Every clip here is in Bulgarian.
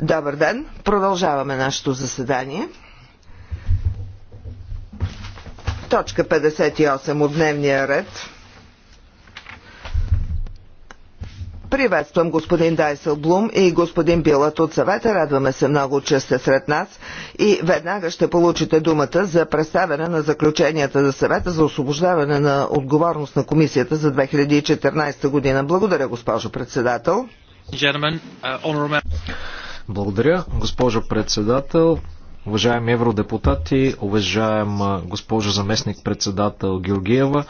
Добър ден! Продължаваме нашето заседание. Точка 58 от дневния ред. Приветствам господин Дайсел Блум и господин Билът от съвета. Радваме се много, че сте сред нас и веднага ще получите думата за представяне на заключенията за съвета за освобождаване на отговорност на комисията за 2014 година. Благодаря, госпожо председател. Uh, Благодаря, госпожо председател, уважаеми евродепутати, уважаема госпожа заместник председател Георгиева,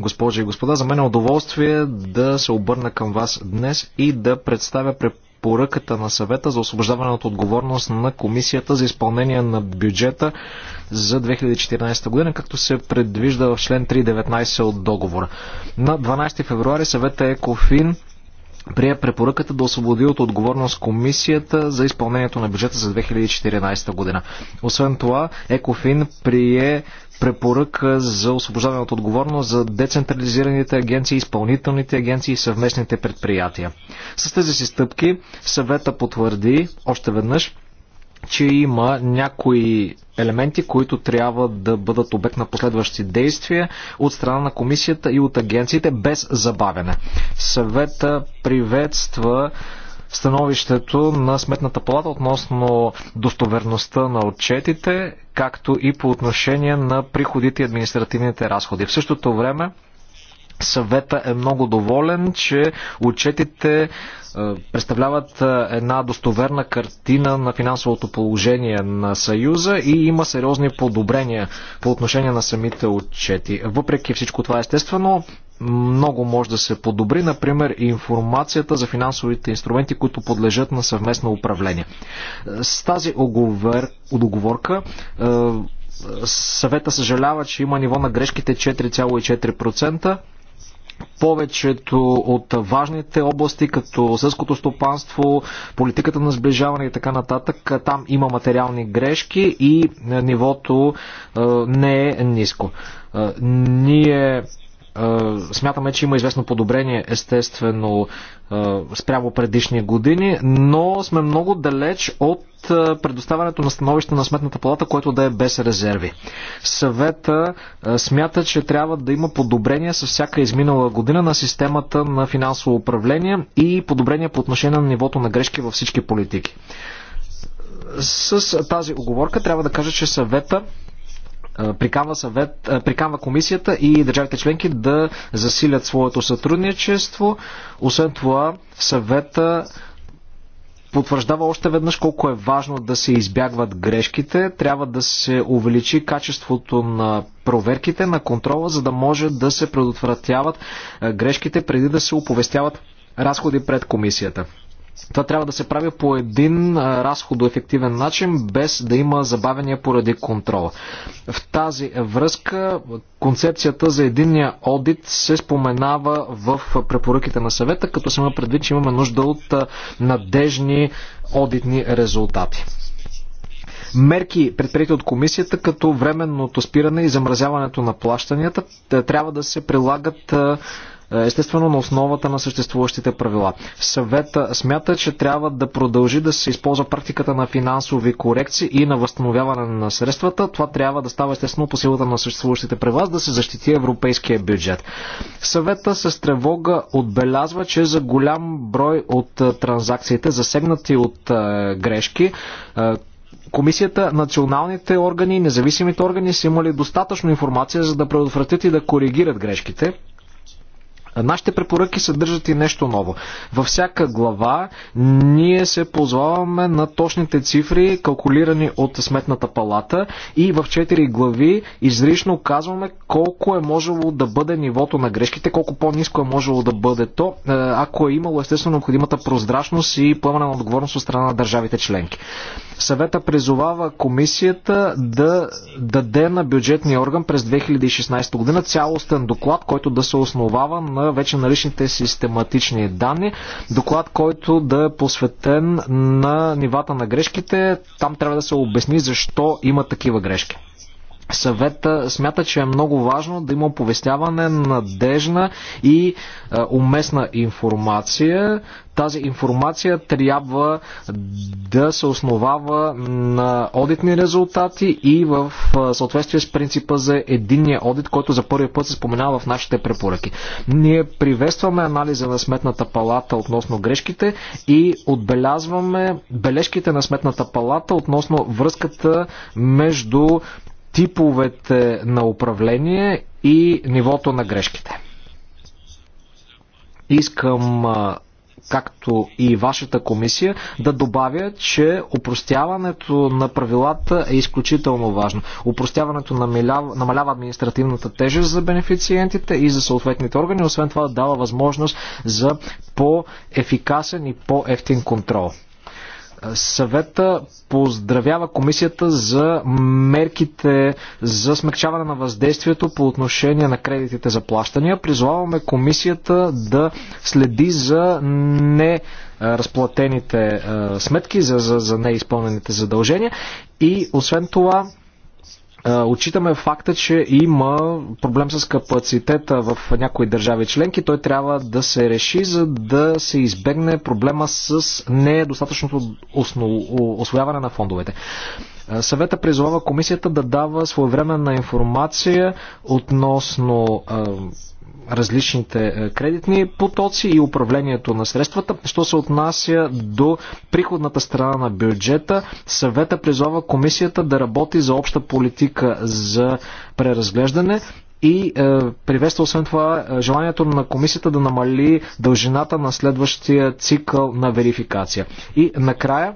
госпожи и господа, за мен е удоволствие да се обърна към вас днес и да представя препоръката на съвета за освобождаване от отговорност на комисията за изпълнение на бюджета за 2014 година, както се предвижда в член 3.19 от договора. На 12 февруари съвета Екофин прие препоръката да освободи от отговорност комисията за изпълнението на бюджета за 2014 година. Освен това, Екофин прие препоръка за освобождаване от отговорност за децентрализираните агенции, изпълнителните агенции и съвместните предприятия. С тези си стъпки съвета потвърди още веднъж, че има някои елементи, които трябва да бъдат обект на последващи действия от страна на комисията и от агенциите без забавяне. Съвета приветства становището на Сметната палата относно достоверността на отчетите, както и по отношение на приходите и административните разходи. В същото време Съвета е много доволен, че отчетите е, представляват е, една достоверна картина на финансовото положение на Съюза и има сериозни подобрения по отношение на самите отчети. Въпреки всичко това, естествено, много може да се подобри, например, информацията за финансовите инструменти, които подлежат на съвместно управление. С тази оговор... договорка е, съвета съжалява, че има ниво на грешките 4,4% повечето от важните области, като сълското стопанство, политиката на сближаване и така нататък, там има материални грешки и е, нивото е, не е ниско. Е, ние смятаме, че има известно подобрение, естествено, спрямо предишни години, но сме много далеч от предоставянето на становище на Сметната палата, което да е без резерви. Съвета смята, че трябва да има подобрение с всяка изминала година на системата на финансово управление и подобрение по отношение на нивото на грешки във всички политики. С тази оговорка трябва да кажа, че съвета приканва, съвет, приканва комисията и държавите членки да засилят своето сътрудничество. Освен това, съвета потвърждава още веднъж колко е важно да се избягват грешките. Трябва да се увеличи качеството на проверките, на контрола, за да може да се предотвратяват грешките преди да се оповестяват разходи пред комисията. Това трябва да се прави по един разходоефективен начин, без да има забавения поради контрола. В тази връзка концепцията за единния одит се споменава в препоръките на съвета, като се има предвид, че имаме нужда от надежни одитни резултати мерки, предприяти от комисията, като временното спиране и замразяването на плащанията, трябва да се прилагат е, естествено на основата на съществуващите правила. Съвета смята, че трябва да продължи да се използва практиката на финансови корекции и на възстановяване на средствата. Това трябва да става естествено по силата на съществуващите правила, за да се защити европейския бюджет. Съвета с тревога отбелязва, че за голям брой от е, транзакциите, засегнати от е, грешки, Комисията, националните органи и независимите органи са имали достатъчно информация, за да предотвратят и да коригират грешките. Нашите препоръки съдържат и нещо ново. Във всяка глава ние се позваваме на точните цифри, калкулирани от Сметната палата и в 4 глави изрично казваме колко е можело да бъде нивото на грешките, колко по-низко е можело да бъде то, е, ако е имало естествено необходимата прозрачност и поемане на отговорност от страна на държавите членки. Съвета призовава комисията да даде на бюджетния орган през 2016 година цялостен доклад, който да се основава на на вече наличните систематични данни. Доклад, който да е посветен на нивата на грешките. Там трябва да се обясни защо има такива грешки съвета смята, че е много важно да има оповестяване надежна и е, уместна информация. Тази информация трябва да се основава на одитни резултати и в е, съответствие с принципа за единния одит, който за първи път се споменава в нашите препоръки. Ние приветстваме анализа на Сметната палата относно грешките и отбелязваме бележките на Сметната палата относно връзката между типовете на управление и нивото на грешките. Искам, както и вашата комисия, да добавя, че упростяването на правилата е изключително важно. Упростяването намалява, административната тежест за бенефициентите и за съответните органи, освен това дава възможност за по-ефикасен и по-ефтин контрол. Съвета поздравява комисията за мерките за смягчаване на въздействието по отношение на кредитите за плащания. Призоваваме комисията да следи за не разплатените сметки, за, за, за неизпълнените задължения и освен това е, отчитаме факта, че има проблем с капацитета в някои държави членки. Той трябва да се реши, за да се избегне проблема с недостатъчното освояване на фондовете. Е, съвета призовава комисията да дава своевременна информация относно е, различните е, кредитни потоци и управлението на средствата. Що се отнася до приходната страна на бюджета, съвета призова комисията да работи за обща политика за преразглеждане и е, приветства освен това е, желанието на комисията да намали дължината на следващия цикъл на верификация. И накрая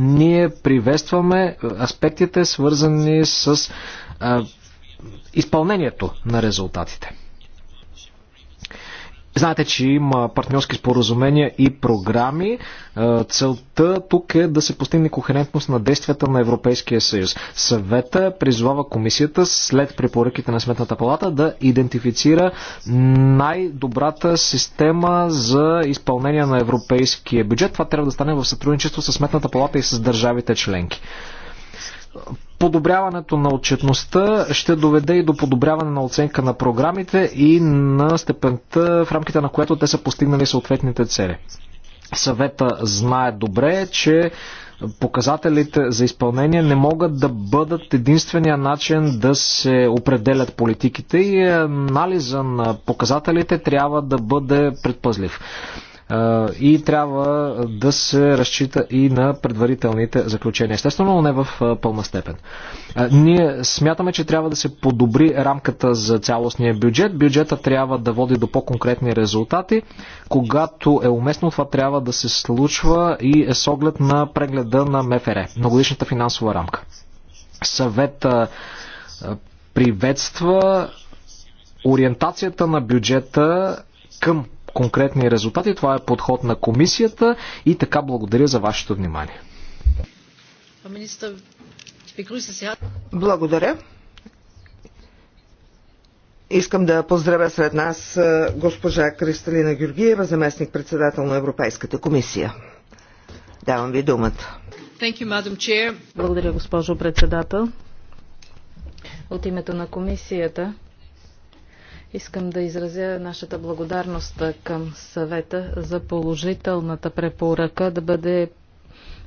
ние приветстваме е, аспектите свързани с е, изпълнението на резултатите. Знаете, че има партньорски споразумения и програми. Е, целта тук е да се постигне кохерентност на действията на Европейския съюз. Съвета призвава комисията след препоръките на Сметната палата да идентифицира най-добрата система за изпълнение на европейския бюджет. Това трябва да стане в сътрудничество с Сметната палата и с държавите членки подобряването на отчетността ще доведе и до подобряване на оценка на програмите и на степента в рамките на която те са постигнали съответните цели. Съвета знае добре, че показателите за изпълнение не могат да бъдат единствения начин да се определят политиките и анализа на показателите трябва да бъде предпазлив и трябва да се разчита и на предварителните заключения. Естествено, но не в пълна степен. Ние смятаме, че трябва да се подобри рамката за цялостния бюджет. Бюджета трябва да води до по-конкретни резултати. Когато е уместно, това трябва да се случва и е с оглед на прегледа на МФР, многодишната финансова рамка. Съвета приветства ориентацията на бюджета към конкретни резултати. Това е подход на комисията и така благодаря за вашето внимание. Благодаря. Искам да поздравя сред нас е, госпожа Кристалина Георгиева, заместник председател на Европейската комисия. Давам ви думата. You, Благодаря, госпожо председател. От името на комисията Искам да изразя нашата благодарност към съвета за положителната препоръка да бъде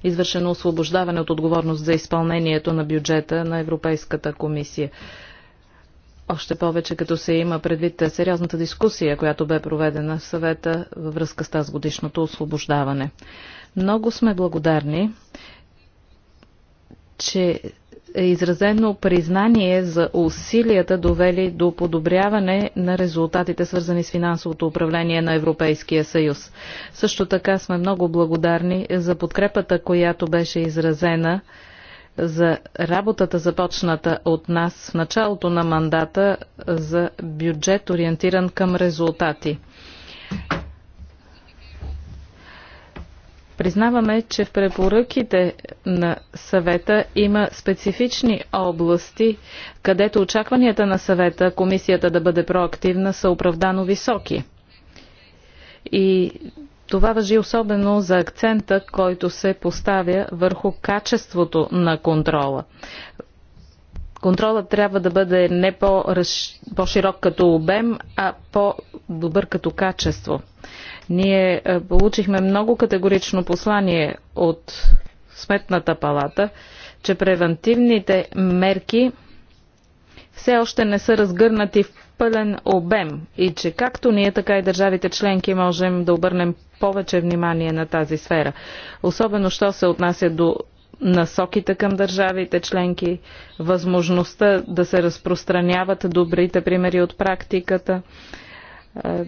извършено освобождаване от отговорност за изпълнението на бюджета на Европейската комисия. Още повече като се има предвид сериозната дискусия, която бе проведена в съвета във връзка с тази годишното освобождаване. Много сме благодарни, че е изразено признание за усилията довели до подобряване на резултатите, свързани с финансовото управление на Европейския съюз. Също така сме много благодарни за подкрепата, която беше изразена за работата започната от нас в началото на мандата за бюджет ориентиран към резултати. Признаваме, че в препоръките на съвета има специфични области, където очакванията на съвета комисията да бъде проактивна са оправдано високи. И това въжи особено за акцента, който се поставя върху качеството на контрола. Контролът трябва да бъде не по-широк като обем, а по-добър като качество. Ние е, получихме много категорично послание от Сметната палата, че превентивните мерки все още не са разгърнати в пълен обем и че както ние, така и държавите членки можем да обърнем повече внимание на тази сфера. Особено, що се отнася до насоките към държавите членки, възможността да се разпространяват добрите примери от практиката, е,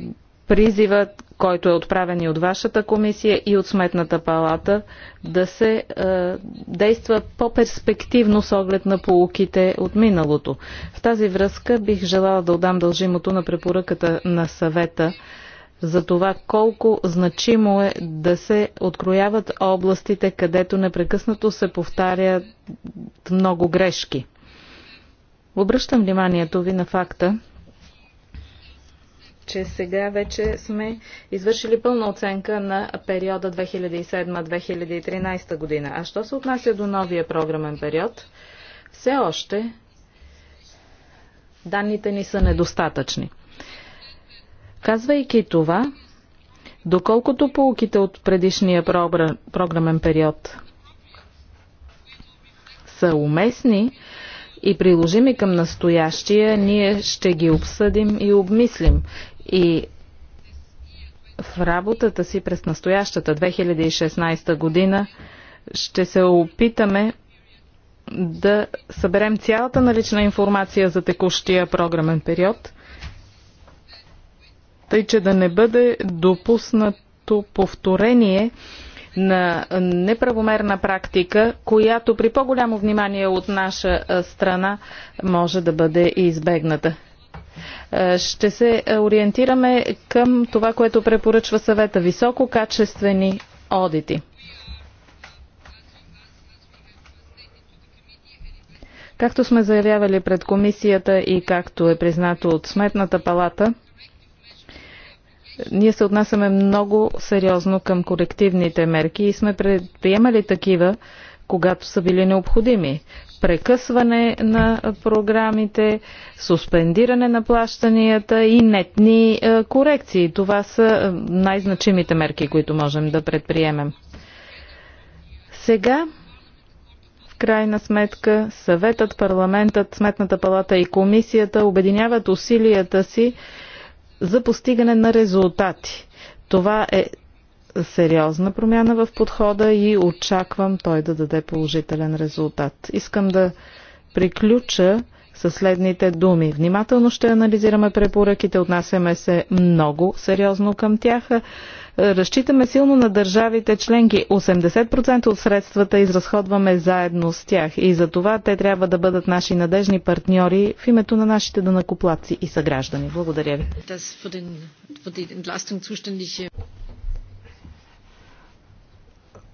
призивът който е отправен и от вашата комисия и от Сметната палата, да се е, действа по-перспективно с оглед на полуките от миналото. В тази връзка бих желала да отдам дължимото на препоръката на съвета за това колко значимо е да се открояват областите, където непрекъснато се повтарят много грешки. Обръщам вниманието ви на факта, че сега вече сме извършили пълна оценка на периода 2007-2013 година. А що се отнася до новия програмен период? Все още данните ни са недостатъчни. Казвайки това, доколкото полуките от предишния програмен период са уместни и приложими към настоящия, ние ще ги обсъдим и обмислим. И в работата си през настоящата 2016 година ще се опитаме да съберем цялата налична информация за текущия програмен период, тъй че да не бъде допуснато повторение на неправомерна практика, която при по-голямо внимание от наша страна може да бъде избегната. Е, ще се ориентираме към това, което препоръчва съвета – висококачествени одити. Както сме заявявали пред комисията и както е признато от Сметната палата, ние се отнасяме много сериозно към колективните мерки и сме предприемали такива, когато са били необходими прекъсване на програмите, суспендиране на плащанията и нетни е, корекции. Това са е, най-значимите мерки, които можем да предприемем. Сега в крайна сметка съветът, парламентът, сметната палата и комисията обединяват усилията си за постигане на резултати. Това е сериозна промяна в подхода и очаквам той да даде положителен резултат. Искам да приключа със следните думи. Внимателно ще анализираме препоръките, отнасяме се много сериозно към тях. Разчитаме силно на държавите членки. 80% от средствата изразходваме заедно с тях и за това те трябва да бъдат наши надежни партньори в името на нашите данакоплаци и съграждани. Благодаря ви.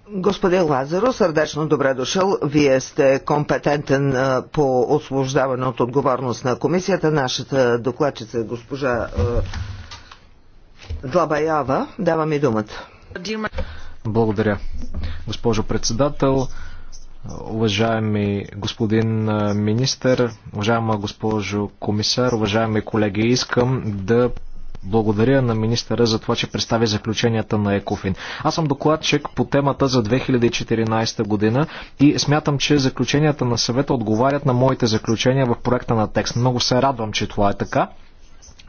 Господин Лазаро, сърдечно добре дошъл. Вие сте компетентен по освобождаване от отговорност на комисията. Нашата докладчица е госпожа Длабаява. Давам и думата. Благодаря. Госпожо председател, уважаеми господин министър, уважаема госпожо комисар, уважаеми колеги, искам да благодаря на министъра за това, че представи заключенията на Екофин. Аз съм докладчик по темата за 2014 година и смятам, че заключенията на съвета отговарят на моите заключения в проекта на текст. Много се радвам, че това е така.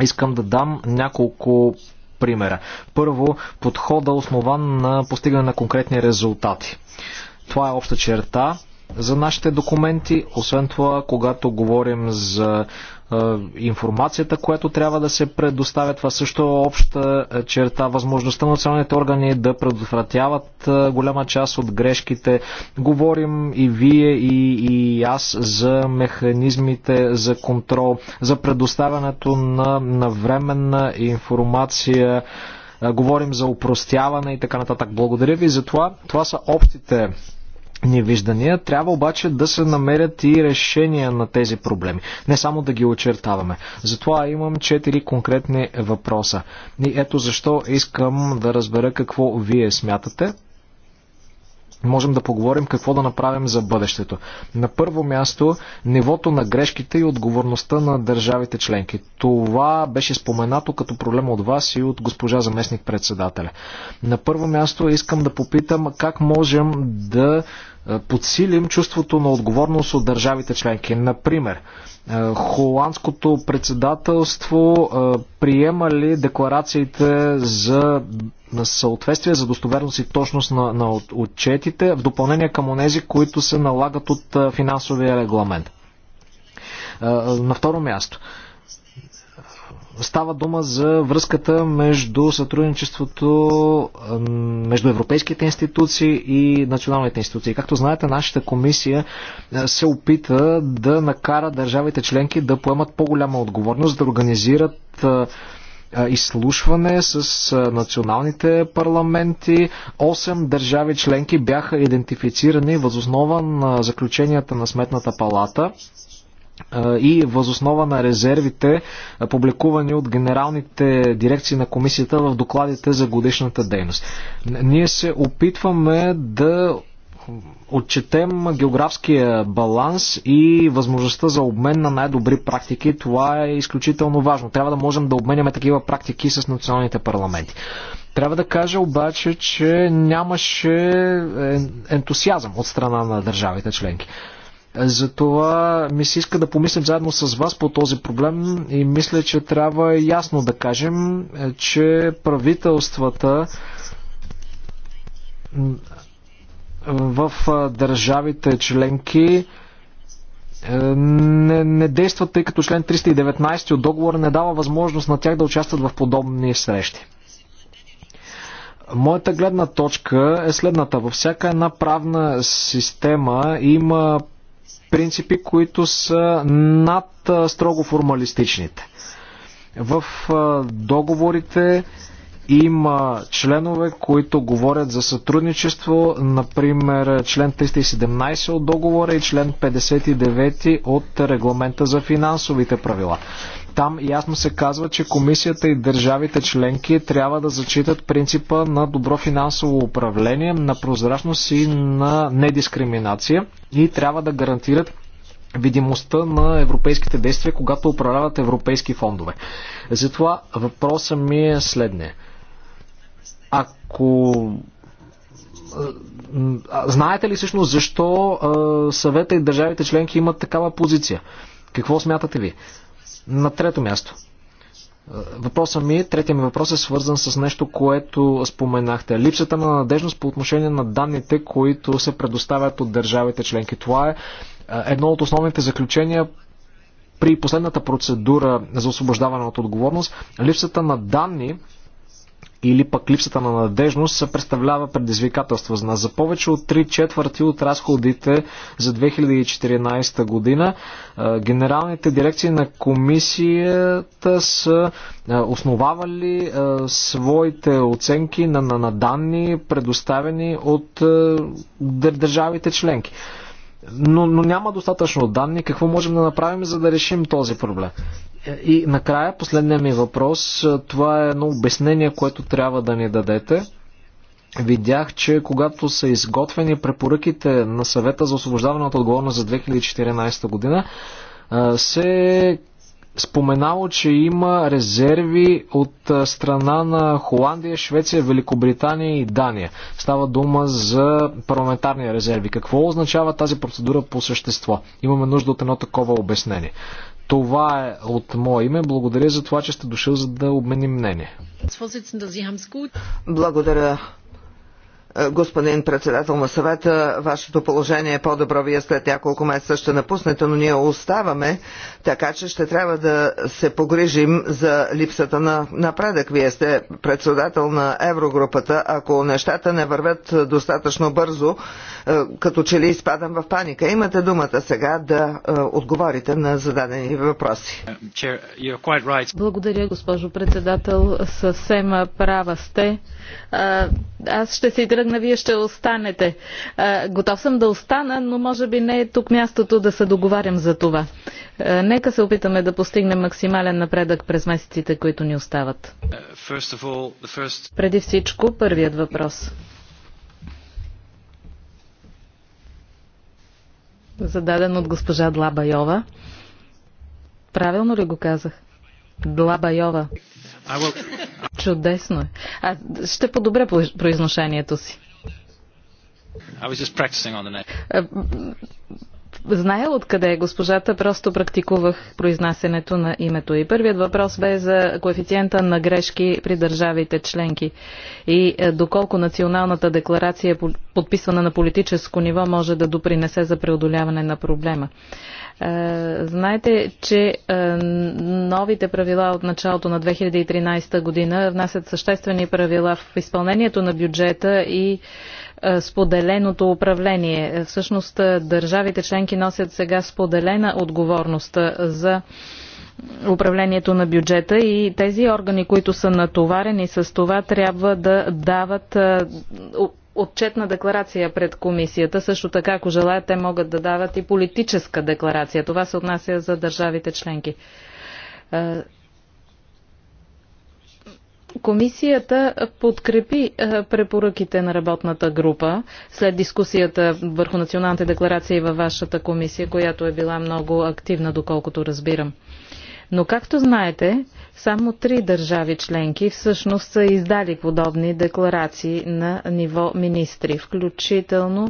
Искам да дам няколко примера. Първо, подхода основан на постигане на конкретни резултати. Това е обща черта за нашите документи. Освен това, когато говорим за е, информацията, която трябва да се предоставя. Това също е обща е, черта. Възможността на националните органи да предотвратяват е, голяма част от грешките. Говорим и вие, и, и аз за механизмите за контрол, за предоставянето на, на временна информация. Говорим за упростяване и така нататък. Благодаря ви за това. Това са общите невиждания. Трябва обаче да се намерят и решения на тези проблеми. Не само да ги очертаваме. Затова имам четири конкретни въпроса. И ето защо искам да разбера какво вие смятате можем да поговорим какво да направим за бъдещето. На първо място, нивото на грешките и отговорността на държавите членки. Това беше споменато като проблем от вас и от госпожа заместник председателя. На първо място искам да попитам как можем да е, подсилим чувството на отговорност от държавите членки. Например, е, холандското председателство е, приема ли декларациите за съответствие, за достоверност и точност на, на отчетите, в допълнение към онези, които се налагат от е, финансовия регламент? На второ място, Става дума за връзката между сътрудничеството между европейските институции и националните институции. Както знаете, нашата комисия се опита да накара държавите членки да поемат по-голяма отговорност, да организират изслушване с националните парламенти. Осем държави членки бяха идентифицирани възоснова на заключенията на Сметната палата и възоснова на резервите, публикувани от генералните дирекции на комисията в докладите за годишната дейност. Ние се опитваме да отчетем географския баланс и възможността за обмен на най-добри практики. Това е изключително важно. Трябва да можем да обменяме такива практики с националните парламенти. Трябва да кажа обаче, че нямаше ентусиазъм от страна на държавите членки. Затова ми се иска да помислим заедно с вас по този проблем и мисля, че трябва ясно да кажем, е, че правителствата в държавите членки е, не, не действат, тъй като член 319 от договора не дава възможност на тях да участват в подобни срещи. Моята гледна точка е следната. Във всяка една правна система има принципи, които са над строго формалистичните. В договорите има членове, които говорят за сътрудничество, например член 317 от договора и член 59 от регламента за финансовите правила. Там ясно се казва, че комисията и държавите членки трябва да зачитат принципа на добро финансово управление, на прозрачност и на недискриминация и трябва да гарантират видимостта на европейските действия, когато управляват европейски фондове. Затова въпросът ми е следния. Ако знаете ли всъщност защо съвета и държавите членки имат такава позиция? Какво смятате ви? На трето място. Въпросът ми, третия ми въпрос е свързан с нещо, което споменахте. Липсата на надежност по отношение на данните, които се предоставят от държавите членки. Това е едно от основните заключения при последната процедура за освобождаване от отговорност. Липсата на данни или пък липсата на надежност представлява предизвикателство за нас. За повече от 3 четвърти от разходите за 2014 година генералните дирекции на комисията са основавали своите оценки на, на, на данни, предоставени от държавите членки. Но, но няма достатъчно данни. Какво можем да направим, за да решим този проблем? И накрая, последният ми въпрос. Това е едно обяснение, което трябва да ни дадете. Видях, че когато са изготвени препоръките на съвета за освобождаване от отговорност за 2014 година, се споменало, че има резерви от страна на Холандия, Швеция, Великобритания и Дания. Става дума за парламентарни резерви. Какво означава тази процедура по същество? Имаме нужда от едно такова обяснение. Това е от мое име. Благодаря за това, че сте дошъл, за да обменим мнение. Благодаря, господин председател на съвета, вашето положение е по-добро, вие след няколко месеца ще напуснете, но ние оставаме, така че ще трябва да се погрижим за липсата на напредък. Вие сте председател на Еврогрупата. Ако нещата не вървят достатъчно бързо, е, като че ли изпадам в паника, имате думата сега да е, отговорите на зададени въпроси. Благодаря, госпожо председател. Съвсем права сте. Аз ще се тръгна, вие ще останете. Готов съм да остана, но може би не е тук мястото да се договарям за това. Нека се опитаме да постигнем максимален напредък през месеците, които ни остават. Uh, Преди всичко, първият въпрос. Зададен от госпожа Длабайова. Правилно ли го казах? Длабайова. Will... Чудесно е. А, ще подобря произношението си знаел откъде е госпожата, просто практикувах произнасенето на името. И първият въпрос бе за коефициента на грешки при държавите членки и е, доколко националната декларация, подписвана на политическо ниво, може да допринесе за преодоляване на проблема. Е, знаете, че е, новите правила от началото на 2013 година внасят съществени правила в изпълнението на бюджета и е, споделеното управление. Е, всъщност е, държавите членки носят сега споделена отговорност за управлението на бюджета и тези органи, които са натоварени с това, трябва да дават отчетна декларация пред комисията. Също така, ако желаят, те могат да дават и политическа декларация. Това се отнася за държавите членки. Комисията подкрепи е, препоръките на работната група след дискусията върху националните декларации във вашата комисия, която е била много активна, доколкото разбирам. Но както знаете, само три държави членки всъщност са издали подобни декларации на ниво министри, включително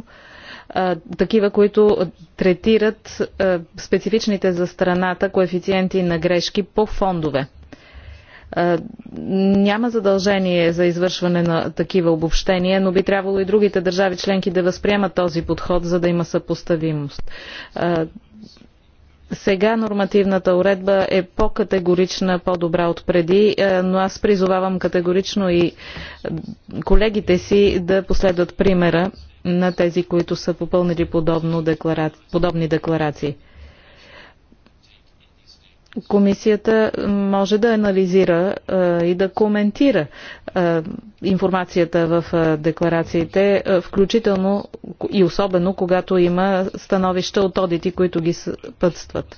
е, такива, които третират е, специфичните за страната коефициенти на грешки по фондове. Е, няма задължение за извършване на такива обобщения, но би трябвало и другите държави членки да възприемат този подход, за да има съпоставимост. Е, сега нормативната уредба е по-категорична, по-добра от преди, е, но аз призовавам категорично и колегите си да последват примера на тези, които са попълнили подобно подобни декларации. Комисията може да анализира и да коментира информацията в декларациите, включително и особено когато има становища от одити, които ги съпътстват.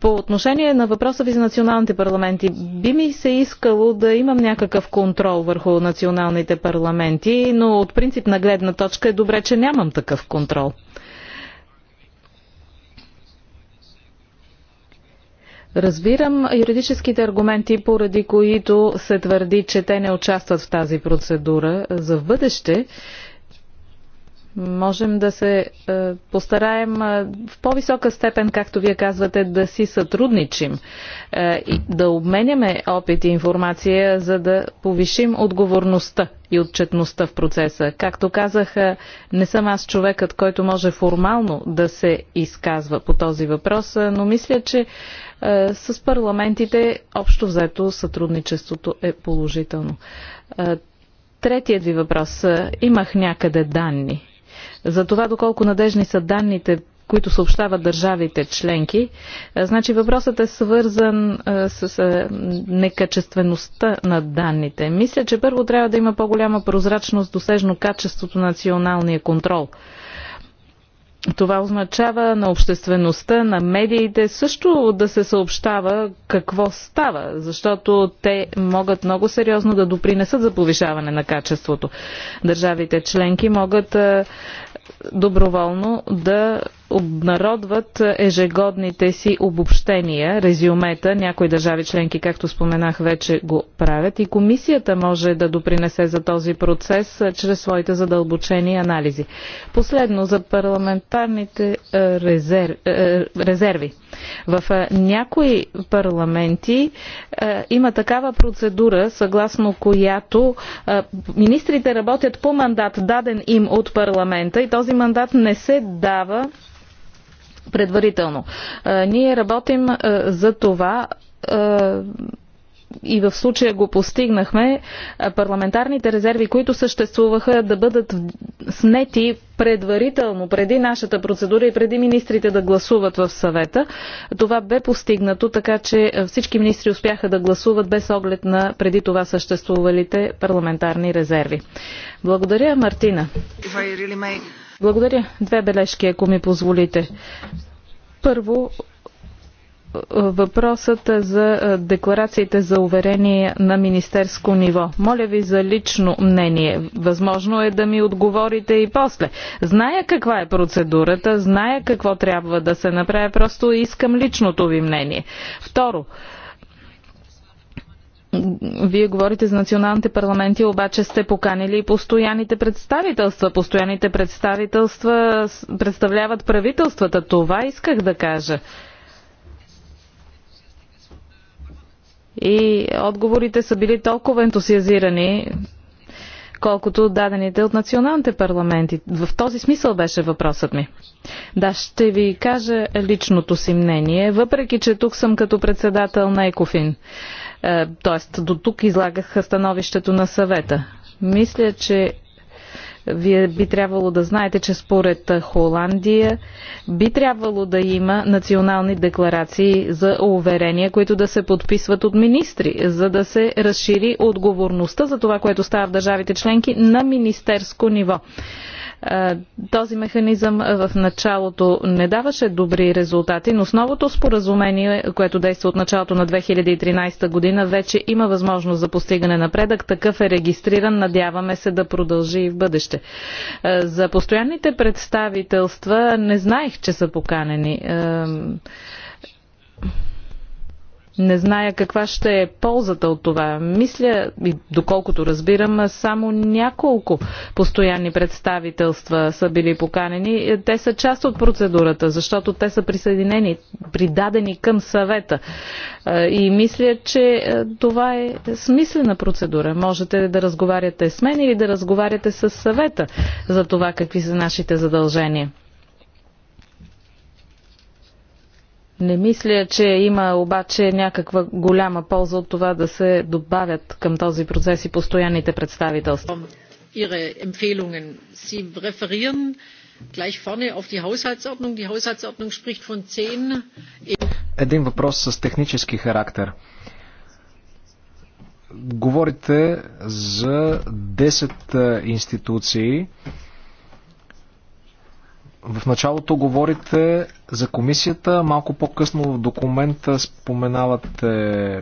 По отношение на въпроса ви за националните парламенти, би ми се искало да имам някакъв контрол върху националните парламенти, но от принцип на гледна точка е добре, че нямам такъв контрол. Разбирам юридическите аргументи, поради които се твърди, че те не участват в тази процедура. За в бъдеще можем да се е, постараем е, в по-висока степен, както вие казвате, да си сътрудничим, е, и да обменяме опит и информация, за да повишим отговорността и отчетността в процеса. Както казах, не съм аз човекът, който може формално да се изказва по този въпрос, но мисля, че е, с парламентите общо взето сътрудничеството е положително. Е, третият ви въпрос. Е, имах някъде данни. За това доколко надежни са данните които съобщават държавите членки. Значи въпросът е свързан с некачествеността на данните. Мисля, че първо трябва да има по-голяма прозрачност, досежно качеството на националния контрол това означава на обществеността, на медиите също да се съобщава какво става, защото те могат много сериозно да допринесат за повишаване на качеството. Държавите членки могат е, доброволно да обнародват ежегодните си обобщения, резюмета. Някои държави членки, както споменах, вече го правят и комисията може да допринесе за този процес чрез своите задълбочени анализи. Последно за парламентарните резерви. В е, някои парламенти е, има такава процедура, съгласно която е, министрите работят по мандат, даден им от парламента и този мандат не се дава предварително. ние работим за това и в случая го постигнахме, е, парламентарните резерви, които съществуваха, да бъдат снети предварително, преди нашата процедура и преди министрите да гласуват в съвета. Това бе постигнато, така че е, всички министри успяха да гласуват без оглед на преди това съществувалите парламентарни резерви. Благодаря, Мартина. Благодаря. Две бележки, ако ми позволите. Първо, въпросът за е, декларациите за уверение на министерско ниво. Моля ви за лично мнение. Възможно е да ми отговорите и после. Зная каква е процедурата, зная какво трябва да се направи, просто искам личното ви мнение. Второ, вие говорите за националните парламенти, обаче сте поканили и постоянните представителства. Постоянните представителства представляват правителствата. Това исках да кажа. и отговорите са били толкова ентусиазирани, колкото дадените от националните парламенти. В този смисъл беше въпросът ми. Да, ще ви кажа личното си мнение, въпреки че тук съм като председател на Екофин. Е, тоест, до тук излагах становището на съвета. Мисля, че вие би трябвало да знаете, че според Холандия би трябвало да има национални декларации за уверения, които да се подписват от министри, за да се разшири отговорността за това, което става в държавите членки на министерско ниво. Е, този механизъм в началото не даваше добри резултати, но с новото споразумение, което действа от началото на 2013 година, вече има възможност за постигане напредък. Такъв е регистриран, надяваме се да продължи и в бъдеще. Е, за постоянните представителства не знаех, че са поканени. Е, не зная каква ще е ползата от това. Мисля, и доколкото разбирам, само няколко постоянни представителства са били поканени. Те са част от процедурата, защото те са присъединени, придадени към съвета. И мисля, че това е смислена процедура. Можете да разговаряте с мен или да разговаряте с съвета за това какви са нашите задължения. Не мисля, че има обаче някаква голяма полза от това да се добавят към този процес и постоянните представителства. Ihre Empfehlungen. Sie referieren gleich vorne auf die Haushaltsordnung. Die Haushaltsordnung spricht von Един въпрос с технически характер. Говорите за 10 институции, в началото говорите за комисията, малко по-късно в документа споменавате е,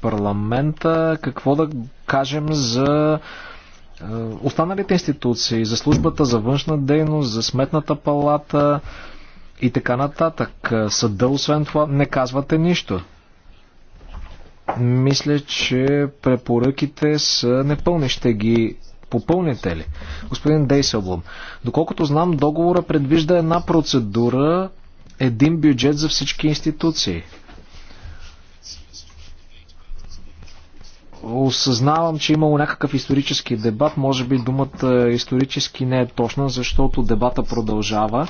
парламента. Какво да кажем за е, останалите институции, за службата за външна дейност, за сметната палата и така нататък. Съда, освен това, не казвате нищо. Мисля, че препоръките са непълни. Ще ги Попълните ли? Господин Дейсълблом, доколкото знам, договора предвижда една процедура, един бюджет за всички институции. Осъзнавам, че е имало някакъв исторически дебат. Може би думата исторически не е точна, защото дебата продължава.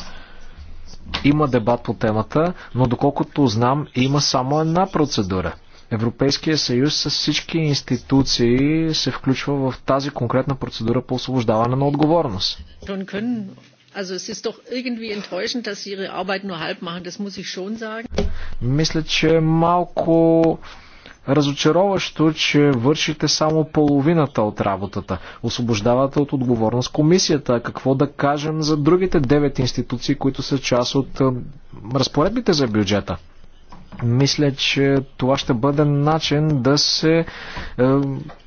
Има дебат по темата, но доколкото знам, има само една процедура – Европейския съюз с всички институции се включва в тази конкретна процедура по освобождаване на отговорност. Also es ist doch irgendwie enttäuschend, dass Sie Ihre Arbeit nur halb machen, das muss ich schon sagen. Мисля, че е малко разочароващо, че вършите само половината от работата. Освобождавате от отговорност комисията. Какво да кажем за другите девет институции, които са част от разпоредбите за бюджета? Мисля, че това ще бъде начин да се е,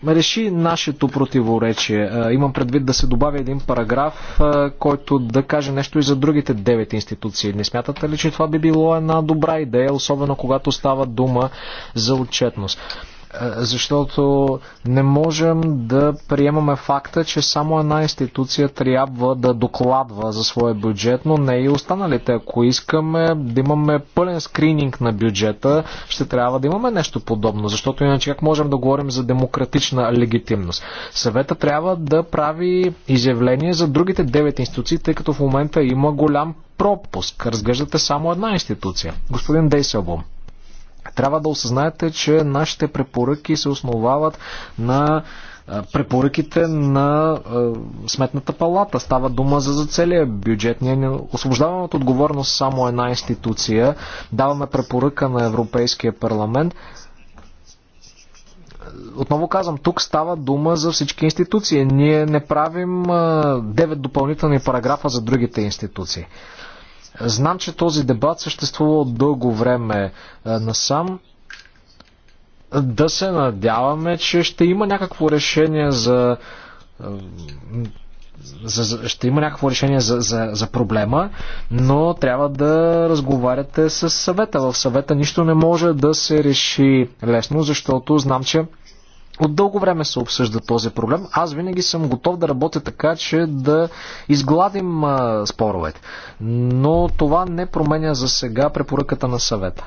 реши нашето противоречие. Е, имам предвид да се добави един параграф, е, който да каже нещо и за другите девет институции. Не смятате ли, че това би било една добра идея, особено когато става дума за отчетност? Е, защото не можем да приемаме факта, че само една институция трябва да докладва за своя бюджет, но не и останалите. Ако искаме да имаме пълен скрининг на бюджета, ще трябва да имаме нещо подобно, защото иначе как можем да говорим за демократична легитимност? Съвета трябва да прави изявление за другите девет институции, тъй като в момента има голям пропуск. Разглеждате само една институция. Господин Дейселбом. Трябва да осъзнаете, че нашите препоръки се основават на препоръките на Сметната палата. Става дума за, за целия бюджет. Ние не освобождаваме от отговорност само една институция. Даваме препоръка на Европейския парламент. Отново казвам, тук става дума за всички институции. Ние не правим 9 допълнителни параграфа за другите институции. Знам, че този дебат съществува от дълго време е, насам. Да се надяваме, че ще има някакво решение е, за. за ще има някакво решение за, за, за проблема, но трябва да разговаряте с съвета. В съвета нищо не може да се реши лесно, защото знам, че от дълго време се обсъжда този проблем. Аз винаги съм готов да работя така, че да изгладим а, споровете. Но това не променя за сега препоръката на съвета.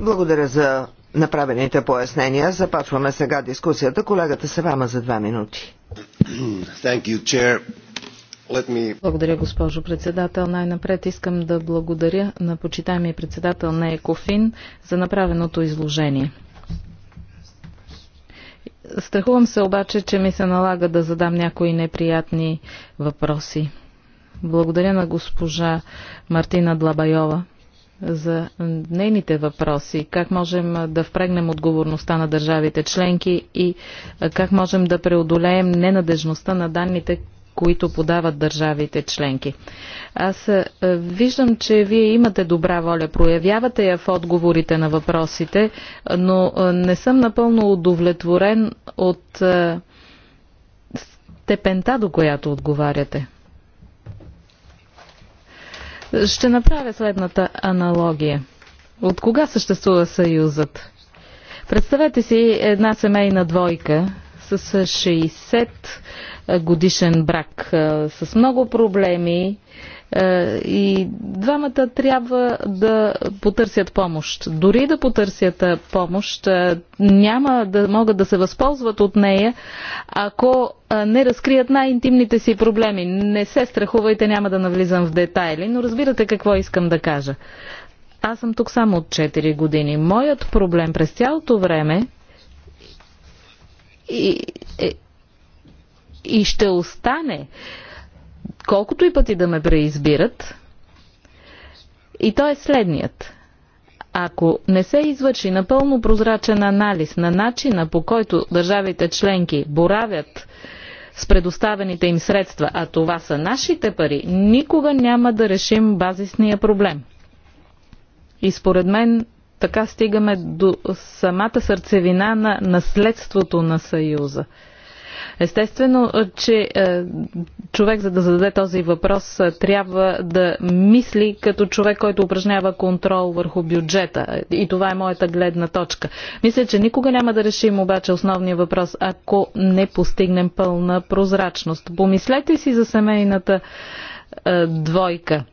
Благодаря за направените пояснения. Започваме сега дискусията. Колегата вама за два минути. You, me... Благодаря, госпожо председател. Най-напред искам да благодаря на почитаемия председател на ЕКОФИН за направеното изложение. Страхувам се обаче, че ми се налага да задам някои неприятни въпроси. Благодаря на госпожа Мартина Длабайова за нейните въпроси, как можем да впрегнем отговорността на държавите членки и как можем да преодолеем ненадежността на данните, които подават държавите членки. Аз е, виждам, че вие имате добра воля, проявявате я в отговорите на въпросите, но е, не съм напълно удовлетворен от е, степента, до която отговаряте. Ще направя следната аналогия. От кога съществува съюзът? Представете си една семейна двойка с 60 е, годишен брак е, с много проблеми е, и двамата трябва да потърсят помощ. Дори да потърсят помощ, няма да могат да се възползват от нея, ако не разкрият най-интимните си проблеми. Не се страхувайте, няма да навлизам в детайли, но разбирате какво искам да кажа. Аз съм тук само от 4 години. Моят проблем през цялото време и, е, и ще остане, колкото и пъти да ме преизбират. И то е следният. Ако не се извърши напълно прозрачен анализ на начина по който държавите членки боравят с предоставените им средства, а това са нашите пари, никога няма да решим базисния проблем. И според мен така стигаме до самата сърцевина на наследството на Съюза. Естествено, е, че е, човек, за да зададе този въпрос, е, трябва да мисли като човек, който упражнява контрол върху бюджета. И това е моята гледна точка. Мисля, че никога няма да решим обаче основния въпрос, ако не постигнем пълна прозрачност. Помислете си за семейната двойка.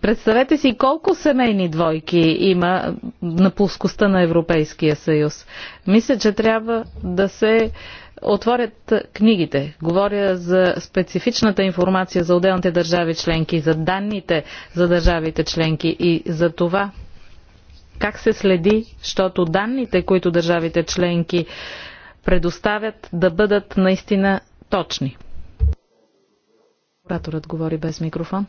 Представете си колко семейни двойки има на плоскостта на Европейския съюз. Мисля, че трябва да се отворят книгите. Говоря за специфичната информация за отделните държави членки, за данните за държавите членки и за това как се следи, защото данните, които държавите членки предоставят, да бъдат наистина точни. Ораторът говори без микрофон.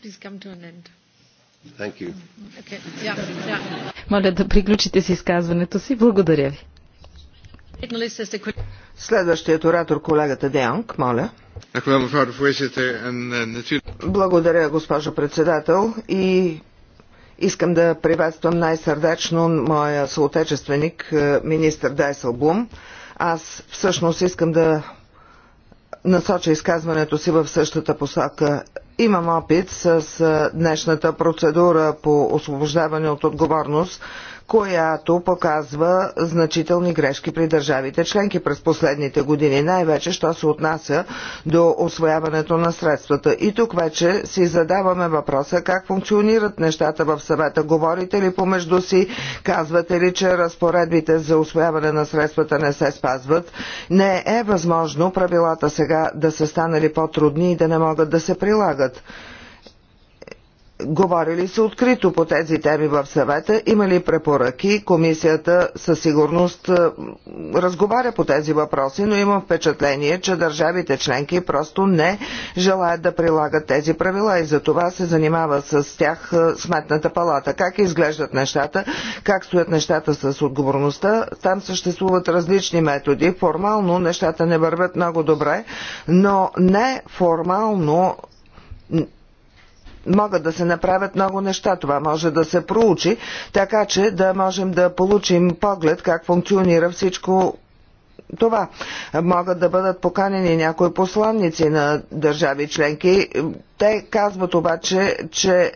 Please come to an end. Thank you. Okay. Yeah, yeah. Моля да приключите с изказването си. Благодаря ви. Следващият оратор, колегата Деянг, моля. Благодаря, госпожо председател. И искам да приветствам най-сърдечно моя съотечественик, е, министър Дайсел Блум. Аз всъщност искам да насоча изказването си в същата посока. Имам опит с днешната процедура по освобождаване от отговорност която показва значителни грешки при държавите членки през последните години, най-вече, що се отнася до освояването на средствата. И тук вече си задаваме въпроса как функционират нещата в съвета. Говорите ли помежду си, казвате ли, че разпоредбите за освояване на средствата не се спазват? Не е възможно правилата сега да са станали по-трудни и да не могат да се прилагат. Говорили се открито по тези теми в съвета, има ли препоръки, комисията със сигурност е, разговаря по тези въпроси, но имам впечатление, че държавите членки просто не желаят да прилагат тези правила и за това се занимава с тях е, сметната палата. Как изглеждат нещата, как стоят нещата с отговорността, там съществуват различни методи. Формално нещата не вървят много добре, но не формално могат да се направят много неща. Това може да се проучи, така че да можем да получим поглед как функционира всичко това. Могат да бъдат поканени някои посланници на държави членки. Те казват обаче, че е,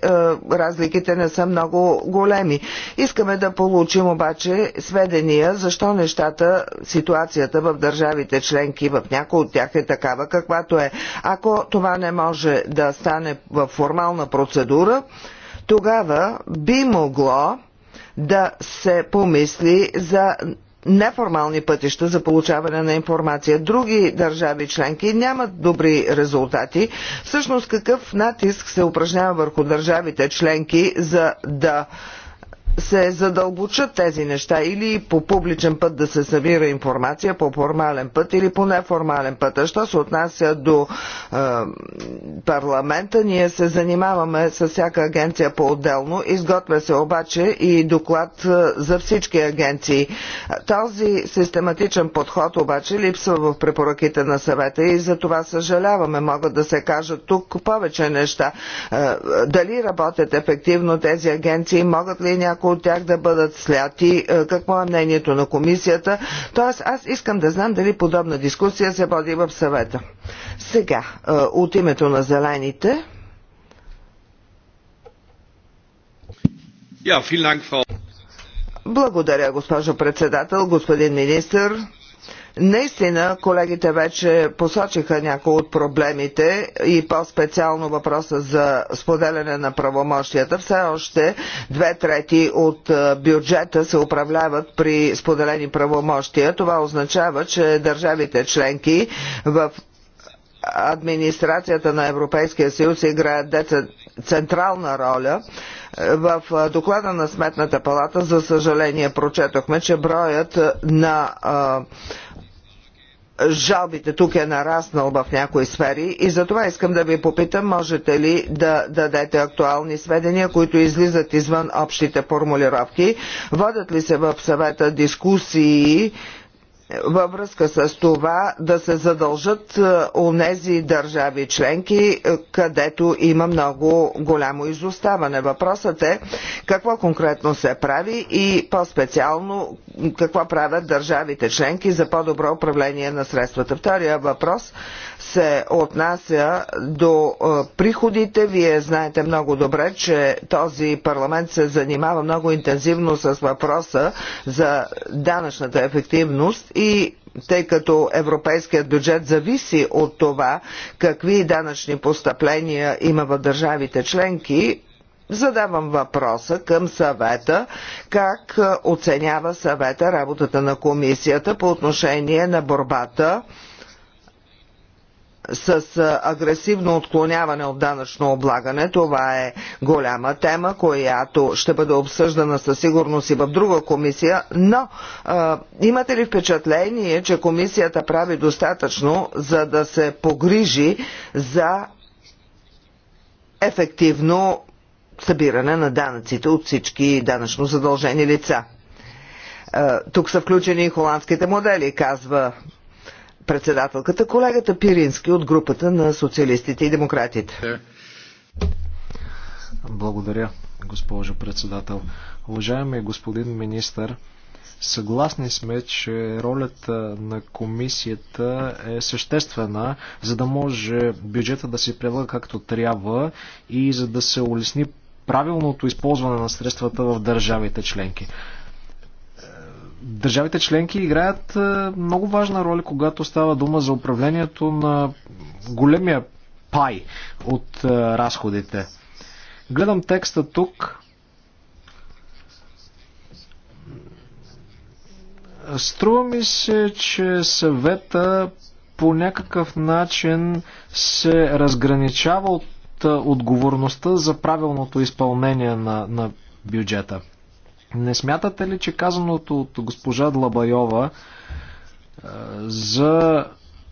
разликите не са много големи. Искаме да получим обаче сведения защо нещата, ситуацията в държавите членки, в някои от тях е такава каквато е. Ако това не може да стане в формална процедура, тогава би могло да се помисли за неформални пътища за получаване на информация. Други държави членки нямат добри резултати. Всъщност какъв натиск се упражнява върху държавите членки за да се задълбочат тези неща или по публичен път да се събира информация, по формален път или по неформален път. А що се отнася до е, парламента, ние се занимаваме с всяка агенция по-отделно. Изготвя се обаче и доклад е, за всички агенции. Този систематичен подход обаче липсва в препоръките на съвета и за това съжаляваме. Могат да се кажат тук повече неща. Е, дали работят ефективно тези агенции, могат ли някои някои от тях да бъдат сляти, е, какво е мнението на комисията. Тоест аз искам да знам дали подобна дискусия се води в съвета. Сега, е, от името на зелените. Благодаря, госпожо председател, господин министр. Наистина, колегите вече посочиха някои от проблемите и по-специално въпроса за споделяне на правомощията. Все още две трети от бюджета се управляват при споделени правомощия. Това означава, че държавите членки в администрацията на Европейския съюз играят централна роля. В доклада на Сметната палата, за съжаление, прочетохме, че броят на жалбите тук е нараснал в някои сфери и затова искам да ви попитам, можете ли да дадете актуални сведения, които излизат извън общите формулировки? Водят ли се в съвета дискусии във връзка с това да се задължат у е, нези държави членки, е, където има много голямо изоставане. Въпросът е какво конкретно се прави и по-специално какво правят държавите членки за по-добро управление на средствата. Втория въпрос се отнася до е, приходите. Вие знаете много добре, че този парламент се занимава много интензивно с въпроса за данъчната ефективност и тъй като европейският бюджет зависи от това какви данъчни постъпления има в държавите членки, задавам въпроса към съвета, как оценява съвета работата на комисията по отношение на борбата с агресивно отклоняване от данъчно облагане. Това е голяма тема, която ще бъде обсъждана със сигурност и в друга комисия, но а, имате ли впечатление, че комисията прави достатъчно, за да се погрижи за ефективно събиране на данъците от всички данъчно задължени лица? тук са включени и холандските модели, казва председателката, колегата Пирински от групата на социалистите и демократите. Благодаря, госпожо председател. Уважаеми господин министър, Съгласни сме, че ролята на комисията е съществена, за да може бюджета да се прилага както трябва и за да се улесни правилното използване на средствата в държавите членки. Държавите членки играят е, много важна роля, когато става дума за управлението на големия пай от е, разходите. Гледам текста тук. Струва ми се, че съвета по някакъв начин се разграничава от е, отговорността за правилното изпълнение на, на бюджета. Не смятате ли, че казаното от госпожа Длабайова е, за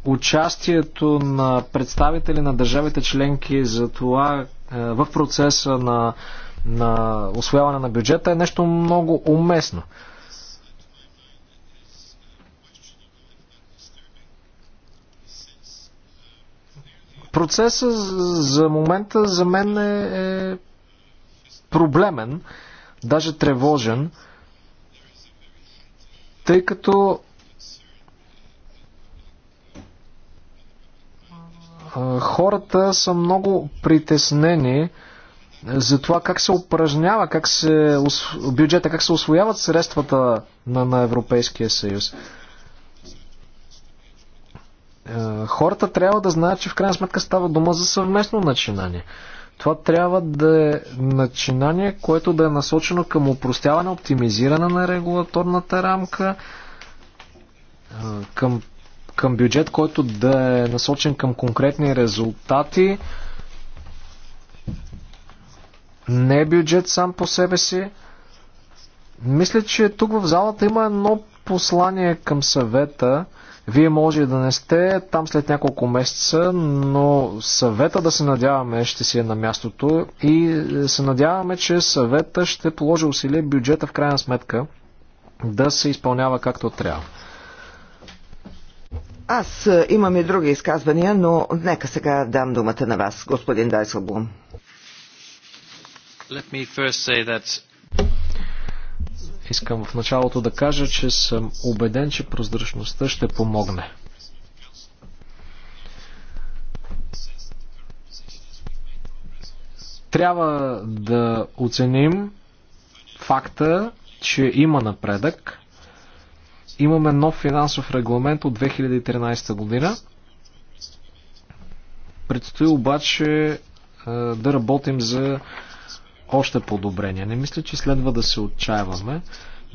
участието на представители на държавите членки за това е, в процеса на, на освояване на бюджета е нещо много уместно. Процесът за момента за мен е, е проблемен даже тревожен, тъй като хората са много притеснени за това как се упражнява, как се бюджета, как се освояват средствата на, на Европейския съюз. Е, хората трябва да знаят, че в крайна сметка става дума за съвместно начинание. Това трябва да е начинание, което да е насочено към упростяване, оптимизиране на регулаторната рамка, към, към бюджет, който да е насочен към конкретни резултати, не е бюджет сам по себе си. Мисля, че тук в залата има едно послание към съвета, вие може да не сте там след няколко месеца, но съвета да се надяваме ще си е на мястото и се надяваме, че съвета ще положи усилие бюджета в крайна сметка да се изпълнява както трябва. Аз е, имам и други изказвания, но нека сега дам думата на вас, господин Дайсълбун. That... Искам в началото да кажа, че съм убеден, че прозрачността ще помогне. Трябва да оценим факта, че има напредък. Имаме нов финансов регламент от 2013 година. Предстои обаче е, да работим за още подобрения. Не мисля, че следва да се отчаяваме.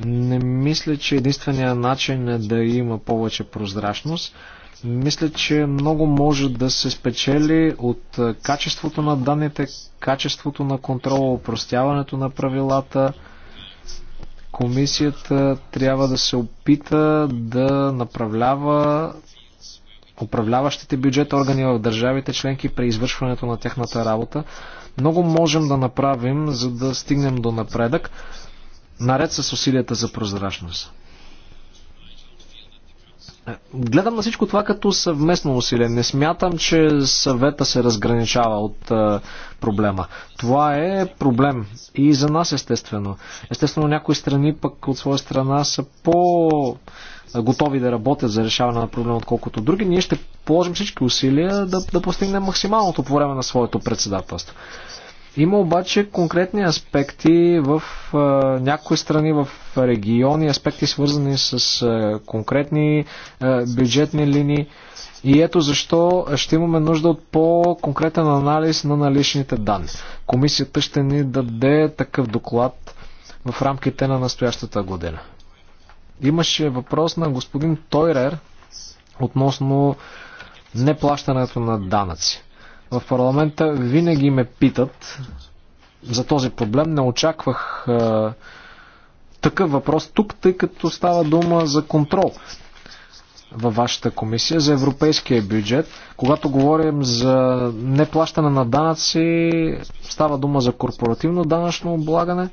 Не мисля, че единствения начин е да има повече прозрачност. Мисля, че много може да се спечели от качеството на данните, качеството на контрола, упростяването на правилата. Комисията трябва да се опита да направлява управляващите бюджет органи в държавите членки при извършването на техната работа. Много можем да направим, за да стигнем до напредък, наред с усилията за прозрачност. Е, гледам на всичко това като съвместно усилие. Не смятам, че съвета се разграничава от а, е, проблема. Това е проблем и за нас естествено. Естествено някои страни пък от своя страна са по е, готови да работят за решаване на проблема, отколкото други. Ние ще положим всички усилия да, да постигнем максималното по време на своето председателство. Има обаче конкретни аспекти в някои страни, в региони, аспекти свързани с конкретни бюджетни линии. И ето защо ще имаме нужда от по-конкретен анализ на наличните данни. Комисията ще ни даде такъв доклад в рамките на настоящата година. Имаше въпрос на господин Тойрер относно неплащането на данъци в парламента винаги ме питат за този проблем. Не очаквах а, е, такъв въпрос тук, тъй като става дума за контрол във вашата комисия за европейския бюджет. Когато говорим за неплащане на данъци, става дума за корпоративно данъчно облагане.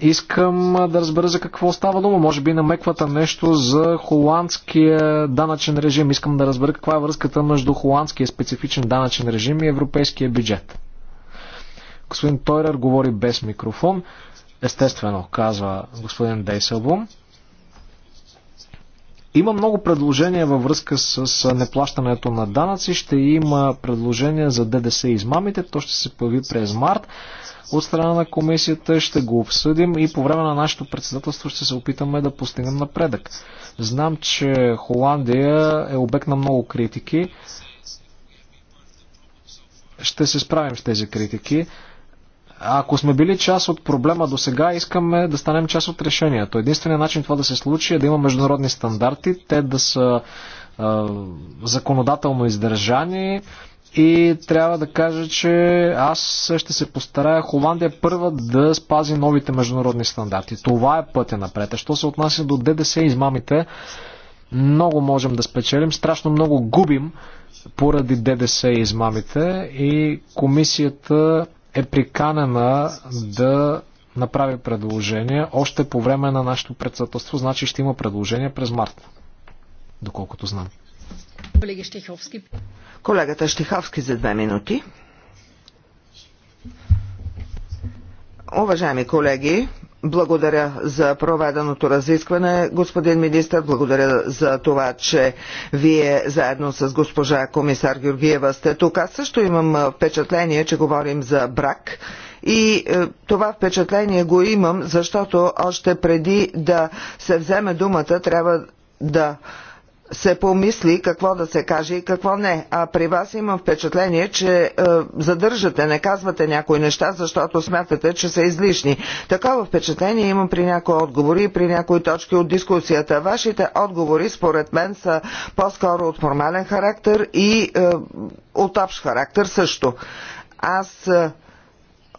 Искам да разбера за какво става дума. Може би намеквате нещо за холандския данъчен режим. Искам да разбера каква е връзката между холандския специфичен данъчен режим и европейския бюджет. Господин Тойрер говори без микрофон. Естествено, казва господин Дейселбум. Има много предложения във връзка с неплащането на данъци. Ще има предложения за ДДС измамите. То ще се появи през март от страна на комисията, ще го обсъдим и по време на нашето председателство ще се опитаме да постигнем напредък. Знам, че Холандия е обект на много критики. Ще се справим с тези критики. Ако сме били част от проблема до сега, искаме да станем част от решението. Единственият начин това да се случи е да има международни стандарти, те да са законодателно издържани, и трябва да кажа, че аз ще се постарая Холандия първа да спази новите международни стандарти. Това е пътя напред. А що се отнася до ДДС и измамите, много можем да спечелим, страшно много губим поради ДДС и измамите и комисията е приканена да направи предложение още по време на нашето председателство, значи ще има предложение през март, доколкото знам. Колегата Штиховски за две минути. Уважаеми колеги, благодаря за проведеното разискване, господин министр. Благодаря за това, че вие заедно с госпожа комисар Георгиева сте тук. Аз също имам впечатление, че говорим за брак. И е, това впечатление го имам, защото още преди да се вземе думата, трябва да се помисли какво да се каже и какво не. А при вас имам впечатление, че е, задържате, не казвате някои неща, защото смятате, че са излишни. Такова впечатление имам при някои отговори и при някои точки от дискусията. Вашите отговори, според мен, са по-скоро от формален характер и е, от общ характер също. Аз е,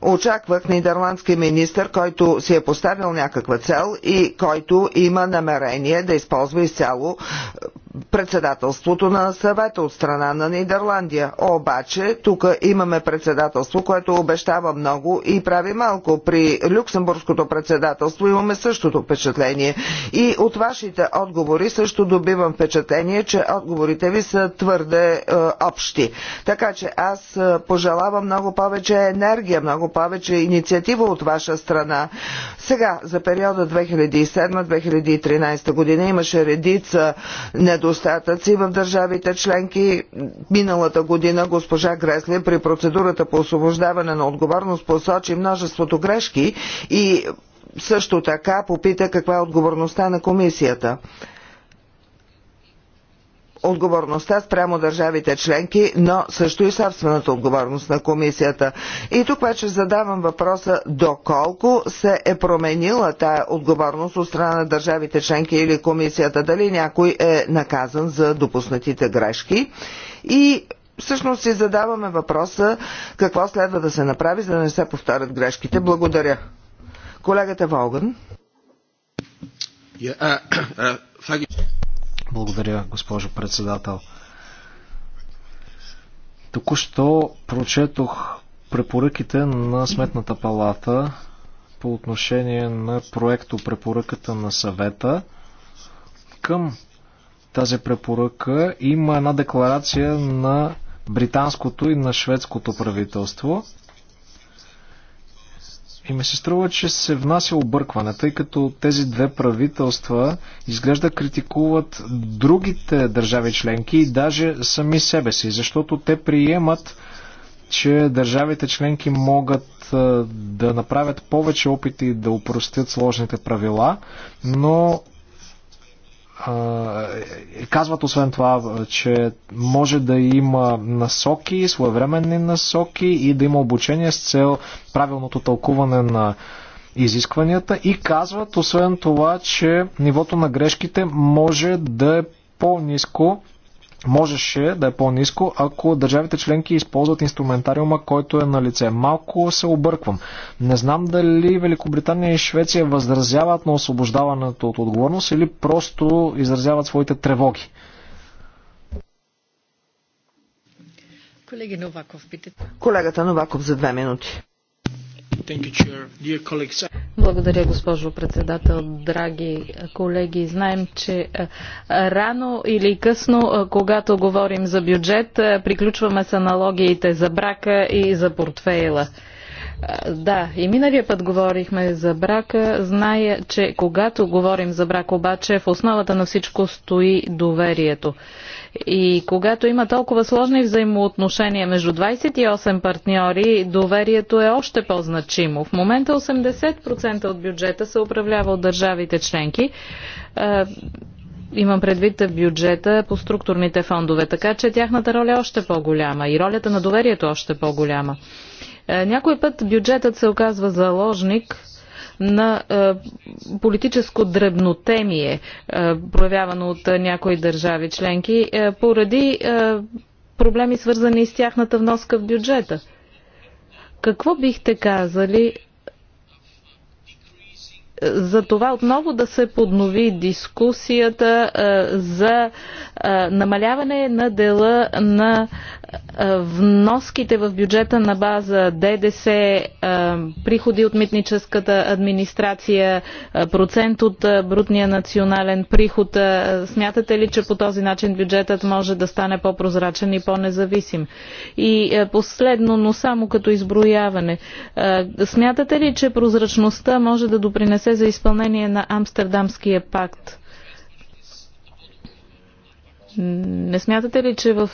очаквах нидерландски министр, който си е поставил някаква цел и който има намерение да използва изцяло е, председателството на съвета от страна на Нидерландия. Обаче, тук имаме председателство, което обещава много и прави малко. При Люксембургското председателство имаме същото впечатление. И от вашите отговори също добивам впечатление, че отговорите ви са твърде е, общи. Така че аз е, пожелавам много повече енергия, много повече инициатива от ваша страна. Сега, за периода 2007-2013 година имаше редица недостатъци недостатъци в държавите членки. Миналата година госпожа Гресле при процедурата по освобождаване на отговорност посочи множеството грешки и също така попита каква е отговорността на комисията отговорността спрямо държавите членки, но също и собствената отговорност на комисията. И тук вече задавам въпроса доколко се е променила тая отговорност от страна на държавите членки или комисията, дали някой е наказан за допуснатите грешки. И всъщност си задаваме въпроса какво следва да се направи, за да не се повторят грешките. Благодаря. Колегата Волган. Uh, uh, uh, благодаря, госпожо председател. Току-що прочетох препоръките на Сметната палата по отношение на проекто препоръката на съвета. Към тази препоръка има една декларация на британското и на шведското правителство – и ми се струва, че се внася объркване, тъй като тези две правителства изглежда критикуват другите държави членки и даже сами себе си, защото те приемат, че държавите членки могат да направят повече опити да упростят сложните правила, но е, казват освен това, че може да има насоки, своевременни насоки и да има обучение с цел правилното тълкуване на изискванията и казват освен това, че нивото на грешките може да е по-низко можеше да е по-низко, ако държавите членки използват инструментариума, който е на лице. Малко се обърквам. Не знам дали Великобритания и Швеция възразяват на освобождаването от отговорност или просто изразяват своите тревоги. Колегата Новаков за две минути. Благодаря, госпожо председател. Драги колеги, знаем, че рано или късно, когато говорим за бюджет, приключваме с аналогиите за брака и за портфейла. Да, и миналия път говорихме за брака. Зная, че когато говорим за брак, обаче в основата на всичко стои доверието. И когато има толкова сложни взаимоотношения между 28 партньори, доверието е още по-значимо. В момента 80% от бюджета се управлява от държавите членки имам предвид бюджета по структурните фондове, така че тяхната роля е още по-голяма и ролята на доверието е още по-голяма. Е, някой път бюджетът се оказва заложник на е, политическо дребнотемие, е, проявявано от някои държави членки, поради проблеми свързани с тяхната вноска в бюджета. Какво бихте казали за това отново да се поднови дискусията е, за е, намаляване на дела на е, вноските в бюджета на база ДДС, приходи от митническата администрация, процент от брутния национален приход. Смятате ли, че по този начин бюджетът може да стане по-прозрачен и по-независим? И последно, но само като изброяване, смятате ли, че прозрачността може да допринесе допринесе за изпълнение на Амстердамския пакт. Не смятате ли, че в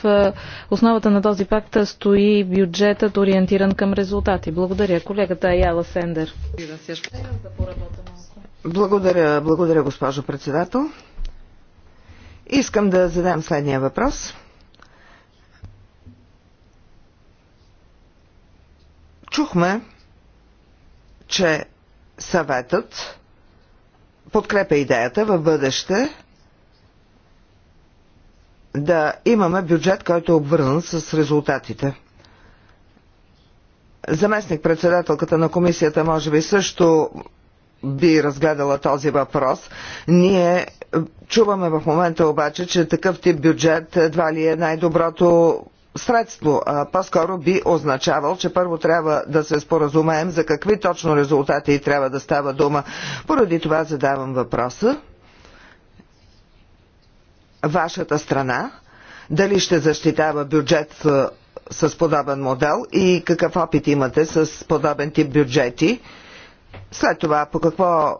основата на този пакт стои бюджетът ориентиран към резултати? Благодаря. Колегата Аяла Сендер. Благодаря, благодаря, госпожо председател. Искам да задам следния въпрос. Чухме, че съветът подкрепя идеята в бъдеще да имаме бюджет, който е обвързан с резултатите. Заместник-председателката на комисията може би също би разгледала този въпрос. Ние чуваме в момента обаче, че такъв тип бюджет едва ли е най-доброто средство. По-скоро би означавал, че първо трябва да се споразумеем за какви точно резултати трябва да става дума. Поради това задавам въпроса. Вашата страна дали ще защитава бюджет с подобен модел и какъв опит имате с подобен тип бюджети? След това по какво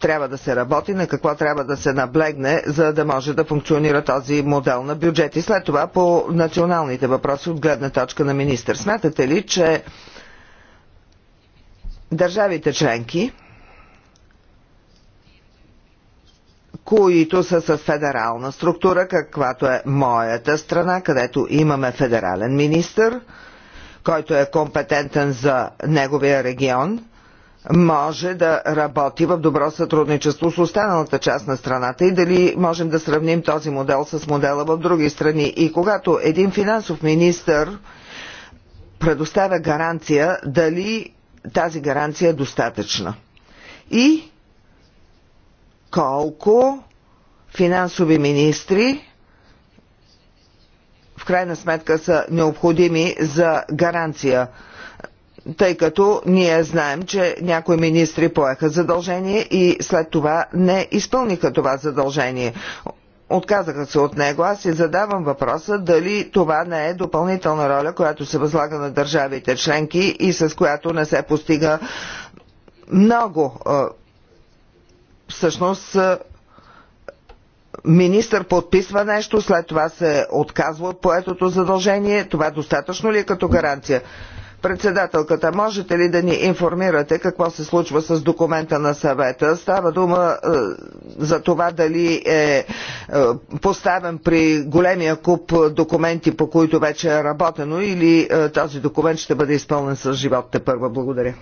трябва да се работи, на какво трябва да се наблегне, за да може да функционира този модел на бюджет. И след това по националните въпроси от гледна точка на министър. Смятате ли, че държавите членки, които са с федерална структура, каквато е моята страна, където имаме федерален министър, който е компетентен за неговия регион, може да работи в добро сътрудничество с останалата част на страната и дали можем да сравним този модел с модела в други страни. И когато един финансов министр предоставя гаранция, дали тази гаранция е достатъчна. И колко финансови министри в крайна сметка са необходими за гаранция – тъй като ние знаем, че някои министри поеха задължение и след това не изпълниха това задължение. Отказаха се от него. Аз си задавам въпроса дали това не е допълнителна роля, която се възлага на държавите членки и с която не се постига много. Всъщност министър подписва нещо, след това се отказва от поетото задължение. Това достатъчно ли е като гаранция? Председателката, можете ли да ни информирате какво се случва с документа на съвета? Става дума е, за това дали е, е поставен при големия куп документи, по които вече е работено или е, този документ ще бъде изпълнен с животите първа. Благодаря.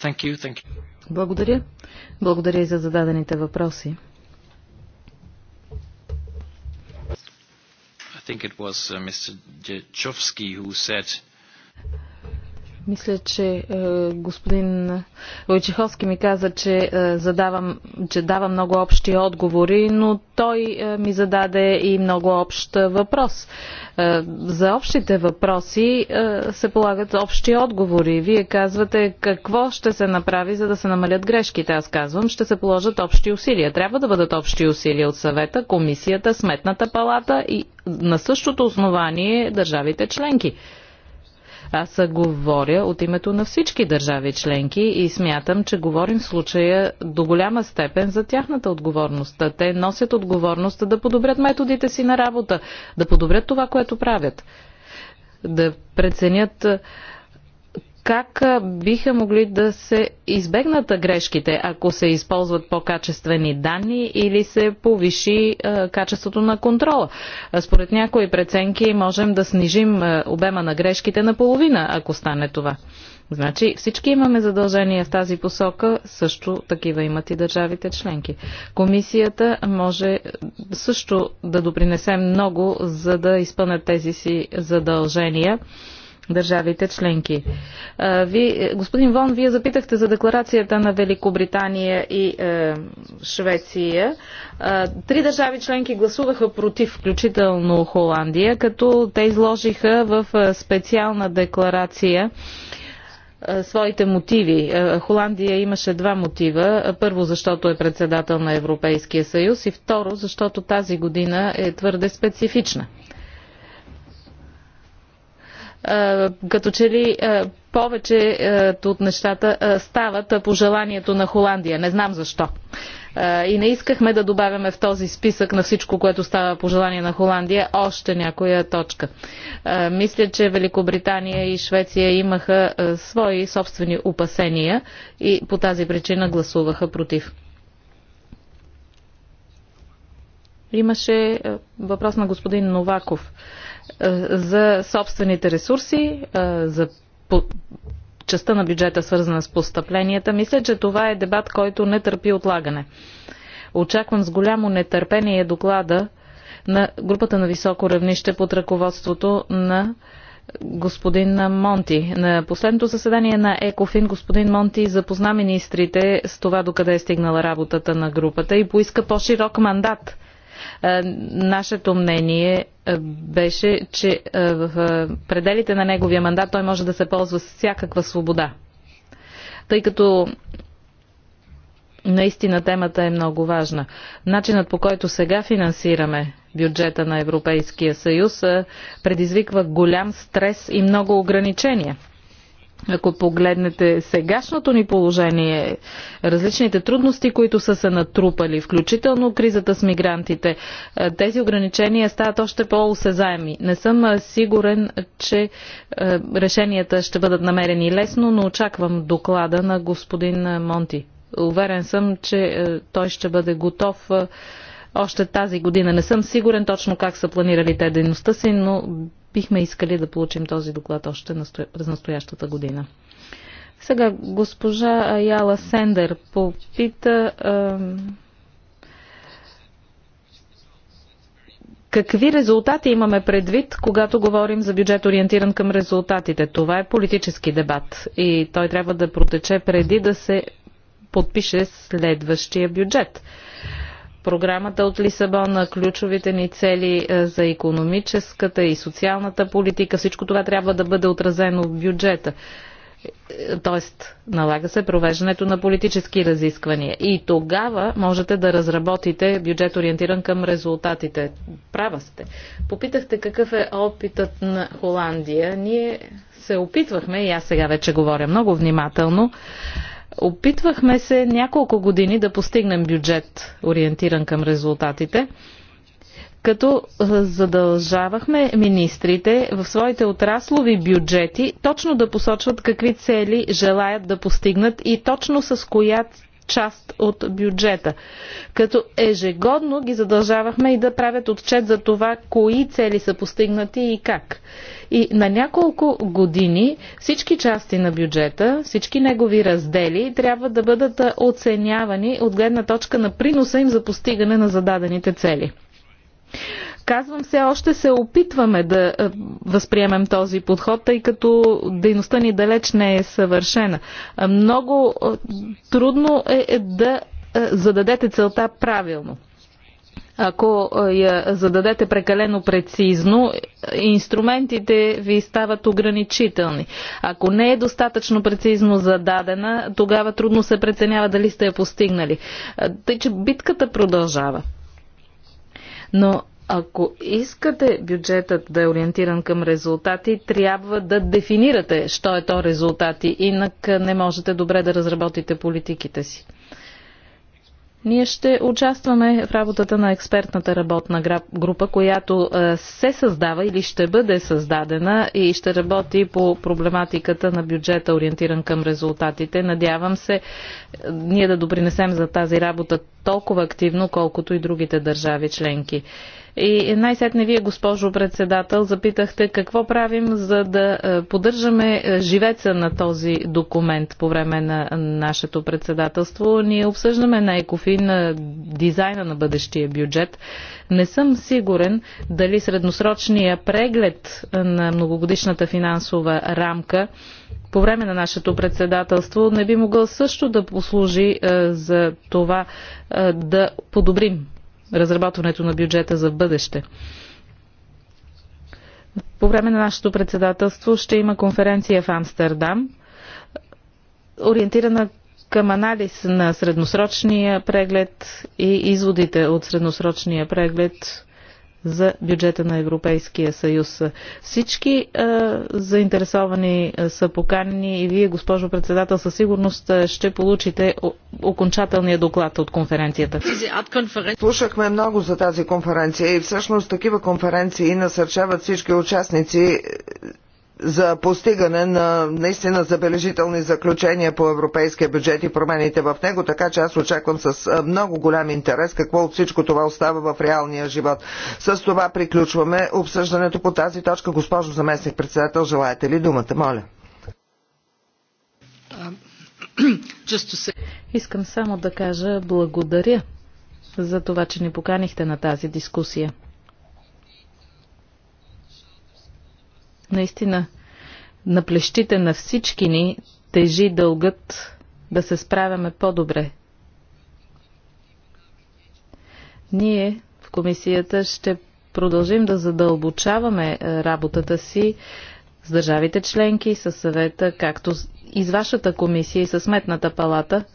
Thank you, thank you. Благодаря. Благодаря и за зададените въпроси. I think it was uh, Mr. Jachowski who said мисля, че е, господин Войчеховски ми каза, че, е, задавам, че дава много общи отговори, но той е, ми зададе и много общ въпрос. Е, за общите въпроси е, се полагат общи отговори. Вие казвате какво ще се направи, за да се намалят грешките. Аз казвам, ще се положат общи усилия. Трябва да бъдат общи усилия от съвета, комисията, сметната палата и на същото основание държавите членки. Аз говоря от името на всички държави членки и смятам, че говорим в случая до голяма степен за тяхната отговорност. Те носят отговорност да подобрят методите си на работа, да подобрят това, което правят, да преценят как биха могли да се избегнат грешките, ако се използват по-качествени данни или се повиши качеството на контрола. Според някои преценки можем да снижим обема на грешките на половина, ако стане това. Значи всички имаме задължения в тази посока, също такива имат и държавите членки. Комисията може също да допринесе много, за да изпълнят тези си задължения държавите членки. Ви, господин Вон, вие запитахте за декларацията на Великобритания и е, Швеция. Три държави членки гласуваха против, включително Холандия, като те изложиха в е, специална декларация е, своите мотиви. Е, Холандия имаше два мотива. Първо, защото е председател на Европейския съюз и второ, защото тази година е твърде специфична като че ли повечето от нещата стават по желанието на Холандия. Не знам защо. И не искахме да добавяме в този списък на всичко, което става по желание на Холандия, още някоя точка. Мисля, че Великобритания и Швеция имаха свои собствени опасения и по тази причина гласуваха против. Имаше въпрос на господин Новаков. Е, за собствените ресурси, е, за частта на бюджета, свързана с постъпленията. Мисля, че това е дебат, който не търпи отлагане. Очаквам с голямо нетърпение доклада на групата на високо равнище под ръководството на господин Монти. На последното заседание на Екофин господин Монти запозна министрите с това докъде е стигнала работата на групата и поиска по-широк мандат – е, нашето мнение е, беше, че е, в пределите на неговия мандат той може да се ползва с всякаква свобода. Тъй като наистина темата е много важна. Начинът по който сега финансираме бюджета на Европейския съюз предизвиква голям стрес и много ограничения – ако погледнете сегашното ни положение, различните трудности, които са се натрупали, включително кризата с мигрантите, е, тези ограничения стават още по-осезаеми. Не съм е, сигурен, че е, решенията ще бъдат намерени лесно, но очаквам доклада на господин Монти. Уверен съм, че той ще бъде готов още тази година. Не съм сигурен точно как са планирали те дейността си, но бихме искали да получим този доклад още през настоящата година. Сега госпожа Яла Сендер попита Какви резултати имаме предвид, когато говорим за бюджет ориентиран към резултатите? Това е политически дебат и той трябва да протече преди да се подпише следващия бюджет програмата от Лисабон, на ключовите ни цели е, за економическата и социалната политика. Всичко това трябва да бъде отразено в бюджета. Е, тоест, налага се провеждането на политически разисквания. И тогава можете да разработите бюджет ориентиран към резултатите. Права сте. Попитахте какъв е опитът на Холандия. Ние се опитвахме, и аз сега вече говоря много внимателно, Опитвахме се няколко години да постигнем бюджет, ориентиран към резултатите, като задължавахме министрите в своите отраслови бюджети точно да посочват какви цели желаят да постигнат и точно с коя част от бюджета. Като ежегодно ги задължавахме и да правят отчет за това, кои цели са постигнати и как. И на няколко години всички части на бюджета, всички негови раздели трябва да бъдат оценявани от гледна точка на приноса им за постигане на зададените цели. Казвам се, още се опитваме да е, възприемем този подход, тъй като дейността ни далеч не е съвършена. Е, много е, трудно е да зададете целта правилно. Ако я зададете прекалено прецизно, инструментите ви стават ограничителни. Ако не е достатъчно прецизно зададена, тогава трудно се преценява дали сте я постигнали. Тъй, че битката продължава. Но ако искате бюджетът да е ориентиран към резултати, трябва да дефинирате, що е то резултати, инак не можете добре да разработите политиките си. Ние ще участваме в работата на експертната работна група, която се създава или ще бъде създадена и ще работи по проблематиката на бюджета, ориентиран към резултатите. Надявам се ние да допринесем за тази работа толкова активно, колкото и другите държави членки. И най-сетне вие, госпожо председател, запитахте какво правим, за да е, поддържаме е, живеца на този документ по време на нашето председателство. Ние обсъждаме на Екофин е, дизайна на бъдещия бюджет. Не съм сигурен дали средносрочния преглед на многогодишната финансова рамка по време на нашето председателство не би могъл също да послужи за това да подобрим разработването на бюджета за бъдеще. По време на нашето председателство ще има конференция в Амстердам, ориентирана към анализ на средносрочния преглед и изводите от средносрочния преглед за бюджета на Европейския съюз. Всички е, заинтересовани са поканени и вие, госпожо председател, със сигурност ще получите окончателния доклад от конференцията. Слушахме много за тази конференция и всъщност такива конференции насърчават всички участници за постигане на наистина забележителни заключения по европейския бюджет и промените в него, така че аз очаквам с много голям интерес какво от всичко това остава в реалния живот. С това приключваме обсъждането по тази точка. Госпожо заместник председател, желаете ли думата? Моля. Искам само да кажа благодаря за това, че ни поканихте на тази дискусия. Наистина, на плещите на всички ни тежи дългът да се справяме по-добре. Ние в комисията ще продължим да задълбочаваме е, работата си с държавите членки, с съвета, както и с вашата комисия и с сметната палата –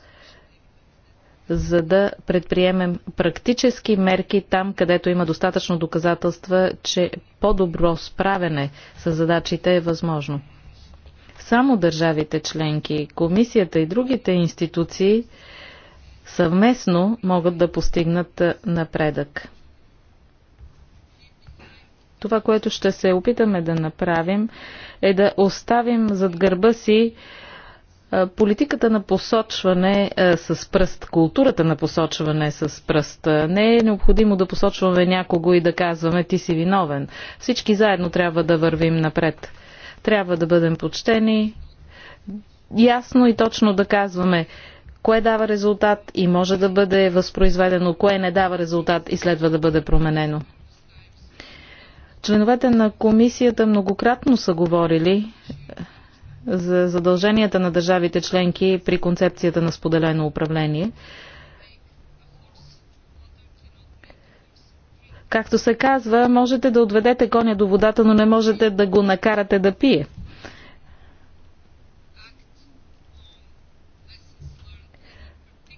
за да предприемем практически мерки там, където има достатъчно доказателства, че по-добро справене с задачите е възможно. Само държавите членки, комисията и другите институции съвместно могат да постигнат напредък. Това, което ще се опитаме да направим, е да оставим зад гърба си Политиката на посочване с пръст, културата на посочване с пръст. Не е необходимо да посочваме някого и да казваме ти си виновен. Всички заедно трябва да вървим напред. Трябва да бъдем почтени, ясно и точно да казваме кое дава резултат и може да бъде възпроизведено, кое не дава резултат и следва да бъде променено. Членовете на комисията многократно са говорили за задълженията на държавите членки при концепцията на споделено управление. Както се казва, можете да отведете коня до водата, но не можете да го накарате да пие.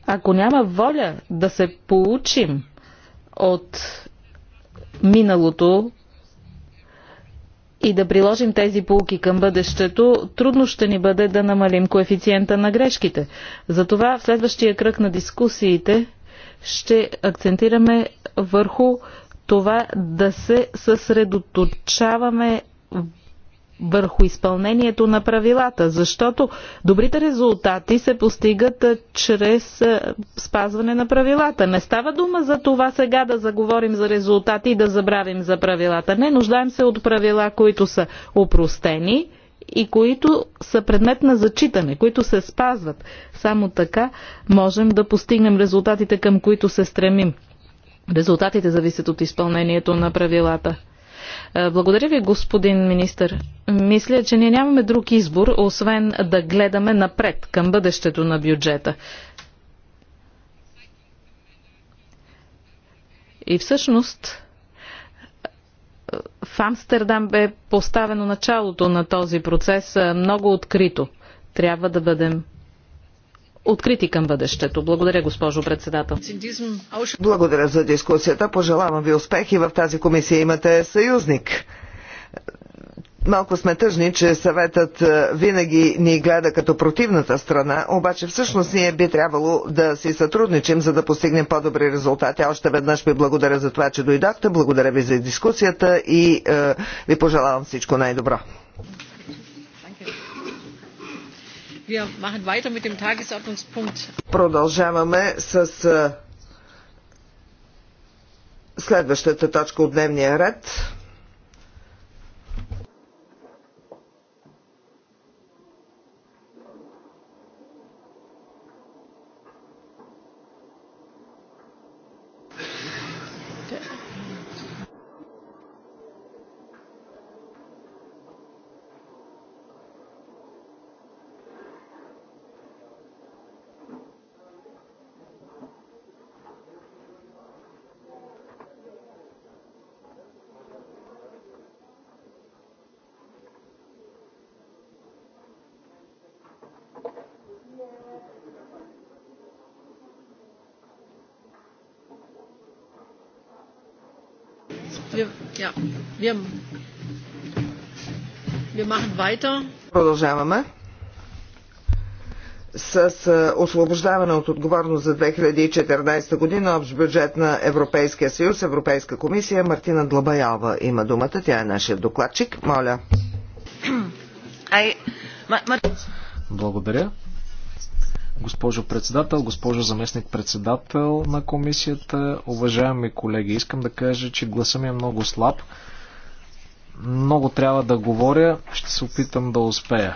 Ако няма воля да се получим от миналото и да приложим тези полки към бъдещето, трудно ще ни бъде да намалим коефициента на грешките. Затова в следващия кръг на дискусиите ще акцентираме върху това да се съсредоточаваме върху изпълнението на правилата, защото добрите резултати се постигат чрез спазване на правилата. Не става дума за това сега да заговорим за резултати и да забравим за правилата. Не, нуждаем се от правила, които са упростени и които са предмет на зачитане, които се спазват. Само така можем да постигнем резултатите, към които се стремим. Резултатите зависят от изпълнението на правилата. Е, благодаря ви, господин министр. Мисля, че ние нямаме друг избор, освен да гледаме напред към бъдещето на бюджета. И всъщност е, в Амстердам бе поставено началото на този процес е, много открито. Трябва да бъдем открити към бъдещето. Благодаря, госпожо председател. Благодаря за дискусията. Пожелавам ви успехи в тази комисия. Имате съюзник. Малко сме тъжни, че съветът е, винаги ни гледа като противната страна, обаче всъщност ние би трябвало да си сътрудничим, за да постигнем по-добри резултати. Още веднъж ви благодаря за това, че дойдохте, благодаря ви за дискусията и е, ви пожелавам всичко най-добро. Продължаваме с следващата точка от дневния ред. Ja, wir, wir machen weiter. Продължаваме с освобождаване от отговорност за 2014 година общ бюджет на Европейския съюз, Европейска комисия. Мартина Длабаялва има думата. Тя е нашия докладчик. Моля. Благодаря госпожо председател, госпожо заместник председател на комисията, уважаеми колеги. Искам да кажа, че гласа ми е много слаб. Много трябва да говоря. Ще се опитам да успея.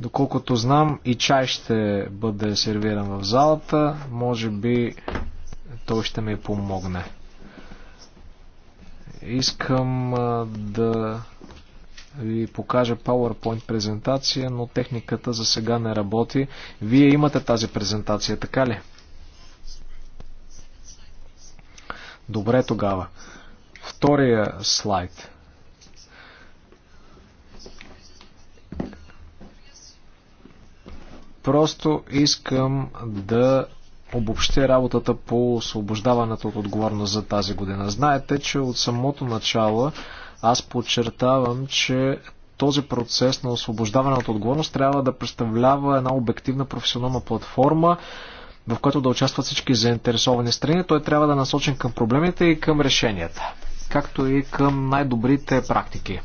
Доколкото знам, и чай ще бъде сервиран в залата. Може би той ще ми помогне. Искам да ви покажа PowerPoint презентация, но техниката за сега не работи. Вие имате тази презентация, така ли? Добре тогава. Втория слайд. Просто искам да обобщя работата по освобождаването от отговорност за тази година. Знаете, че от самото начало аз подчертавам, че този процес на освобождаване от отговорност трябва да представлява една обективна професионална платформа, в която да участват всички заинтересовани страни. Той трябва да е насочен към проблемите и към решенията, както и към най-добрите практики.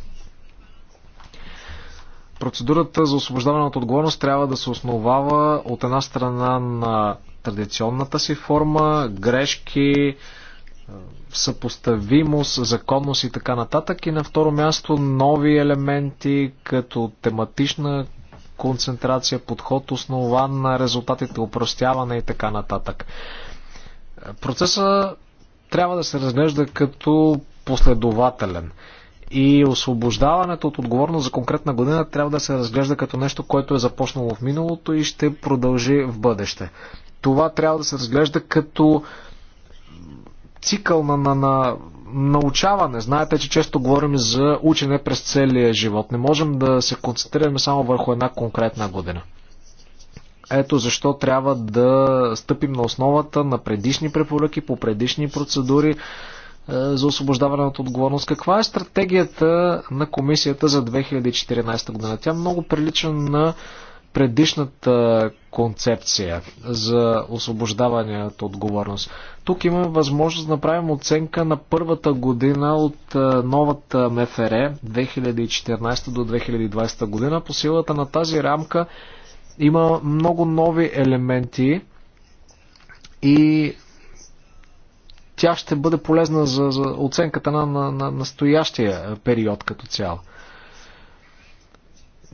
Процедурата за освобождаване от отговорност трябва да се основава от една страна на традиционната си форма, грешки, съпоставимост, законност и така нататък. И на второ място нови елементи като тематична концентрация, подход основан на резултатите, упростяване и така нататък. Процесът трябва да се разглежда като последователен. И освобождаването от отговорност за конкретна година трябва да се разглежда като нещо, което е започнало в миналото и ще продължи в бъдеще. Това трябва да се разглежда като цикъл на, на, на научаване. Знаете, че често говорим за учене през целия живот. Не можем да се концентрираме само върху една конкретна година. Ето защо трябва да стъпим на основата на предишни препоръки по предишни процедури е, за освобождаване от отговорност. Каква е стратегията на комисията за 2014 година? Тя е много прилича на предишната концепция за освобождаване от отговорност. Тук имаме възможност да направим оценка на първата година от е, новата МФР 2014 до 2020 година. По силата на тази рамка има много нови елементи и тя ще бъде полезна за, за оценката на, на, на настоящия период като цяло.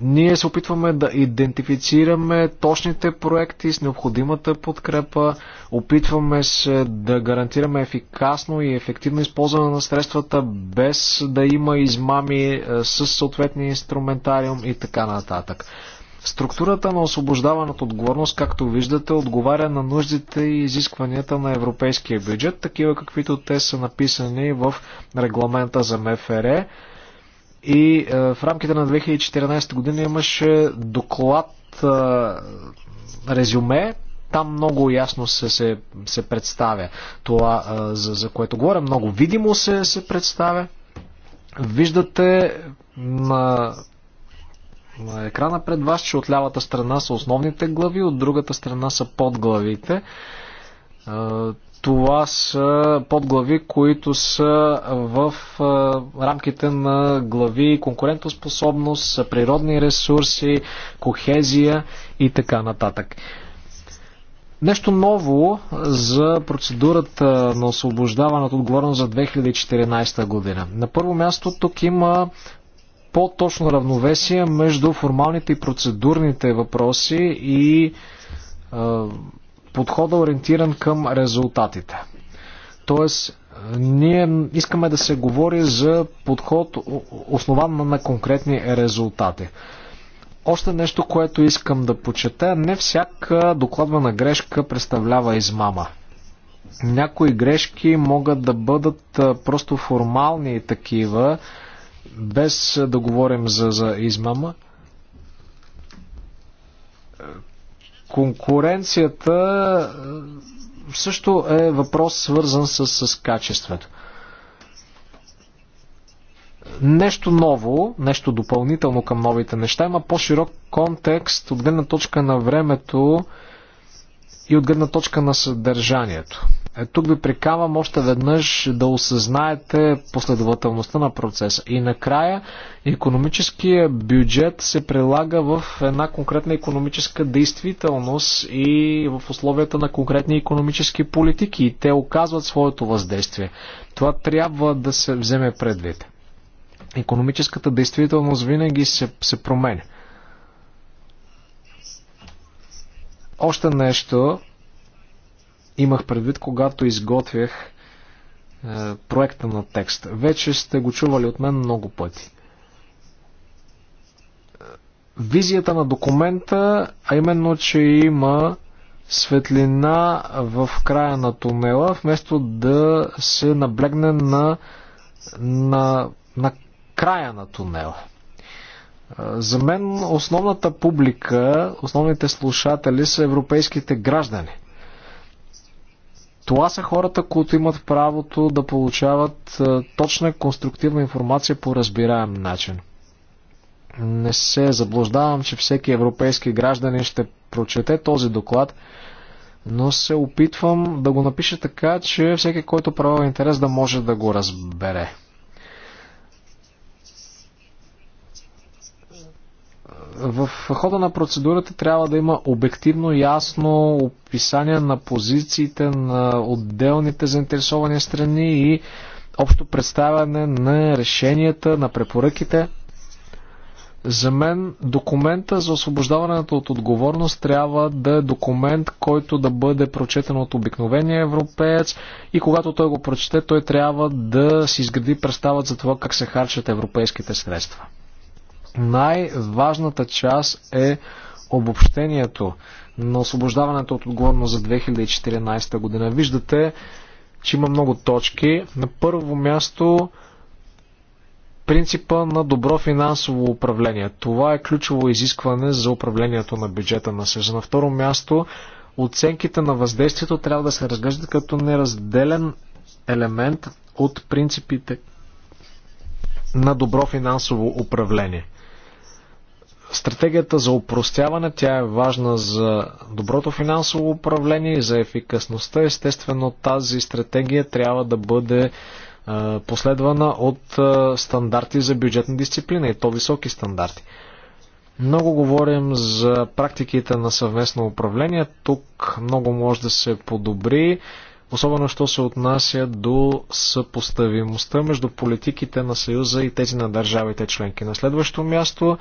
Ние се опитваме да идентифицираме точните проекти с необходимата подкрепа, опитваме се да гарантираме ефикасно и ефективно използване на средствата, без да има измами е, с съответния инструментариум и така нататък. Структурата на освобождаваната отговорност, както виждате, отговаря на нуждите и изискванията на европейския бюджет, такива каквито те са написани в регламента за МФР. И е, в рамките на 2014 година имаше доклад, е, резюме, там много ясно се, се, се представя това, е, за, за което говоря, много видимо се, се представя. Виждате на, на екрана пред вас, че от лявата страна са основните глави, от другата страна са подглавите. Това са подглави, които са в рамките на глави конкурентоспособност, природни ресурси, кохезия и така нататък. Нещо ново за процедурата на освобождаване от отговорност за 2014 година. На първо място тук има по-точно равновесие между формалните и процедурните въпроси и подхода ориентиран към резултатите. Тоест, ние искаме да се говори за подход основан на конкретни резултати. Още нещо, което искам да почета, не всяка докладвана грешка представлява измама. Някои грешки могат да бъдат просто формални такива, без да говорим за, за измама конкуренцията е, също е въпрос свързан с, с качеството. Нещо ново, нещо допълнително към новите неща, има по-широк контекст от гледна точка на времето и от гледна точка на съдържанието. Е, тук ви прекавам още веднъж да осъзнаете последователността на процеса. И накрая, економическия бюджет се прилага в една конкретна економическа действителност и в условията на конкретни економически политики. И те оказват своето въздействие. Това трябва да се вземе предвид. Економическата действителност винаги се, се променя. Още нещо, имах предвид, когато изготвях е, проекта на текст. Вече сте го чували от мен много пъти. Визията на документа, а именно, че има светлина в края на тунела, вместо да се наблегне на, на, на края на тунела. Е, за мен основната публика, основните слушатели са европейските граждани – това са хората, които имат правото да получават е, точна конструктивна информация по разбираем начин. Не се заблуждавам, че всеки европейски гражданин ще прочете този доклад, но се опитвам да го напиша така, че всеки, който е проявява интерес, да може да го разбере. В хода на процедурата трябва да има обективно ясно описание на позициите на отделните заинтересовани страни и общо представяне на решенията, на препоръките. За мен документа за освобождаването от отговорност трябва да е документ, който да бъде прочетен от обикновения европеец и когато той го прочете, той трябва да си изгради представа за това как се харчат европейските средства. Най-важната част е обобщението на освобождаването от отговорност за 2014 година. Виждате, че има много точки. На първо място принципа на добро финансово управление. Това е ключово изискване за управлението на бюджета на Съюза. На второ място оценките на въздействието трябва да се разглеждат като неразделен елемент от принципите на добро финансово управление. Стратегията за упростяване, тя е важна за доброто финансово управление и за ефикасността. Естествено, тази стратегия трябва да бъде е, последвана от е, стандарти за бюджетна дисциплина и то високи стандарти. Много говорим за практиките на съвместно управление. Тук много може да се подобри, особено що се отнася до съпоставимостта между политиките на Съюза и тези на държавите членки. На следващо място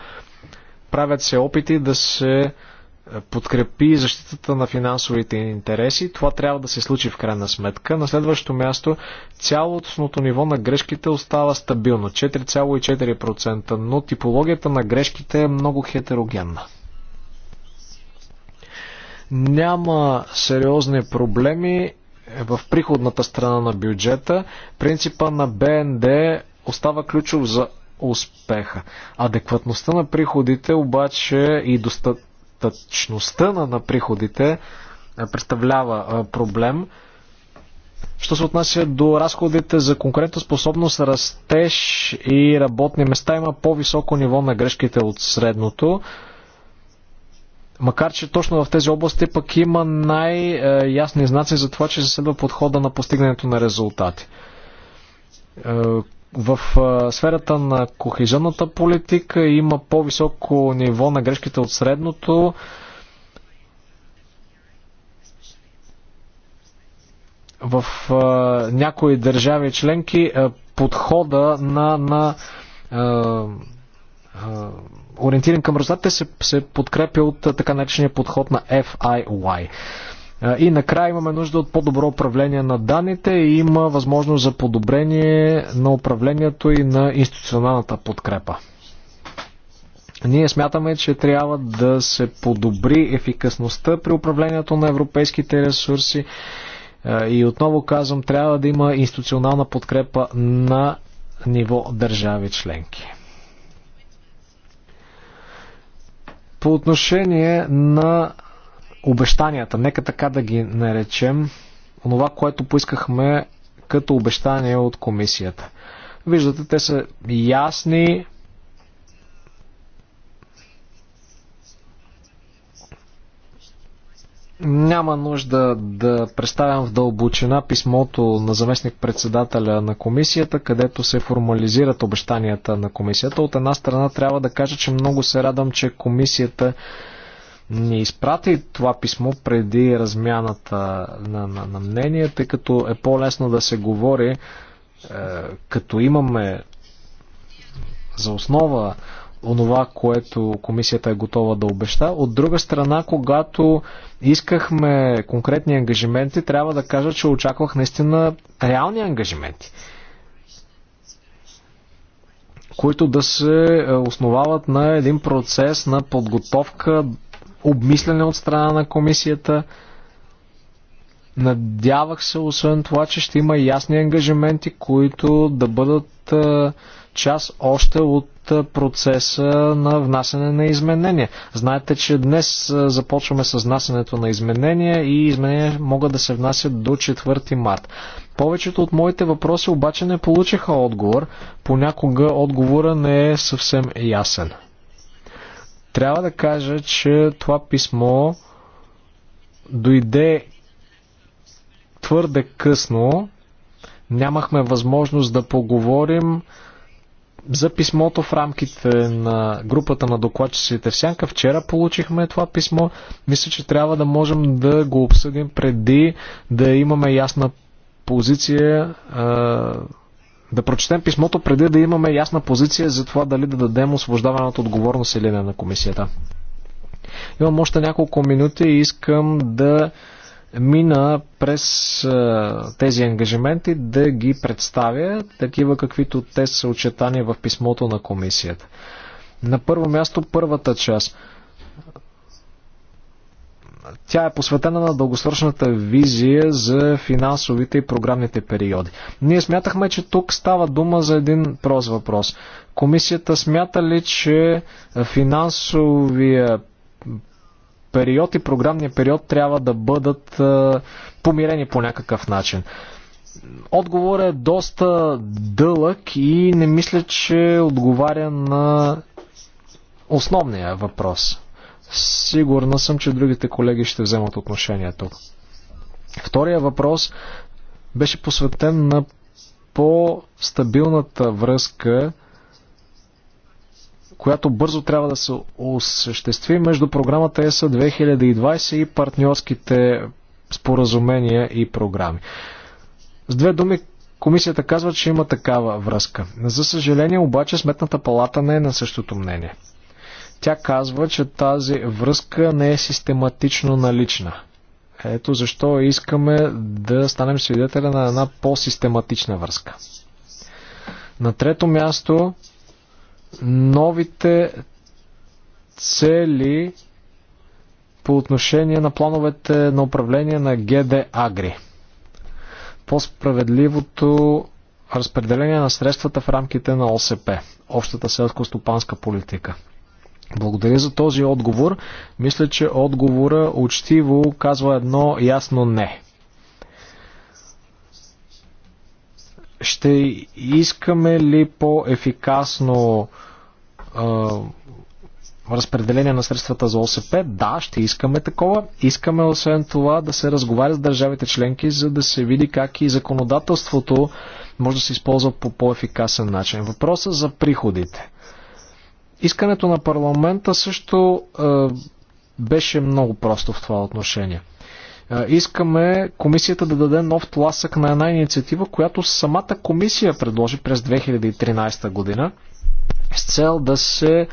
Правят се опити да се е, подкрепи защитата на финансовите интереси. Това трябва да се случи в крайна сметка. На следващото място цялостното ниво на грешките остава стабилно 4,4%, но типологията на грешките е много хетерогенна. Няма сериозни проблеми в приходната страна на бюджета. Принципа на БНД остава ключов за успеха. Адекватността на приходите обаче и достатъчността на, на приходите е, представлява е, проблем. Що се отнася до разходите за способност, растеж и работни места има по-високо ниво на грешките от средното. Макар, че точно в тези области пък има най-ясни е, знаци за това, че се следва подхода на постигането на резултати. В сферата на кохезионната политика има по-високо ниво на грешките от средното. В някои държави членки подхода на, на ориентиран към резултатите се, се подкрепя от така наречения подход на FIY. И накрая имаме нужда от по-добро управление на данните и има възможност за подобрение на управлението и на институционалната подкрепа. Ние смятаме, че трябва да се подобри ефикасността при управлението на европейските ресурси и отново казвам, трябва да има институционална подкрепа на ниво държави членки. По отношение на обещанията, нека така да ги наречем, онова, което поискахме като обещание от комисията. Виждате, те са ясни. Няма нужда да представям в дълбочина писмото на заместник-председателя на комисията, където се формализират обещанията на комисията. От една страна трябва да кажа, че много се радвам, че комисията ни изпрати това писмо преди размяната на, на, на мнение, тъй като е по-лесно да се говори, е, като имаме за основа онова, което комисията е готова да обеща. От друга страна, когато искахме конкретни ангажименти, трябва да кажа, че очаквах наистина реални ангажименти, които да се е, основават на един процес на подготовка обмислене от страна на комисията. Надявах се, освен това, че ще има ясни ангажименти, които да бъдат част още от процеса на внасяне на изменения. Знаете, че днес започваме с внасянето на изменения и изменения могат да се внасят до 4 март. Повечето от моите въпроси обаче не получиха отговор. Понякога отговора не е съвсем ясен. Трябва да кажа, че това писмо дойде твърде късно. Нямахме възможност да поговорим за писмото в рамките на групата на докладчиците в Сянка. Вчера получихме това писмо. Мисля, че трябва да можем да го обсъдим преди да имаме ясна позиция да прочетем писмото преди да имаме ясна позиция за това дали да дадем освобождаване от отговорност или не на комисията. Имам още няколко минути и искам да мина през тези ангажименти да ги представя, такива каквито те са очетани в писмото на комисията. На първо място първата част – тя е посветена на дългосрочната визия за финансовите и програмните периоди. Ние смятахме, че тук става дума за един прост въпрос. Комисията смята ли, че финансовия период и програмния период трябва да бъдат помирени по някакъв начин? Отговор е доста дълъг и не мисля, че отговаря на основния въпрос. Сигурна съм, че другите колеги ще вземат отношение тук. Втория въпрос беше посветен на по-стабилната връзка, която бързо трябва да се осъществи между програмата ЕСА 2020 и партньорските споразумения и програми. С две думи, комисията казва, че има такава връзка. За съжаление обаче Сметната палата не е на същото мнение. Тя казва, че тази връзка не е систематично налична. Ето защо искаме да станем свидетели на една по-систематична връзка. На трето място, новите цели по отношение на плановете на управление на ГД Агри. По-справедливото разпределение на средствата в рамките на ОСП, Общата селско-стопанска политика. Благодаря за този отговор. Мисля, че отговора учтиво казва едно ясно не. Ще искаме ли по-ефикасно е, разпределение на средствата за ОСП? Да, ще искаме такова. Искаме освен това да се разговаря с държавите членки, за да се види как и законодателството може да се използва по по-ефикасен начин. Въпросът за приходите Искането на парламента също е, беше много просто в това отношение. Е, искаме комисията да даде нов тласък на една инициатива, която самата комисия предложи през 2013 година с цел да се е,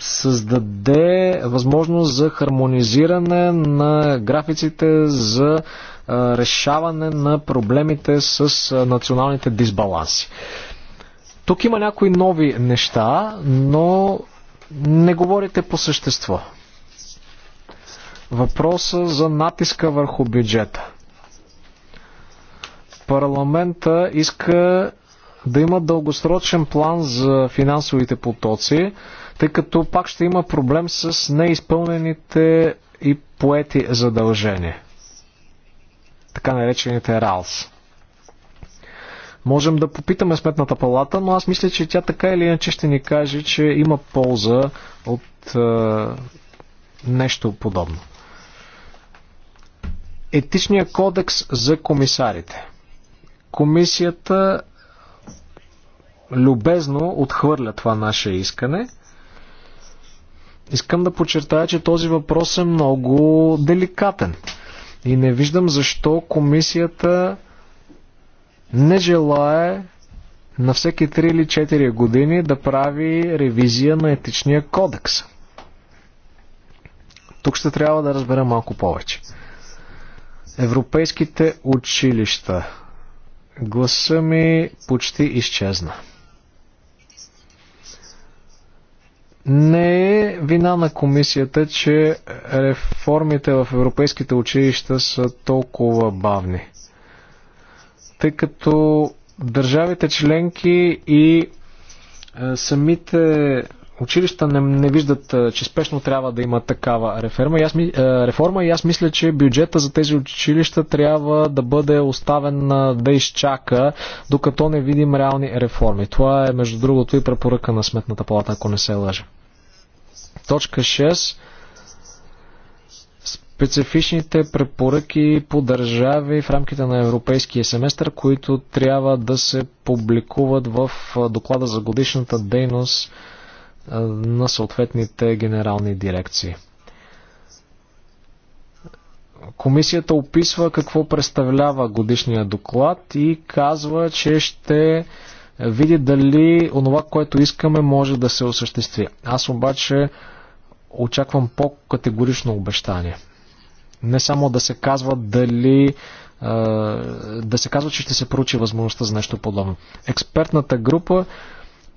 създаде възможност за хармонизиране на графиците за е, решаване на проблемите с е, националните дисбаланси. Тук има някои нови неща, но не говорите по същество. Въпроса за натиска върху бюджета. Парламента иска да има дългосрочен план за финансовите потоци, тъй като пак ще има проблем с неизпълнените и поети задължения. Така наречените РАЛС. Можем да попитаме сметната палата, но аз мисля, че тя така или иначе ще ни каже, че има полза от е, нещо подобно. Етичният кодекс за комисарите. Комисията любезно отхвърля това наше искане. Искам да подчертая, че този въпрос е много деликатен. И не виждам защо комисията не желае на всеки 3 или 4 години да прави ревизия на етичния кодекс. Тук ще трябва да разбера малко повече. Европейските училища. Гласа ми почти изчезна. Не е вина на комисията, че реформите в европейските училища са толкова бавни тъй като държавите членки и е, самите училища не, не виждат, е, че спешно трябва да има такава реформа. И, аз, е, реформа и аз мисля, че бюджета за тези училища трябва да бъде оставен да изчака, докато не видим реални реформи. Това е, между другото, и препоръка на Сметната палата, ако не се лъжа. Точка 6 специфичните препоръки по държави в рамките на европейския семестър, които трябва да се публикуват в доклада за годишната дейност на съответните генерални дирекции. Комисията описва какво представлява годишния доклад и казва, че ще види дали онова, което искаме, може да се осъществи. Аз обаче очаквам по-категорично обещание. Не само да се казва дали да се казва, че ще се проучи възможността за нещо подобно. Експертната група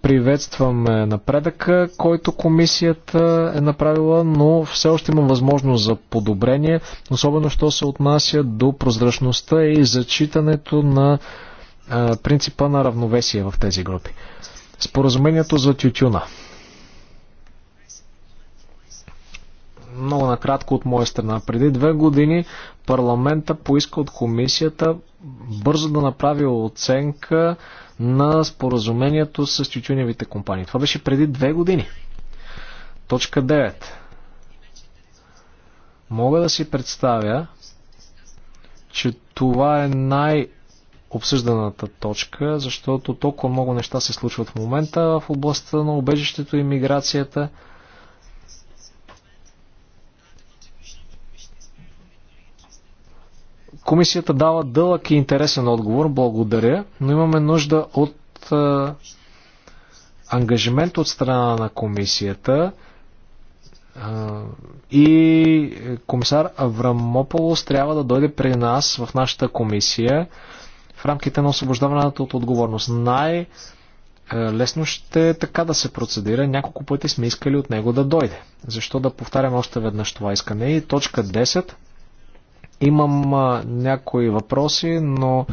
приветстваме напредъка, който комисията е направила, но все още има възможност за подобрение, особено що се отнася до прозрачността и зачитането на принципа на равновесие в тези групи. Споразумението за тютюна. Много накратко от моя страна. Преди две години парламента поиска от комисията бързо да направи оценка на споразумението с тютюневите компании. Това беше преди две години. Точка 9. Мога да си представя, че това е най- обсъжданата точка, защото толкова много неща се случват в момента в областта на убежището и миграцията. Комисията дава дълъг и интересен отговор, благодаря, но имаме нужда от а, ангажимент от страна на комисията а, и комисар Аврамополос трябва да дойде при нас в нашата комисия в рамките на освобождаването от отговорност. Най- лесно ще е така да се процедира. Няколко пъти сме искали от него да дойде. Защо да повтарям още веднъж това искане? И точка 10 Имам някои въпроси, но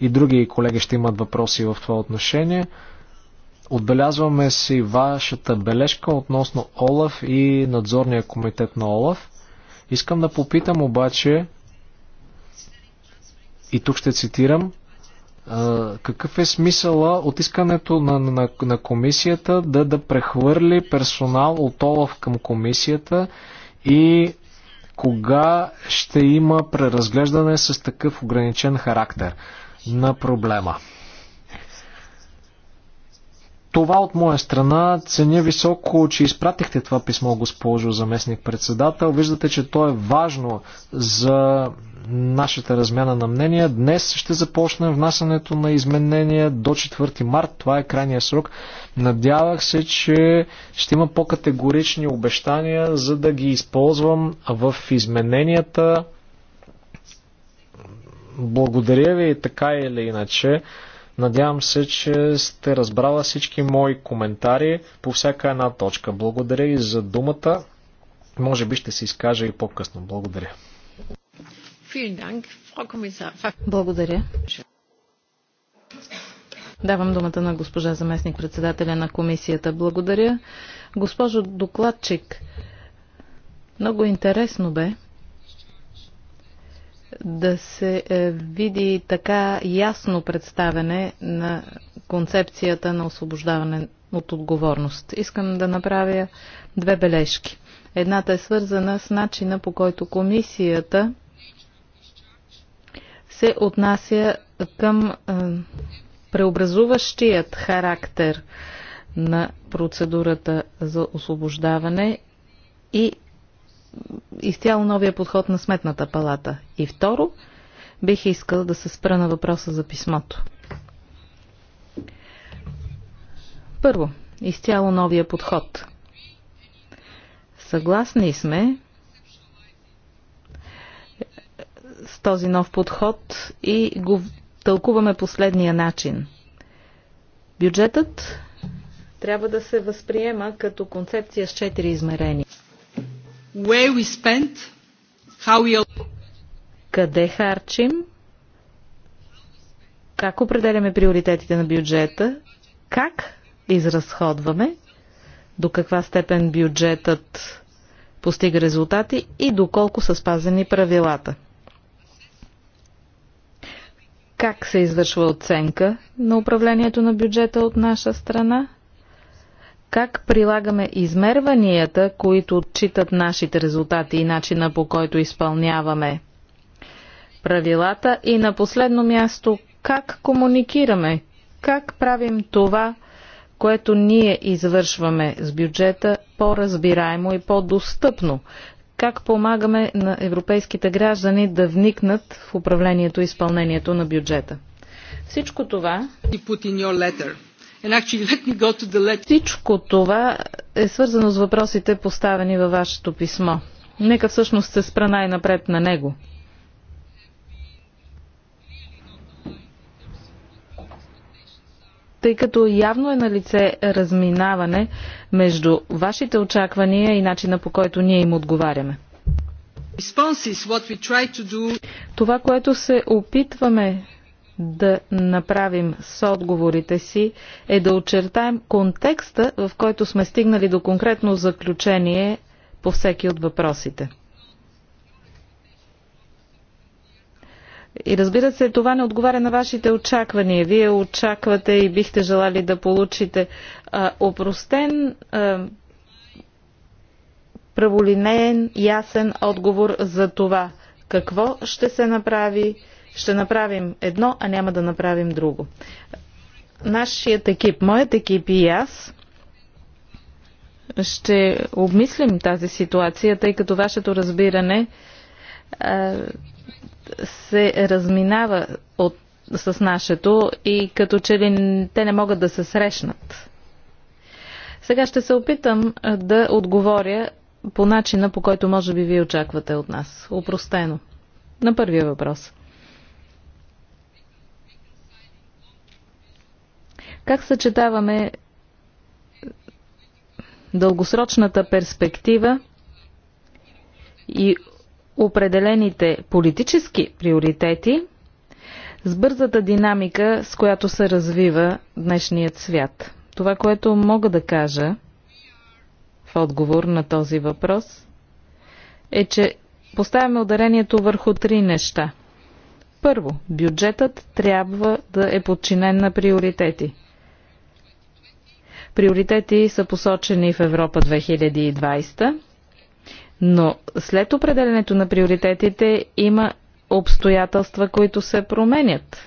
и други колеги ще имат въпроси в това отношение. Отбелязваме си вашата бележка относно ОЛАФ и надзорния комитет на ОЛАФ. Искам да попитам обаче, и тук ще цитирам, какъв е смисъла от искането на, на, на комисията да, да прехвърли персонал от ОЛАФ към комисията и кога ще има преразглеждане с такъв ограничен характер на проблема? Това от моя страна ценя високо, че изпратихте това писмо, госпожо заместник председател. Виждате, че то е важно за нашата размяна на мнения. Днес ще започнем внасянето на изменения до 4 март. Това е крайния срок. Надявах се, че ще има по-категорични обещания, за да ги използвам в измененията. Благодаря ви така или иначе. Надявам се, че сте разбрала всички мои коментари по всяка една точка. Благодаря и за думата. Може би ще се изкажа и по-късно. Благодаря. Благодаря. Давам думата на госпожа заместник председателя на комисията. Благодаря. Госпожо докладчик, много интересно бе да се е, види така ясно представене на концепцията на освобождаване от отговорност. Искам да направя две бележки. Едната е свързана с начина по който комисията се отнася към преобразуващият характер на процедурата за освобождаване и изцяло новия подход на Сметната палата. И второ, бих искал да се спра на въпроса за писмото. Първо, изцяло новия подход. Съгласни сме с този нов подход и го тълкуваме последния начин. Бюджетът трябва да се възприема като концепция с четири измерения. Where we how we... Къде харчим, как определяме приоритетите на бюджета, как изразходваме, до каква степен бюджетът постига резултати и доколко са спазени правилата как се извършва оценка на управлението на бюджета от наша страна, как прилагаме измерванията, които отчитат нашите резултати и начина по който изпълняваме правилата и на последно място как комуникираме, как правим това, което ние извършваме с бюджета по-разбираемо и по-достъпно как помагаме на европейските граждани да вникнат в управлението и изпълнението на бюджета. Всичко това Всичко това е свързано с въпросите, поставени във вашето писмо. Нека всъщност се спра най-напред на него. тъй като явно е на лице разминаване между вашите очаквания и начина по който ние им отговаряме. Това, което се опитваме да направим с отговорите си, е да очертаем контекста, в който сме стигнали до конкретно заключение по всеки от въпросите. И разбира се, това не отговаря на вашите очаквания. Вие очаквате и бихте желали да получите а, опростен, а, праволинеен, ясен отговор за това. Какво ще се направи? Ще направим едно, а няма да направим друго. Нашият екип, моят екип и аз ще обмислим тази ситуация, тъй като вашето разбиране се разминава от, с нашето и като че ли те не могат да се срещнат. Сега ще се опитам да отговоря по начина, по който може би вие очаквате от нас. Опростено. На първия въпрос. Как съчетаваме дългосрочната перспектива и определените политически приоритети с бързата динамика, с която се развива днешният свят. Това, което мога да кажа в отговор на този въпрос, е, че поставяме ударението върху три неща. Първо, бюджетът трябва да е подчинен на приоритети. Приоритети са посочени в Европа 2020 но след определенето на приоритетите има обстоятелства, които се променят.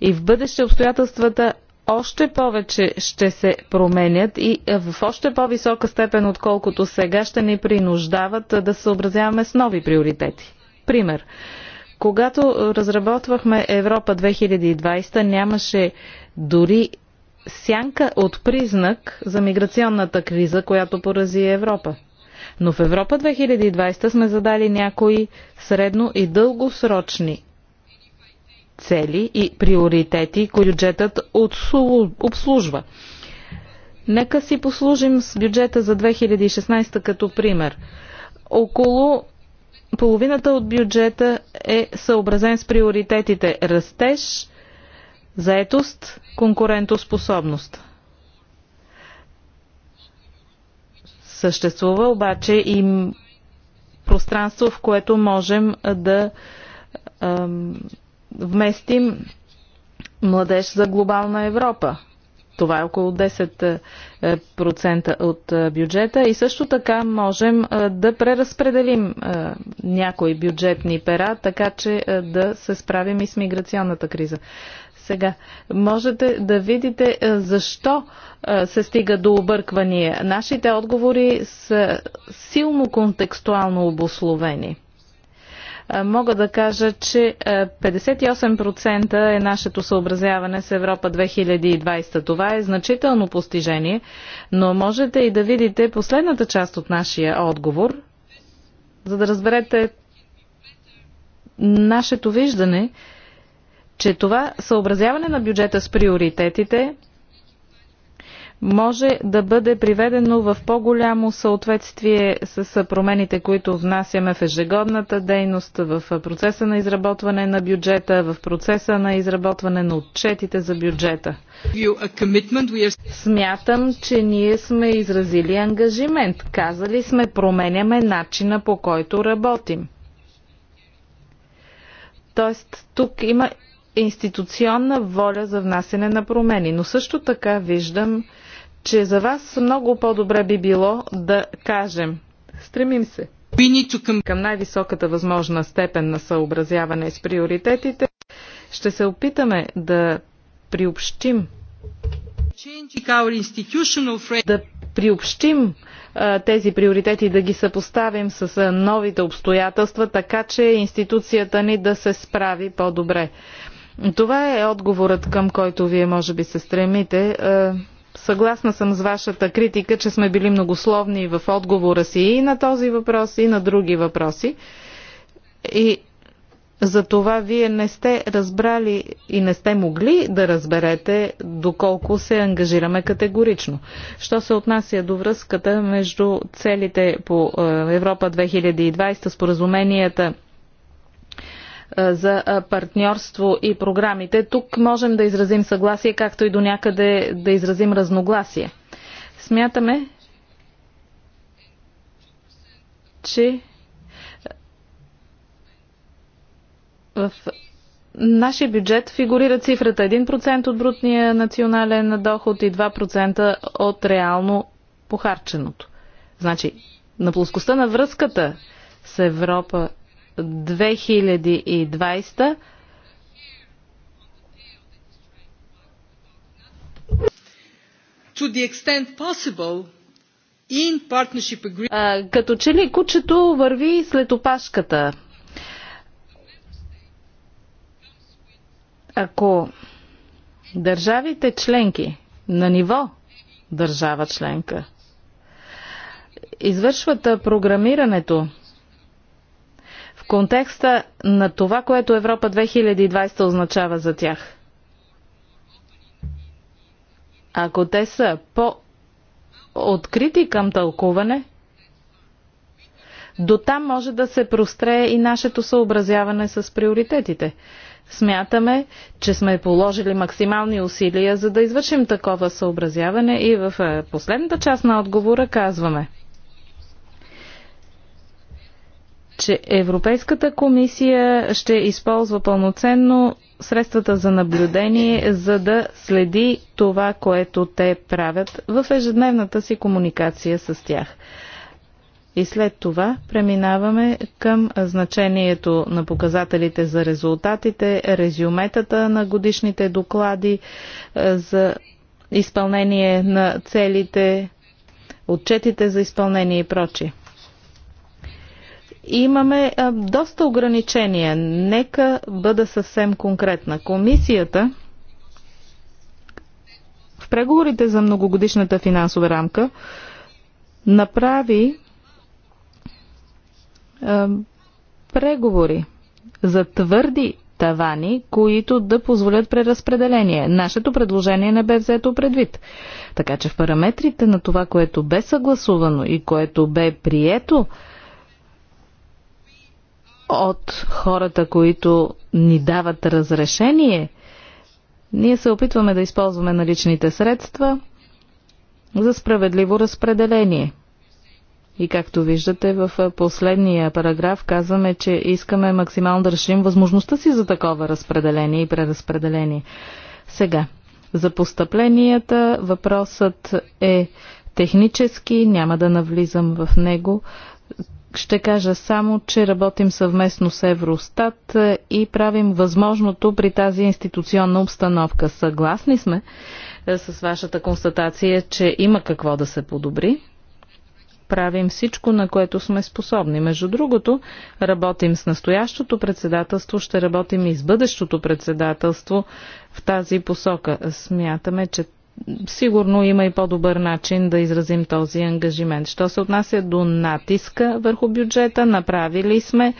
И в бъдеще обстоятелствата още повече ще се променят и в още по-висока степен, отколкото сега, ще ни принуждават да съобразяваме с нови приоритети. Пример. Когато разработвахме Европа 2020, нямаше дори сянка от признак за миграционната криза, която порази Европа. Но в Европа 2020 сме задали някои средно и дългосрочни цели и приоритети, които бюджетът обслужва. Нека си послужим с бюджета за 2016 като пример. Около половината от бюджета е съобразен с приоритетите растеж, заетост, конкурентоспособност. Съществува обаче и пространство, в което можем да вместим младеж за глобална Европа. Това е около 10% е, от е, бюджета и също така можем е, да преразпределим някои бюджетни пера, така че да се справим и с миграционната криза. Сега можете да видите е, защо е, се стига до обърквания. Нашите отговори са силно контекстуално обословени е, мога да кажа, че 58% е нашето съобразяване с Европа 2020. Това е значително постижение, но можете и да видите последната част от нашия отговор, за да разберете нашето виждане че това съобразяване на бюджета с приоритетите може да бъде приведено в по-голямо съответствие с промените, които внасяме в ежегодната дейност, в процеса на изработване на бюджета, в процеса на изработване на отчетите за бюджета. Смятам, че ние сме изразили ангажимент. Казали сме, променяме начина по който работим. Тоест, тук има институционна воля за внасене на промени. Но също така виждам, че за вас много по-добре би било да кажем. Стремим се към най-високата възможна степен на съобразяване с приоритетите. Ще се опитаме да приобщим да приобщим а, тези приоритети, да ги съпоставим с а, новите обстоятелства, така че институцията ни да се справи по-добре. Това е отговорът, към който вие може би се стремите. Е, съгласна съм с вашата критика, че сме били многословни в отговора си и на този въпрос, и на други въпроси. И за това вие не сте разбрали и не сте могли да разберете доколко се ангажираме категорично. Що се отнася до връзката между целите по е, Европа 2020, споразуменията за партньорство и програмите. Тук можем да изразим съгласие, както и до някъде да изразим разногласие. Смятаме, че в нашия бюджет фигурира цифрата 1% от брутния национален доход и 2% от реално похарченото. Значи, на плоскостта на връзката с Европа 2020 to the extent possible in partnership agreement. А, като че ли кучето върви след опашката. Ако държавите членки на ниво държава членка извършват програмирането контекста на това, което Европа 2020 означава за тях. Ако те са по-открити към тълкуване, до там може да се прострее и нашето съобразяване с приоритетите. Смятаме, че сме положили максимални усилия, за да извършим такова съобразяване и в е, последната част на отговора казваме – че Европейската комисия ще използва пълноценно средствата за наблюдение, за да следи това, което те правят в ежедневната си комуникация с тях. И след това преминаваме към значението на показателите за резултатите, резюметата на годишните доклади е, за изпълнение на целите, отчетите за изпълнение и прочие имаме а, доста ограничения. Нека бъда съвсем конкретна. Комисията в преговорите за многогодишната финансова рамка направи а, преговори за твърди тавани, които да позволят преразпределение. Нашето предложение не бе взето предвид. Така че в параметрите на това, което бе съгласувано и което бе прието, от хората, които ни дават разрешение, ние се опитваме да използваме наличните средства за справедливо разпределение. И както виждате, в последния параграф казваме, че искаме максимално да решим възможността си за такова разпределение и преразпределение. Сега, за постъпленията въпросът е технически, няма да навлизам в него. Ще кажа само, че работим съвместно с Евростат и правим възможното при тази институционна обстановка. Съгласни сме е, с вашата констатация, че има какво да се подобри. Правим всичко, на което сме способни. Между другото, работим с настоящото председателство, ще работим и с бъдещото председателство в тази посока. Смятаме, че сигурно има и по-добър начин да изразим този ангажимент. Що се отнася до натиска върху бюджета, направили сме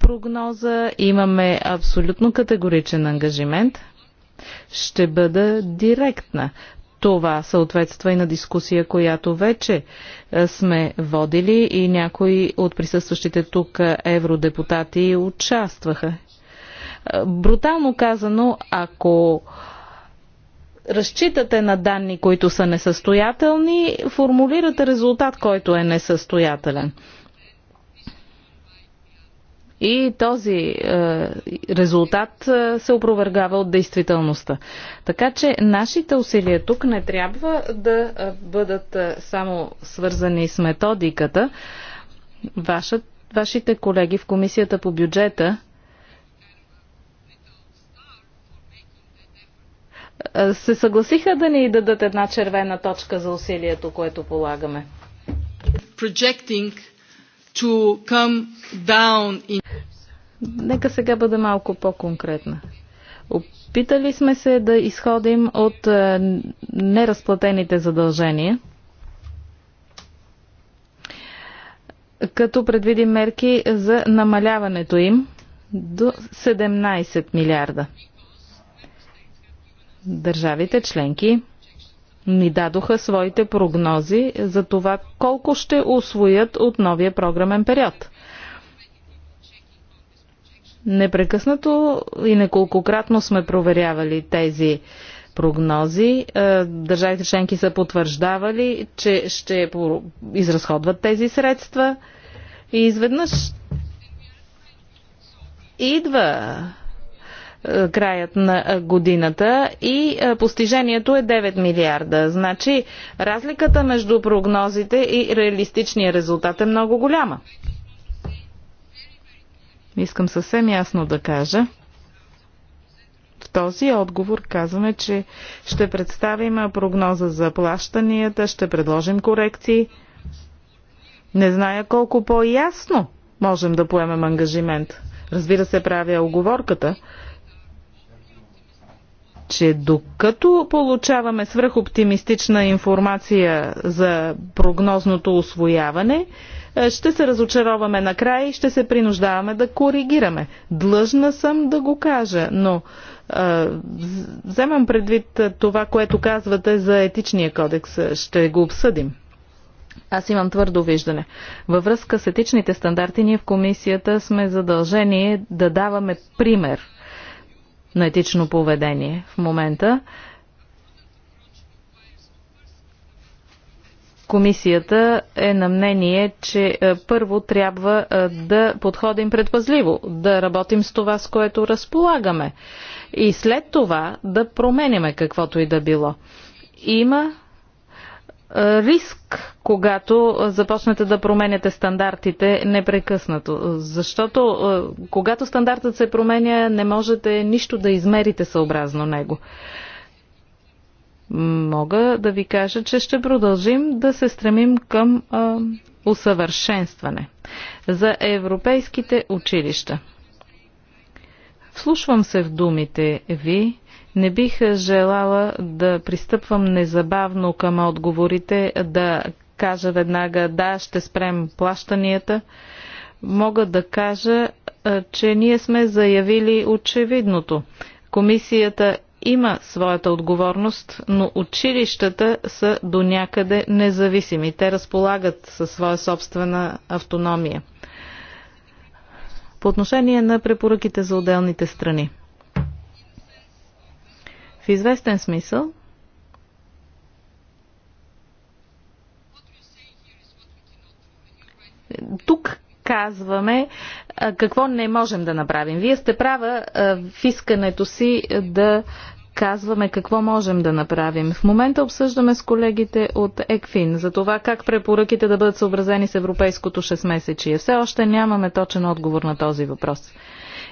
прогноза, имаме абсолютно категоричен ангажимент. Ще бъда директна. Това съответства и на дискусия, която вече е, сме водили и някои от присъстващите тук е, евродепутати участваха. Е, брутално казано, ако разчитате на данни, които са несъстоятелни, формулирате резултат, който е несъстоятелен. И този е, резултат е, се опровергава от действителността. Така че нашите усилия тук не трябва да е, бъдат е, само свързани с методиката. Ваша, вашите колеги в Комисията по бюджета Е, се съгласиха да ни дадат една червена точка за усилието, което полагаме. In... Нека сега бъда малко по-конкретна. Опитали сме се да изходим от е, неразплатените задължения, като предвидим мерки за намаляването им до 17 милиарда. Държавите членки ни дадоха своите прогнози за това колко ще освоят от новия програмен период. Непрекъснато и неколкократно сме проверявали тези прогнози. Е, държавите членки са потвърждавали, че ще изразходват тези средства и изведнъж идва е, краят на годината и е, постижението е 9 милиарда. Значи разликата между прогнозите и реалистичния резултат е много голяма. Искам съвсем ясно да кажа. В този отговор казваме, че ще представим прогноза за плащанията, ще предложим корекции. Не зная колко по-ясно можем да поемем ангажимент. Разбира се, правя оговорката, че докато получаваме свръхоптимистична информация за прогнозното освояване, е, ще се разочароваме накрая и ще се принуждаваме да коригираме. Длъжна съм да го кажа, но а, е, вземам предвид е, това, което казвате за етичния кодекс. Ще го обсъдим. Аз имам твърдо виждане. Във връзка с етичните стандарти ние в комисията сме задължени да даваме пример – на етично поведение в момента. Комисията е на мнение, че е, първо трябва е, да подходим предпазливо, да работим с това, с което разполагаме и след това да променяме каквото и да било. Има риск, когато започнете да променяте стандартите непрекъснато. Защото е, когато стандартът се променя, не можете нищо да измерите съобразно него. Мога да ви кажа, че ще продължим да се стремим към а, е, усъвършенстване за европейските училища. Вслушвам се в думите ви не бих желала да пристъпвам незабавно към отговорите, да кажа веднага да, ще спрем плащанията. Мога да кажа, че ние сме заявили очевидното. Комисията има своята отговорност, но училищата са до някъде независими. Те разполагат със своя собствена автономия. По отношение на препоръките за отделните страни – в известен смисъл тук казваме какво не можем да направим. Вие сте права в искането си да казваме какво можем да направим. В момента обсъждаме с колегите от ЕКФИН за това как препоръките да бъдат съобразени с европейското 6-месечие. Все още нямаме точен отговор на този въпрос.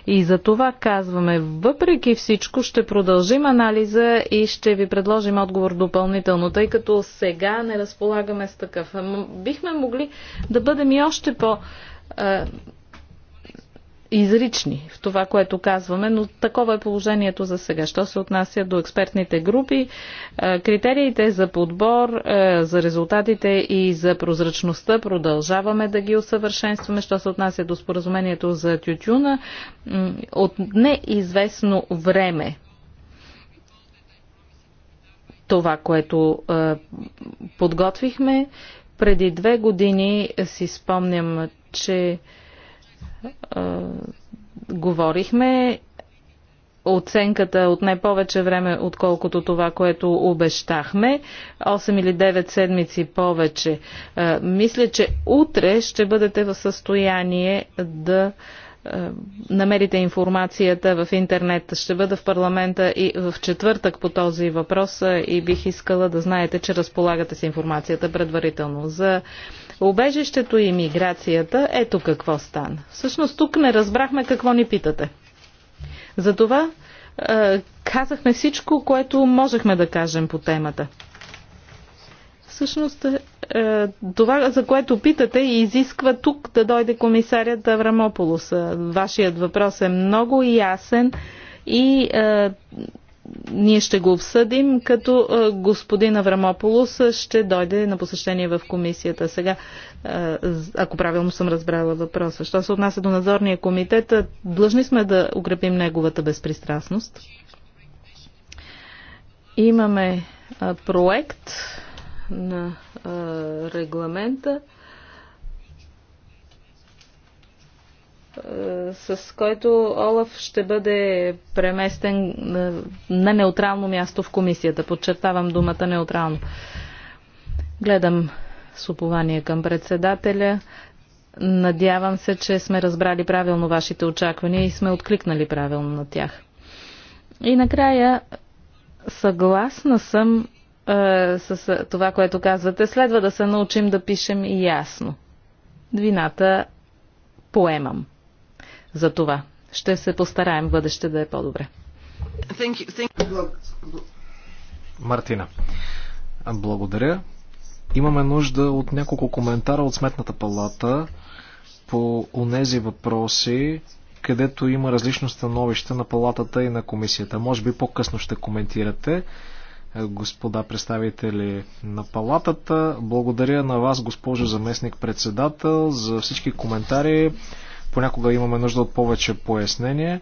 И за това казваме, въпреки всичко ще продължим анализа и ще ви предложим отговор допълнително, тъй като сега не разполагаме с такъв. Бихме могли да бъдем и още по изрични в това, което казваме, но такова е положението за сега. Що се отнася до експертните групи, е, критериите за подбор, е, за резултатите и за прозрачността продължаваме да ги усъвършенстваме. Що се отнася до споразумението за тютюна, от неизвестно време това, което е, подготвихме, преди две години си спомням, че говорихме. Оценката от не повече време, отколкото това, което обещахме. 8 или 9 седмици повече. Мисля, че утре ще бъдете в състояние да намерите информацията в интернет. Ще бъда в парламента и в четвъртък по този въпрос и бих искала да знаете, че разполагате с информацията предварително. За Обежището и миграцията, ето какво стана. Всъщност тук не разбрахме какво ни питате. Затова е, казахме всичко, което можехме да кажем по темата. Всъщност е, е това, за което питате, изисква тук да дойде комисарят Аврамополос. Вашият въпрос е много ясен и е, ние ще го обсъдим, като господин Аврамополос ще дойде на посещение в комисията. Сега, ако правилно съм разбрала въпроса, що се отнася до надзорния комитет, длъжни сме да укрепим неговата безпристрастност. Имаме проект на регламента. Е, с който Олаф ще бъде преместен е, на неутрално място в комисията. Подчертавам думата неутрално. Гледам с упование към председателя. Надявам се, че сме разбрали правилно вашите очаквания и сме откликнали правилно на тях. И накрая, съгласна съм е, с това, което казвате. Следва да се научим да пишем ясно. Двината поемам за това. Ще се постараем в бъдеще да е по-добре. Мартина, благодаря. Имаме нужда от няколко коментара от Сметната палата по онези въпроси, където има различно становище на палатата и на комисията. Може би по-късно ще коментирате, господа представители на палатата. Благодаря на вас, госпожо заместник председател, за всички коментари. Понякога имаме нужда от повече пояснение.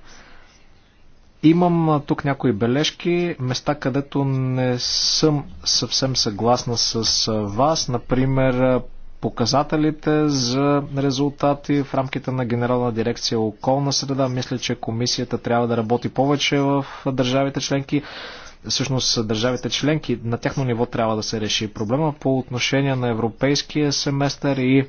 Имам тук някои бележки, места където не съм съвсем съгласна с вас. Например, показателите за резултати в рамките на Генерална дирекция околна среда. Мисля, че комисията трябва да работи повече в държавите членки. Всъщност държавите членки на тяхно ниво трябва да се реши проблема по отношение на европейския семестър и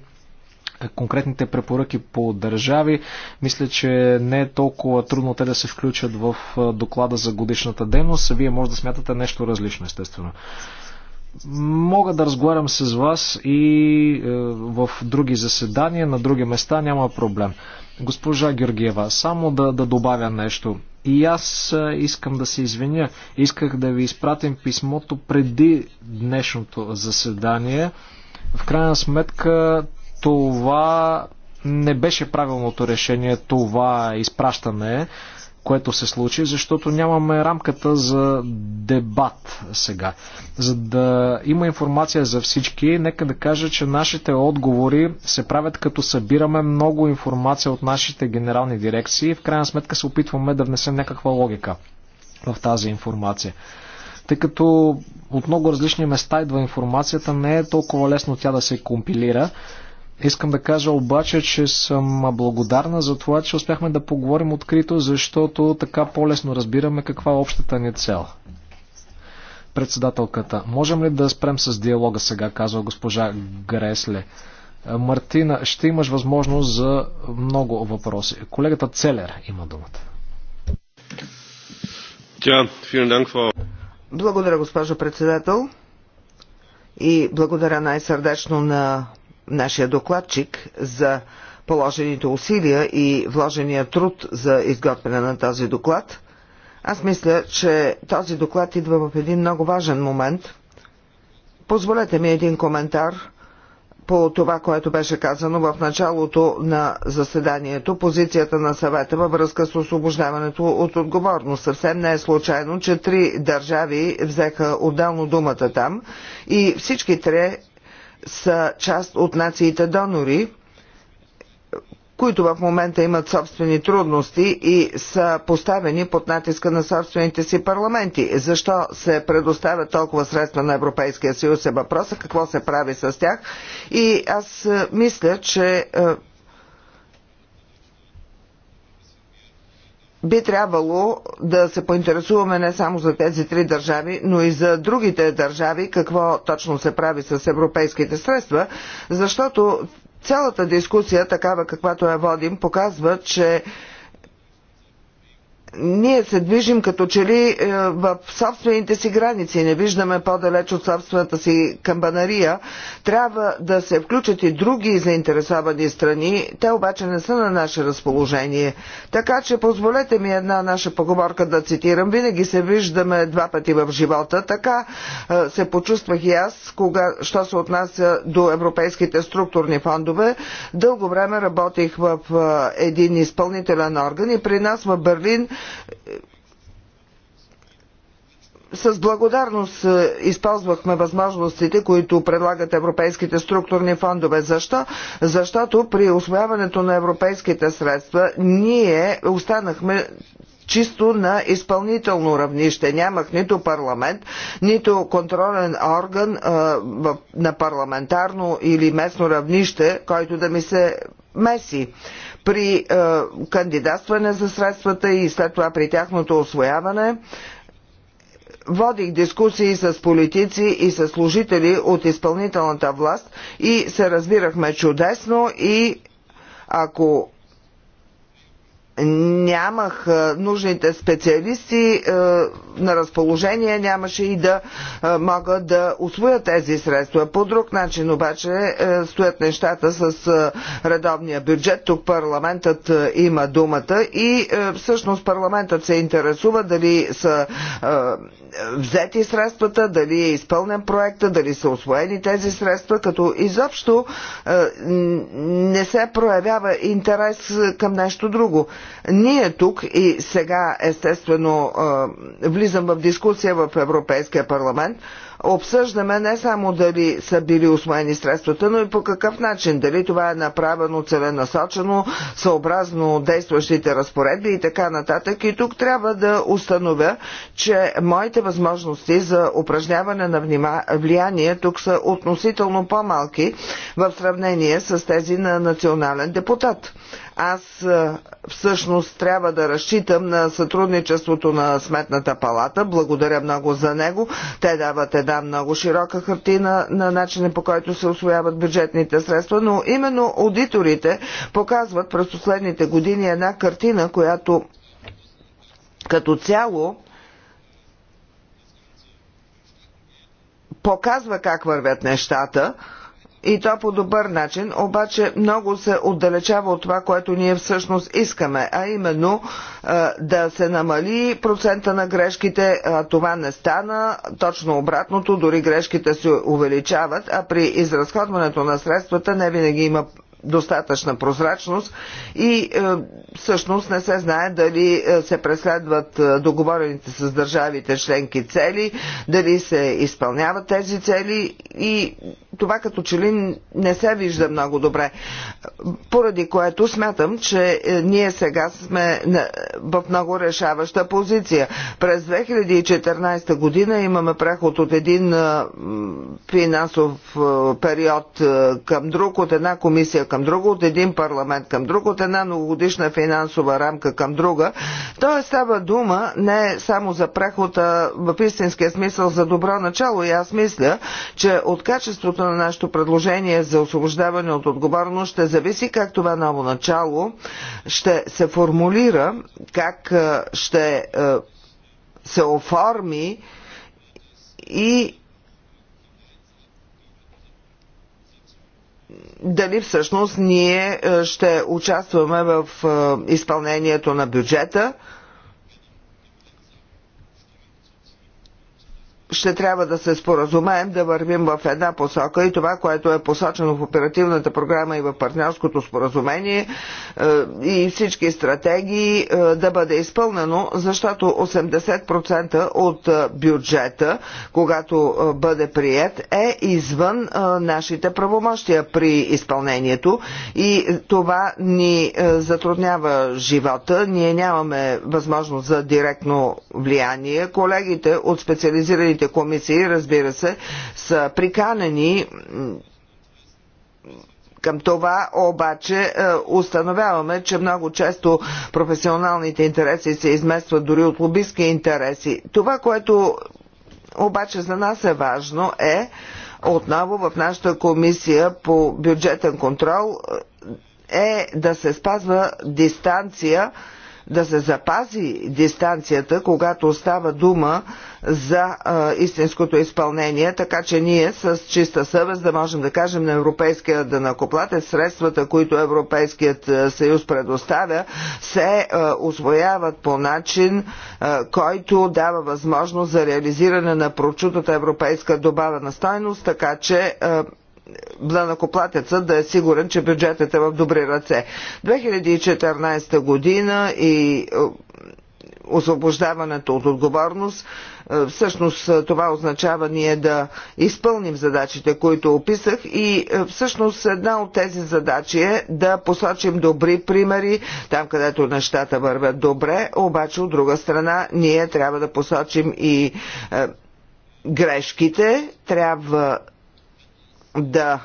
конкретните препоръки по държави. Мисля, че не е толкова трудно те да се включат в доклада за годишната дейност. Вие може да смятате нещо различно, естествено. Мога да разговарям с вас и е, в други заседания, на други места, няма проблем. Госпожа Георгиева, само да, да добавя нещо. И аз е, искам да се извиня. Исках да ви изпратим писмото преди днешното заседание. В крайна сметка това не беше правилното решение, това изпращане, което се случи, защото нямаме рамката за дебат сега. За да има информация за всички, нека да кажа, че нашите отговори се правят като събираме много информация от нашите генерални дирекции и в крайна сметка се опитваме да внесем някаква логика в тази информация. Тъй като от много различни места идва информацията, не е толкова лесно тя да се компилира Искам да кажа обаче, че съм благодарна за това, че успяхме да поговорим открито, защото така по-лесно разбираме каква е общата ни цел. Председателката, можем ли да спрем с диалога сега, казва госпожа Гресле. Мартина, ще имаш възможност за много въпроси. Колегата Целер има думата. Благодаря, госпожо председател. И благодаря най-сърдечно на нашия докладчик за положените усилия и вложения труд за изготвяне на този доклад. Аз мисля, че този доклад идва в един много важен момент. Позволете ми един коментар по това, което беше казано в началото на заседанието, позицията на съвета във връзка с освобождаването от отговорност. Съвсем не е случайно, че три държави взеха отделно думата там и всички три са част от нациите донори, които в момента имат собствени трудности и са поставени под натиска на собствените си парламенти. Защо се предоставят толкова средства на Европейския съюз е въпроса, какво се прави с тях. И аз е, мисля, че е, би трябвало да се поинтересуваме не само за тези три държави, но и за другите държави, какво точно се прави с европейските средства, защото цялата дискусия, такава каквато я водим, показва, че ние се движим като че ли е, в собствените си граници, не виждаме по-далеч от собствената си камбанария. Трябва да се включат и други заинтересовани страни, те обаче не са на наше разположение. Така че позволете ми една наша поговорка да цитирам. Винаги се виждаме два пъти в живота. Така е, се почувствах и аз, кога, що се отнася до европейските структурни фондове. Дълго време работих в е, един изпълнителен орган и при нас в Берлин с благодарност е, използвахме възможностите, които предлагат европейските структурни фондове. Защо? Защото при освояването на европейските средства ние останахме чисто на изпълнително равнище. Нямах нито парламент, нито контролен орган а, е, на парламентарно или местно равнище, който да ми се меси при е, кандидатстване за средствата и след това при тяхното освояване. Водих дискусии с политици и с служители от изпълнителната власт и се разбирахме чудесно и ако нямах нужните специалисти на разположение, нямаше и да мога да освоя тези средства. По друг начин обаче стоят нещата с редовния бюджет. Тук парламентът има думата и всъщност парламентът се интересува дали са взети средствата, дали е изпълнен проекта, дали са освоени тези средства, като изобщо не се проявява интерес към нещо друго. Ние тук и сега естествено влизам в дискусия в Европейския парламент, обсъждаме не само дали са били освоени средствата, но и по какъв начин. Дали това е направено целенасочено, съобразно действащите разпоредби и така нататък. И тук трябва да установя, че моите възможности за упражняване на внима... влияние тук са относително по-малки в сравнение с тези на национален депутат аз е, всъщност трябва да разчитам на сътрудничеството на Сметната палата. Благодаря много за него. Те дават една една много широка картина на начина по който се освояват бюджетните средства, но именно аудиторите показват през последните години една картина, която като цяло показва как вървят нещата – и то по добър начин, обаче много се отдалечава от това, което ние всъщност искаме, а именно е, да се намали процента на грешките. Това не стана, точно обратното, дори грешките се увеличават, а при изразходването на средствата не винаги има достатъчна прозрачност и е, всъщност не се знае дали е, се преследват е, договорените с държавите членки цели, дали се изпълняват тези цели и това като че ли не се вижда много добре. Поради което смятам, че е, ние сега сме в много решаваща позиция. През 2014 година имаме преход от един финансов период към друг, от една комисия, към друга, от един парламент към друг, от една многогодишна финансова рамка към друга. Тоест става дума не само за прехода в истинския смисъл за добро начало. И аз мисля, че от качеството на нашето предложение за освобождаване от отговорност ще зависи как това ново начало ще се формулира, как ще се оформи и дали всъщност ние е, ще участваме в е, изпълнението на бюджета ще трябва да се споразумеем да вървим в една посока и това, което е посочено в оперативната програма и в партньорското споразумение е, и всички стратегии е, да бъде изпълнено, защото 80% от е, бюджета, когато бъде прият, е извън нашите правомощия при изпълнението и това ни затруднява живота. Ние нямаме възможност за директно влияние. Колегите от специализираните ресорните комисии, разбира се, са приканени към това обаче е, установяваме, че много често професионалните интереси се изместват дори от лобистки интереси. Това, което обаче за нас е важно е отново в нашата комисия по бюджетен контрол е да се спазва дистанция да се запази дистанцията, когато става дума за а, истинското изпълнение, така че ние с чиста съвест да можем да кажем на европейския данакоплатец средствата, които Европейският съюз предоставя, се а, освояват по начин, а, който дава възможност за реализиране на прочутата европейска добавена стойност, така че а, данъкоплатеца да е сигурен, че бюджетът е в добри ръце. 2014 година и е, освобождаването от отговорност. Е, всъщност е, това означава ние да изпълним задачите, които описах и всъщност една от тези задачи е да посочим добри примери, там където нещата вървят добре, обаче от друга страна ние трябва да посочим и грешките, трябва да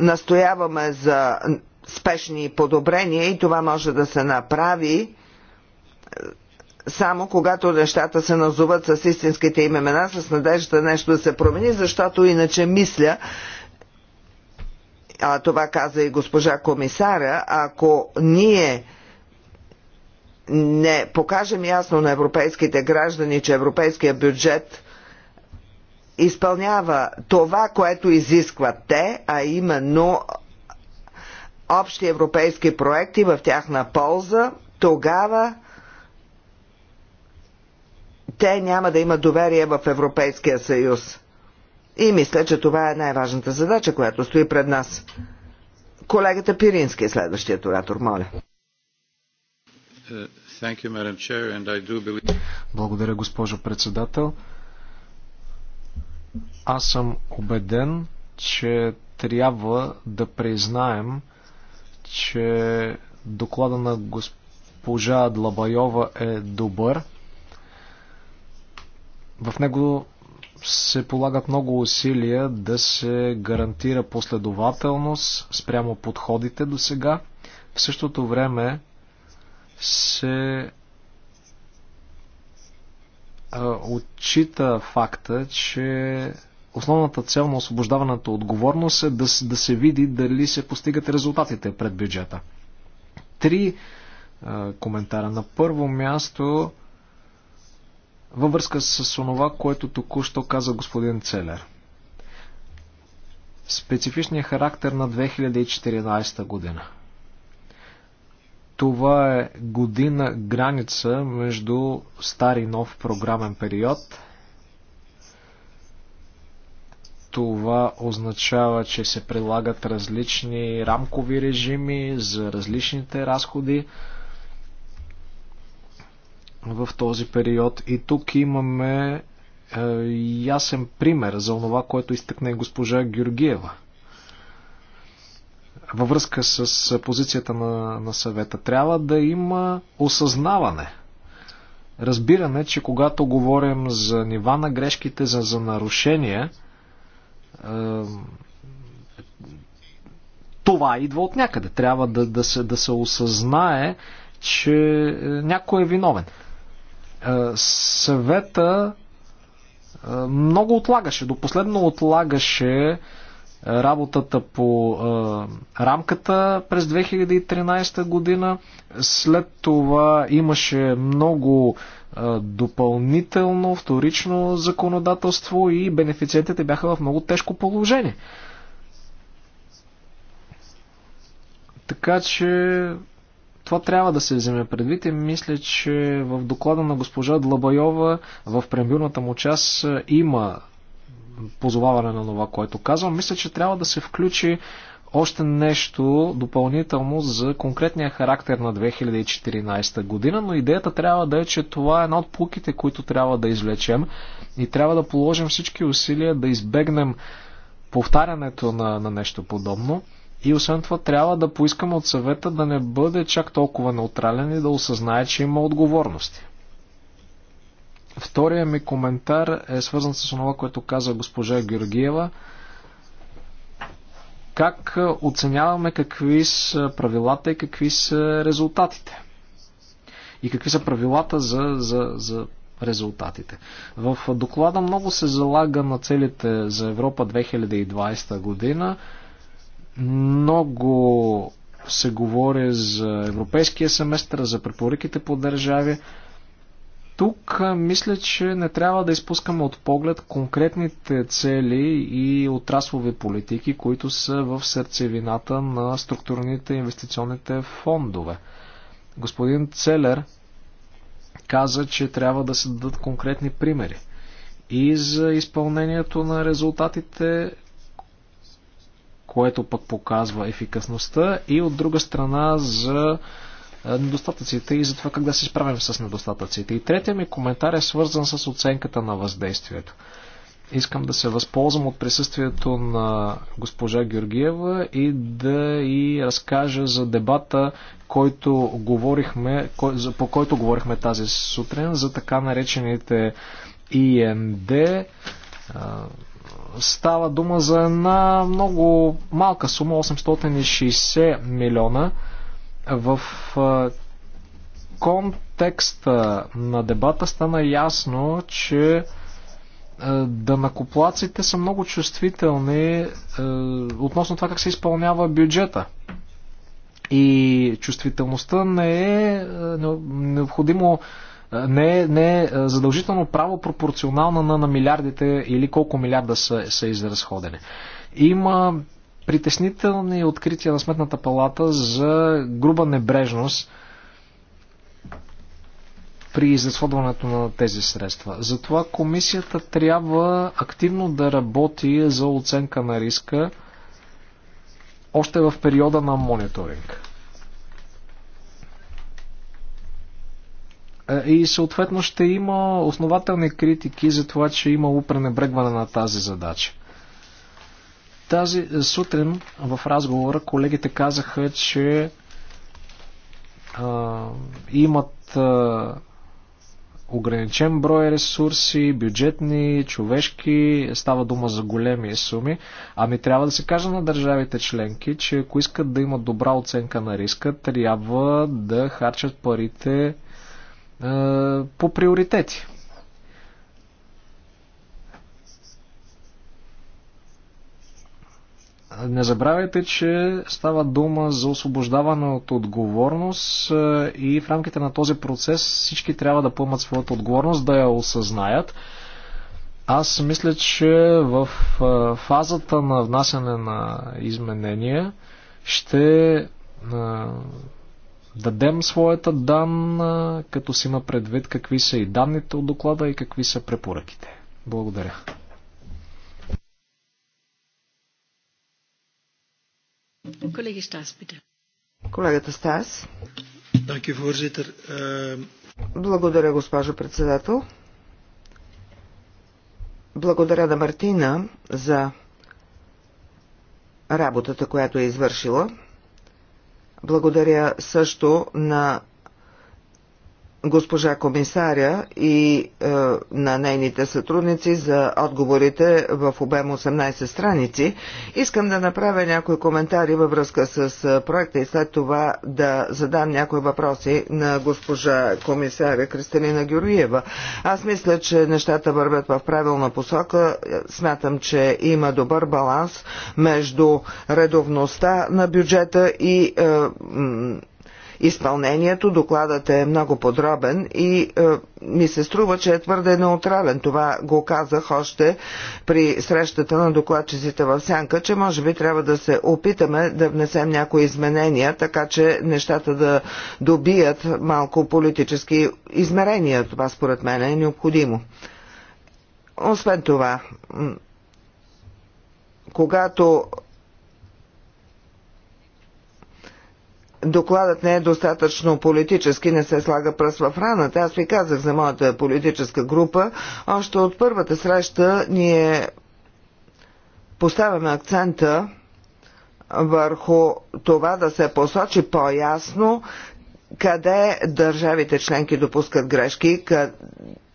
настояваме за спешни подобрения и това може да се направи е, само когато нещата се назоват с истинските им имена, с надеждата нещо да се промени, защото иначе мисля, а това каза и госпожа комисаря, ако ние не покажем ясно на европейските граждани, че европейския бюджет – изпълнява това, което изискват те, а именно общи европейски проекти в тяхна полза, тогава те няма да имат доверие в Европейския съюз. И мисля, че това е най-важната задача, която стои пред нас. Колегата Пирински е следващият оратор, моля. Благодаря, госпожо председател. Аз съм убеден, че трябва да признаем, че доклада на госпожа Длабайова е добър. В него се полагат много усилия да се гарантира последователност спрямо подходите до сега. В същото време се отчита факта, че основната цел на освобождаването отговорност е да, да се види дали се постигат резултатите пред бюджета. Три е, коментара. На първо място във връзка с онова, което току-що каза господин Целер. Специфичният характер на 2014 година. Това е година граница между стар и нов програмен период – това означава, че се прилагат различни рамкови режими за различните разходи в този период. И тук имаме е, ясен пример за това, което изтъкна и госпожа Георгиева. Във връзка с позицията на, на съвета трябва да има осъзнаване разбиране, че когато говорим за нива на грешките, за, за нарушения, е, това идва от някъде. Трябва да, да, се, да се осъзнае, че е, някой е виновен. Е, съвета много отлагаше, до последно отлагаше работата по рамката през 2013 година. След това имаше много допълнително вторично законодателство и бенефициентите бяха в много тежко положение. Така че това трябва да се вземе предвид и мисля, че в доклада на госпожа Длабайова в прембюрната му част има позоваване на това, което казвам. Мисля, че трябва да се включи още нещо допълнително за конкретния характер на 2014 година, но идеята трябва да е, че това е една от пуките, които трябва да извлечем и трябва да положим всички усилия да избегнем повтарянето на, на нещо подобно. И освен това трябва да поискаме от съвета да не бъде чак толкова неутрален и да осъзнае, че има отговорности. Втория ми коментар е свързан с това, което каза госпожа Георгиева – как оценяваме какви са правилата и какви са резултатите? И какви са правилата за, за, за резултатите? В доклада много се залага на целите за Европа 2020 година. Много се говори за европейския семестър, за препоръките по държави. Тук мисля, че не трябва да изпускаме от поглед конкретните цели и отраслови политики, които са в сърцевината на структурните инвестиционните фондове. Господин Целер каза, че трябва да се дадат конкретни примери и за изпълнението на резултатите, което пък показва ефикасността и от друга страна за недостатъците и за това как да се справим с недостатъците. И третия ми коментар е свързан с оценката на въздействието. Искам да се възползвам от присъствието на госпожа Георгиева и да и разкажа за дебата, който говорихме, по който говорихме тази сутрин, за така наречените ИНД. Става дума за една много малка сума, 860 милиона. В контекста на дебата стана ясно, че данакоплаците са много чувствителни относно това как се изпълнява бюджета. И чувствителността не е необходимо, не е, не е задължително право пропорционална на, на милиардите или колко милиарда са, са изразходени. Има притеснителни открития на Сметната палата за груба небрежност при изразходването на тези средства. Затова комисията трябва активно да работи за оценка на риска още в периода на мониторинг. Е, и съответно ще има основателни критики за това, че има пренебрегване на тази задача. Тази сутрин в разговора колегите казаха, че а, имат а, ограничен брой ресурси, бюджетни, човешки, става дума за големи суми. Ами трябва да се каже на държавите членки, че ако искат да имат добра оценка на риска, трябва да харчат парите а, по приоритети. Не забравяйте, че става дума за освобождаване от отговорност е, и в рамките на този процес всички трябва да поемат своята отговорност, да я осъзнаят. Аз мисля, че в е, фазата на внасяне на изменения ще е, дадем своята данна, като си има предвид какви са и данните от доклада и какви са препоръките. Благодаря. Колеги Стас, пита. Колегата Стас. Ehm, Благодаря, госпожо председател. Благодаря на Мартина за работата, която е извършила. Благодаря също на госпожа комисаря и е, на нейните сътрудници за отговорите в обем 18 страници. Искам да направя някои коментари във връзка с е, проекта и след това да задам някои въпроси на госпожа комисаря Кристалина Георгиева. Аз мисля, че нещата вървят в правилна посока. Смятам, че има добър баланс между редовността на бюджета и е, изпълнението. Докладът е много подробен и е, ми се струва, че е твърде неутрален. Това го казах още при срещата на докладчиците в Сянка, че може би трябва да се опитаме да внесем някои изменения, така че нещата да добият малко политически измерения. Това според мен е необходимо. Освен това, когато докладът не е достатъчно политически, не се слага пръст в раната. Аз ви казах за моята политическа група. Още от първата среща ние поставяме акцента върху това да се посочи по-ясно къде държавите членки допускат грешки,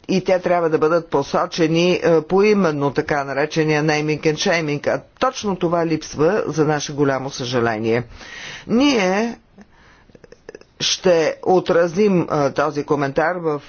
и те трябва да бъдат посочени е, по именно така наречения нейминг and шейминг. А точно това липсва за наше голямо съжаление. Ние ще отразим този коментар в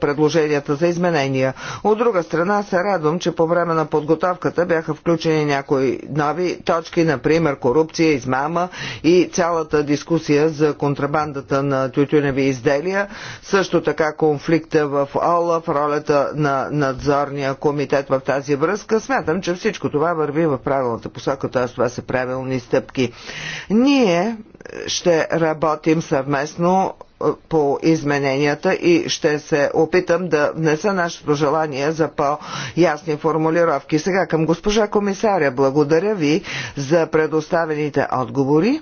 предложенията за изменения. От друга страна се радвам, че по време на подготовката бяха включени някои нови точки, например корупция, измама и цялата дискусия за контрабандата на тютюневи изделия, също така конфликта в ОЛАФ, ролята на надзорния комитет в тази връзка. Смятам, че всичко това върви в правилната посока, т.е. това са правилни стъпки. Ние ще работим съвместно е, по измененията и ще се опитам да внеса нашето желание за по-ясни формулировки. Сега към госпожа комисаря благодаря ви за предоставените отговори.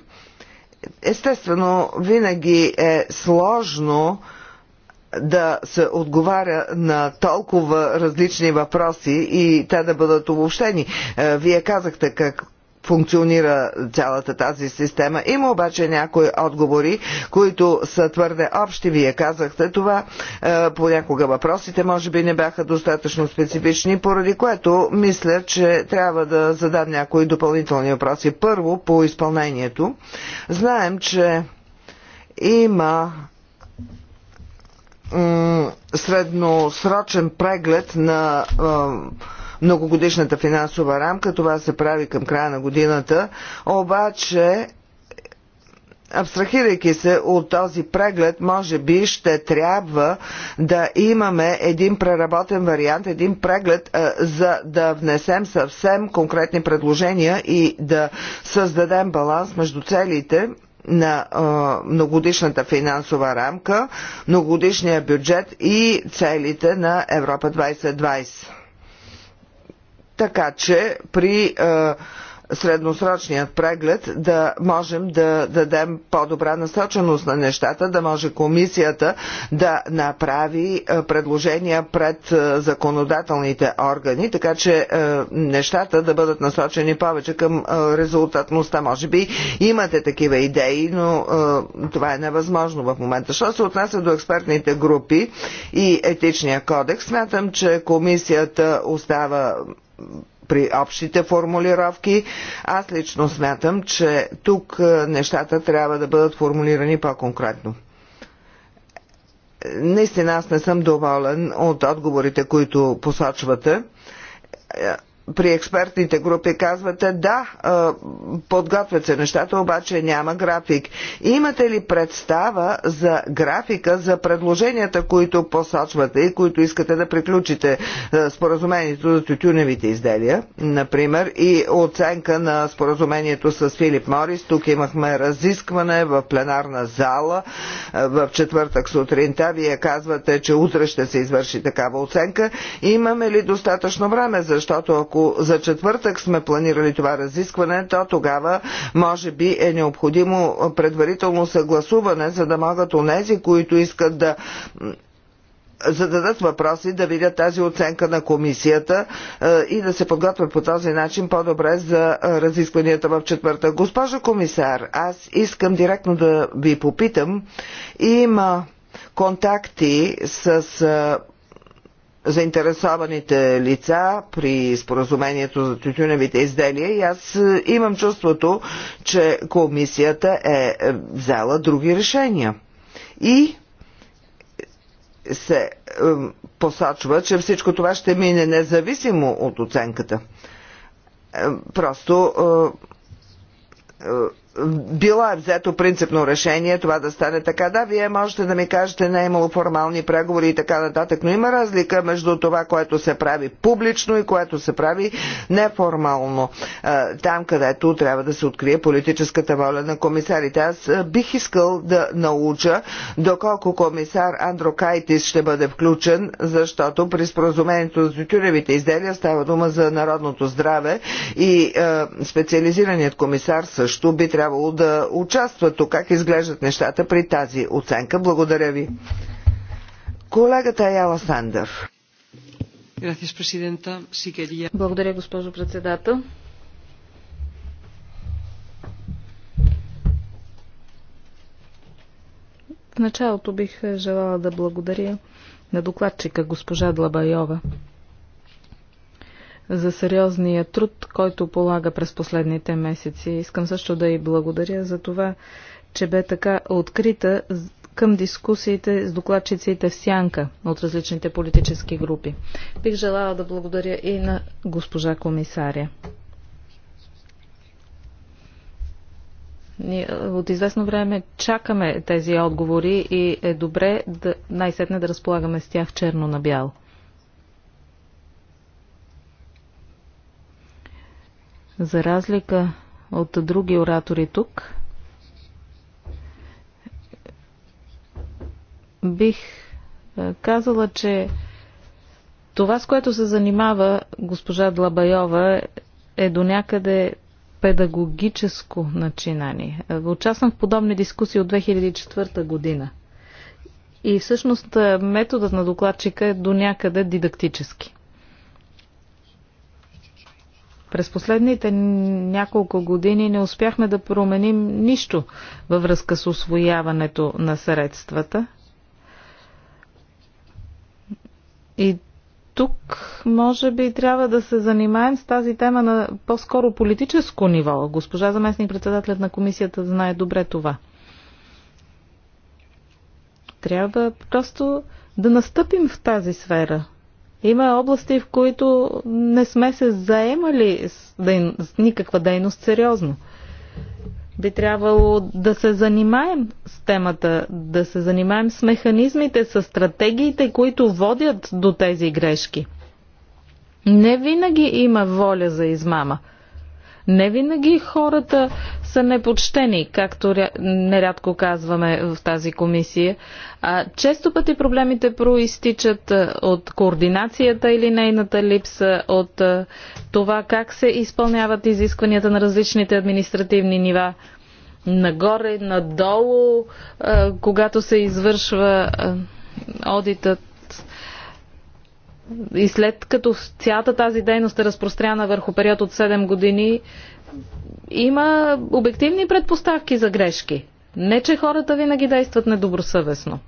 Естествено, винаги е сложно да се отговаря на толкова различни въпроси и те да бъдат обобщени. Е, вие казахте как функционира цялата тази система. Има обаче някои отговори, които са твърде общи. Вие казахте това. Е, понякога въпросите може би не бяха достатъчно специфични, поради което мисля, че трябва да задам някои допълнителни въпроси. Първо, по изпълнението. Знаем, че има средносрочен преглед на многогодишната финансова рамка. Това се прави към края на годината. Обаче Абстрахирайки се от този преглед, може би ще трябва да имаме един преработен вариант, един преглед, за да внесем съвсем конкретни предложения и да създадем баланс между целите на а, многодишната финансова рамка, многодишния бюджет и целите на Европа 2020 така че при е, средносрочният преглед да можем да дадем по-добра насоченост на нещата, да може комисията да направи е, предложения пред е, законодателните органи, така че нещата да бъдат насочени повече към резултатността. Може би имате такива идеи, но това е невъзможно в момента. Що се отнася до експертните групи и етичния кодекс, смятам, че комисията остава при общите формулировки. Аз лично смятам, че тук е, нещата трябва да бъдат формулирани по-конкретно. Наистина аз не съм доволен от отговорите, които посочвате. Е, при експертните групи казвате да, подготвят се нещата, обаче няма график. Имате ли представа за графика, за предложенията, които посочвате и които искате да приключите споразумението за тютюневите изделия, например, и оценка на споразумението с Филип Морис. Тук имахме разискване в пленарна зала в четвъртък сутринта. Вие казвате, че утре ще се извърши такава оценка. Имаме ли достатъчно време, защото ако ако за четвъртък сме планирали това разискване, то тогава може би е необходимо предварително съгласуване, за да могат онези, които искат да зададат въпроси, да видят тази оценка на комисията е, и да се подготвят по този начин по-добре за разискванията в четвърта. Госпожа комисар, аз искам директно да ви попитам. Има контакти с е, заинтересованите лица при споразумението за тютюневите изделия и аз е, имам чувството, че комисията е, е взела други решения. И се е, посочва, че всичко това ще мине независимо от оценката. Просто била е взето принципно решение това да стане така. Да, вие можете да ми кажете, не е имало формални преговори и така нататък, но има разлика между това, което се прави публично и което се прави неформално. Там, където трябва да се открие политическата воля на комисарите. Аз бих искал да науча доколко комисар Андро Кайтис ще бъде включен, защото при споразумението за тютюневите изделия става дума за народното здраве и специализираният комисар също би трябвало трябвало да участва тук. Как изглеждат нещата при тази оценка? Благодаря ви. Колегата Яла Сандър. Благодаря, госпожо председател. В началото бих желала да благодаря на докладчика госпожа Длабайова за сериозния труд, който полага през последните месеци. Искам също да й благодаря за това, че бе така открита към дискусиите с докладчиците в сянка от различните политически групи. Бих желала да благодаря и на госпожа комисаря. Ние от известно време чакаме тези отговори и е добре да, най-сетне да разполагаме с тях черно на бяло. За разлика от други оратори тук, бих казала, че това, с което се занимава госпожа Длабайова, е до някъде педагогическо начинание. Участвам в подобни дискусии от 2004 година. И всъщност методът на докладчика е до някъде дидактически. През последните няколко години не успяхме да променим нищо във връзка с освояването на средствата. И тук може би трябва да се занимаем с тази тема на по-скоро политическо ниво. Госпожа заместник председателят на комисията знае добре това. Трябва просто да настъпим в тази сфера – има области, в които не сме се заемали с, дейн... с никаква дейност сериозно. Би трябвало да се занимаем с темата, да се занимаем с механизмите, с стратегиите, които водят до тези грешки. Не винаги има воля за измама. Не винаги хората са непочтени, както нерядко казваме в тази комисия. А често пъти проблемите проистичат от координацията или нейната липса, от това как се изпълняват изискванията на различните административни нива нагоре, надолу, когато се извършва одитът. И след като цялата тази дейност е разпространена върху период от 7 години, има обективни предпоставки за грешки. Не, че хората винаги действат недобросъвестно.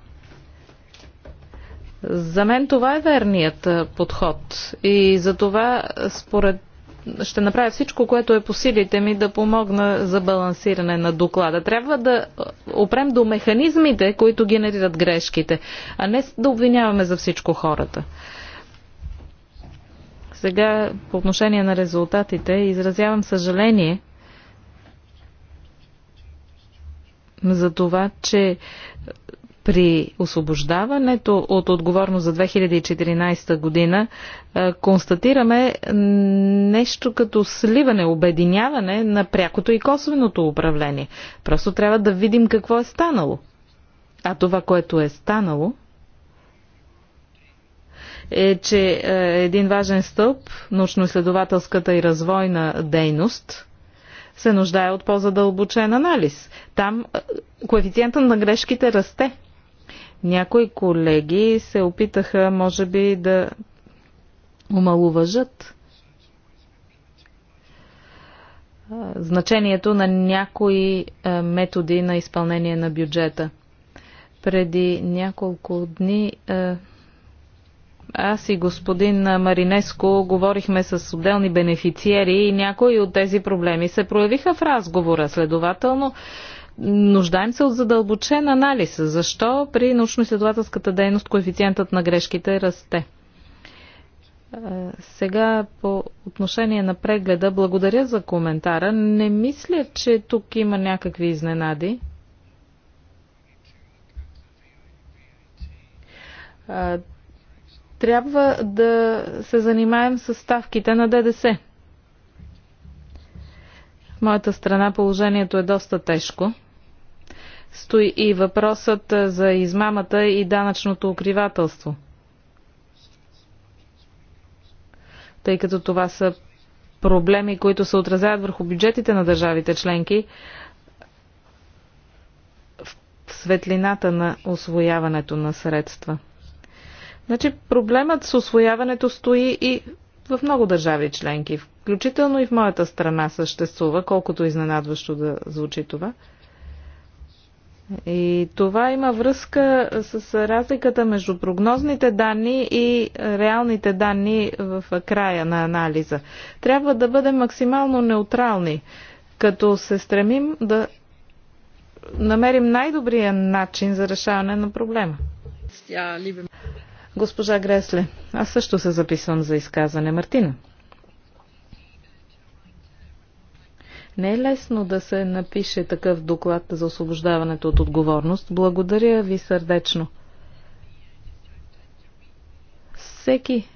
За мен това е верният подход и за това според ще направя всичко, което е по силите ми да помогна за балансиране на доклада. Трябва да опрем до механизмите, които генерират грешките, а не да обвиняваме за всичко хората. Сега по отношение на резултатите изразявам съжаление за това, че при освобождаването от отговорност за 2014 година констатираме нещо като сливане, обединяване на прякото и косвеното управление. Просто трябва да видим какво е станало. А това, което е станало, е, че е, един важен стълб, научно-изследователската и развойна дейност, се нуждае от по-задълбочен анализ. Там е, коефициентът на грешките расте. Някои колеги се опитаха, може би, да омалуважат е, значението на някои методи на изпълнение на бюджета. Преди няколко дни аз и господин Маринеско говорихме с отделни бенефициери и някои от тези проблеми се проявиха в разговора. Следователно, нуждаем се от задълбочен анализ. Защо при научно-изследователската дейност коефициентът на грешките расте? Сега по отношение на прегледа, благодаря за коментара. Не мисля, че тук има някакви изненади трябва да се занимаем с ставките на ДДС. В моята страна положението е доста тежко. Стои и въпросът за измамата и данъчното укривателство. Тъй като това са проблеми, които се отразяват върху бюджетите на държавите членки, в светлината на освояването на средства. Значи проблемът с освояването стои и в много държави членки, включително и в моята страна съществува, колкото изненадващо да звучи това. И това има връзка с разликата между прогнозните данни и реалните данни в края на анализа. Трябва да бъдем максимално неутрални, като се стремим да намерим най-добрия начин за решаване на проблема. Госпожа Гресле, аз също се записвам за изказване. Мартина. Не е лесно да се напише такъв доклад за освобождаването от отговорност. Благодаря ви сърдечно. Всеки,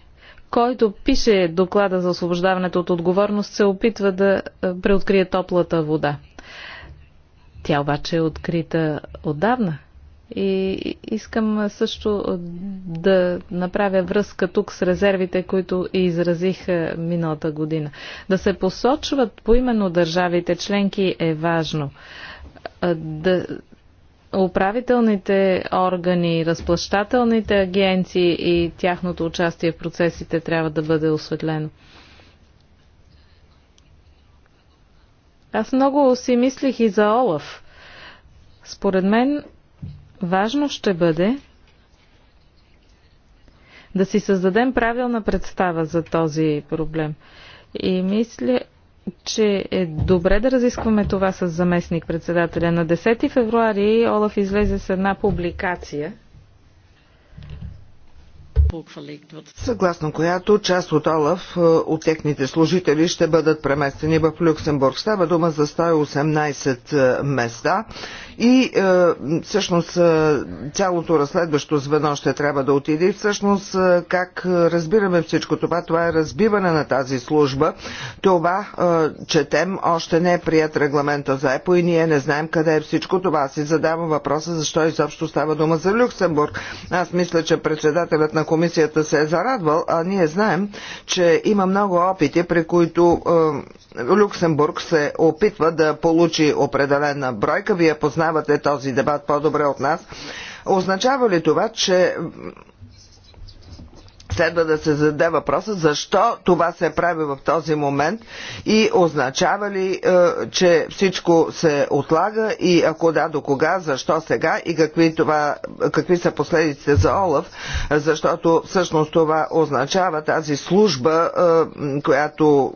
който пише доклада за освобождаването от отговорност, се опитва да е, преоткрие топлата вода. Тя обаче е открита отдавна. И искам също да направя връзка тук с резервите, които изразих е, миналата година. Да се посочват поименно държавите членки е важно. Е, да, управителните органи, разплащателните агенции и тяхното участие в процесите трябва да бъде осветлено. Аз много си мислих и за Олаф. Според мен Важно ще бъде да си създадем правилна представа за този проблем. И мисля, че е добре да разискваме това с заместник председателя. На 10 февруари Олаф излезе с една публикация, Съгласно която част от Олаф е, от техните служители ще бъдат преместени в Люксембург. Става дума за 118 е, места и е, всъщност е, цялото разследващо звено ще трябва да отиде и всъщност е, как разбираме всичко това, това е разбиване на тази служба. Това четем, още не е прият регламента за ЕПО и ние не знаем къде е всичко това. Си задавам въпроса защо изобщо става дума за Люксембург. Аз мисля, че председателят на комисията се е зарадвал, а ние знаем, че има много опити, при които Люксембург се опитва да получи определена бройка. Вие познавате познавате този дебат по-добре от нас. Означава ли това, че следва да се зададе въпроса защо това се прави в този момент и означава ли, е, че всичко се отлага и ако да, до кога, защо сега и какви, това, какви са последиците за Олаф, защото всъщност това означава тази служба, е, която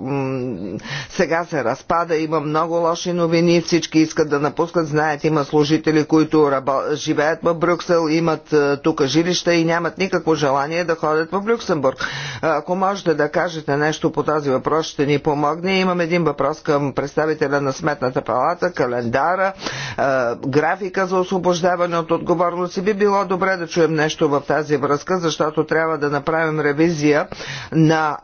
сега се разпада, има много лоши новини, всички искат да напускат, знаят, има служители, които живеят в Брюксел, имат е, тук жилища и нямат никакво желание да ходят в Брюксел. Люксембург. Ако можете да кажете нещо по този въпрос, ще ни помогне. Имам един въпрос към представителя на Сметната палата, календара, графика за освобождаване от отговорност. И би било добре да чуем нещо в тази връзка, защото трябва да направим ревизия на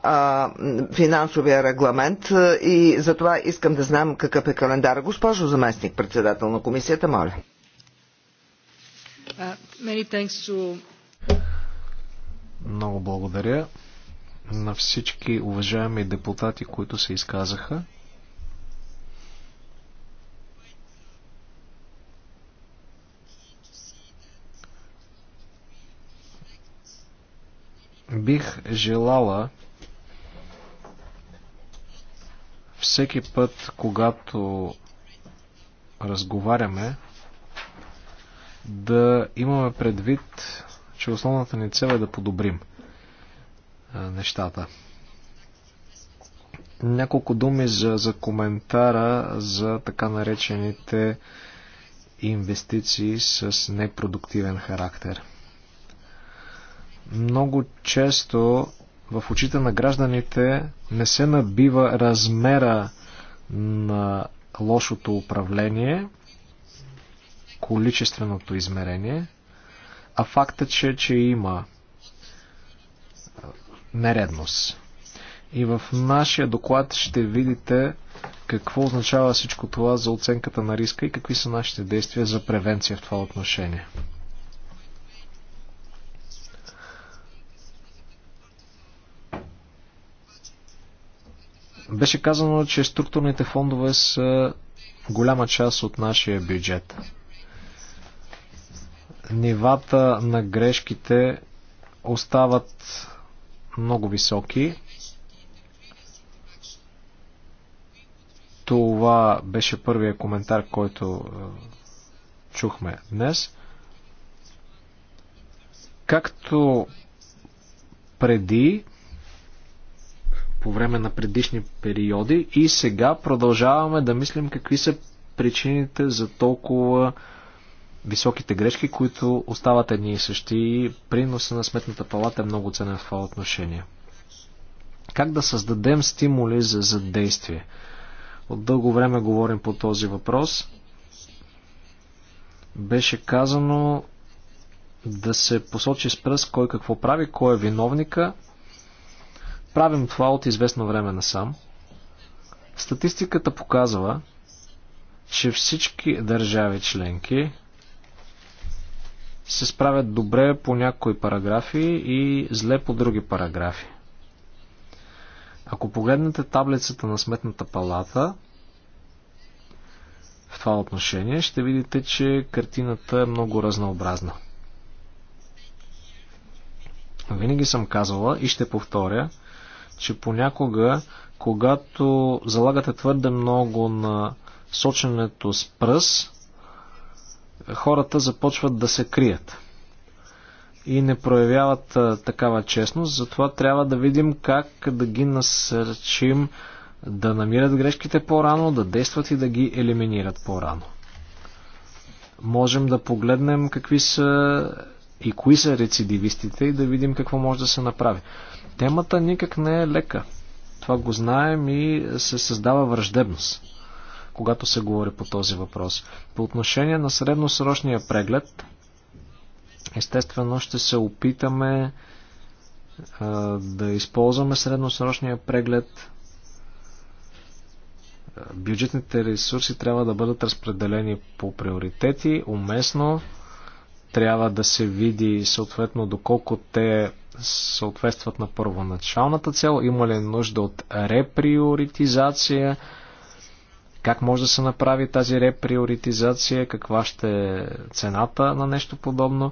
финансовия регламент и затова искам да знам какъв е календар. Госпожо заместник председател на комисията, моля. Uh, много благодаря на всички уважаеми депутати, които се изказаха. Бих желала всеки път, когато разговаряме, да имаме предвид че основната ни цел е да подобрим нещата. Няколко думи за, за коментара за така наречените инвестиции с непродуктивен характер. Много често в очите на гражданите не се набива размера на лошото управление, количественото измерение – а факта, че, че има нередност. И в нашия доклад ще видите какво означава всичко това за оценката на риска и какви са нашите действия за превенция в това отношение. Беше казано, че структурните фондове са голяма част от нашия бюджет нивата на грешките остават много високи. Това беше първия коментар, който е, чухме днес. Както преди, по време на предишни периоди и сега продължаваме да мислим какви са причините за толкова високите грешки, които остават едни и същи и приноса на сметната палата е много ценен в това отношение. Как да създадем стимули за, за действие? От дълго време говорим по този въпрос. Беше казано да се посочи с пръст кой какво прави, кой е виновника. Правим това от известно време насам. Статистиката показва, че всички държави членки се справят добре по някои параграфи и зле по други параграфи. Ако погледнете таблицата на Сметната палата, в това отношение, ще видите, че картината е много разнообразна. Винаги съм казвала и ще повторя, че понякога, когато залагате твърде много на соченето с пръст, хората започват да се крият и не проявяват такава честност. Затова трябва да видим как да ги насърчим да намират грешките по-рано, да действат и да ги елиминират по-рано. Можем да погледнем какви са и кои са рецидивистите и да видим какво може да се направи. Темата никак не е лека. Това го знаем и се създава враждебност когато се говори по този въпрос. По отношение на средносрочния преглед, естествено ще се опитаме да използваме средносрочния преглед. Бюджетните ресурси трябва да бъдат разпределени по приоритети, уместно. Трябва да се види съответно доколко те съответстват на първоначалната цел, има ли нужда от реприоритизация, как може да се направи тази реприоритизация? Каква ще е цената на нещо подобно?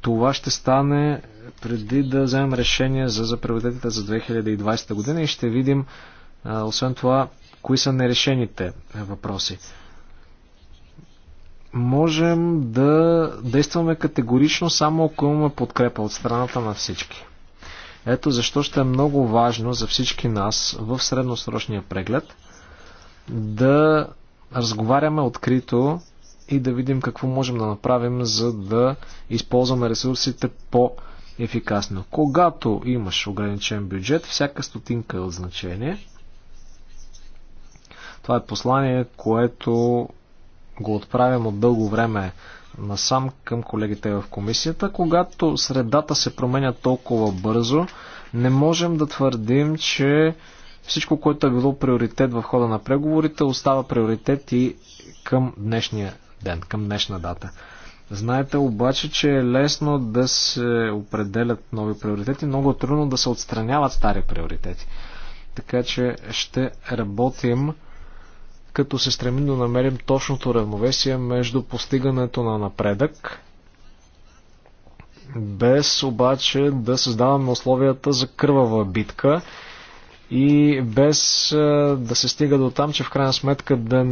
Това ще стане преди да вземем решение за, за приоритетите за 2020 година и ще видим, а, освен това, кои са нерешените въпроси. Можем да действаме категорично само ако имаме подкрепа от страната на всички. Ето защо ще е много важно за всички нас в средносрочния преглед – да разговаряме открито и да видим какво можем да направим, за да използваме ресурсите по-ефикасно. Когато имаш ограничен бюджет, всяка стотинка е от значение. Това е послание, което го отправям от дълго време насам към колегите в комисията. Когато средата се променя толкова бързо, не можем да твърдим, че всичко, което е било приоритет в хода на преговорите, остава приоритет и към днешния ден, към днешна дата. Знаете обаче, че е лесно да се определят нови приоритети, много е трудно да се отстраняват стари приоритети. Така че ще работим като се стремим да намерим точното равновесие между постигането на напредък, без обаче да създаваме условията за кървава битка и без да се стига до там, че в крайна сметка да,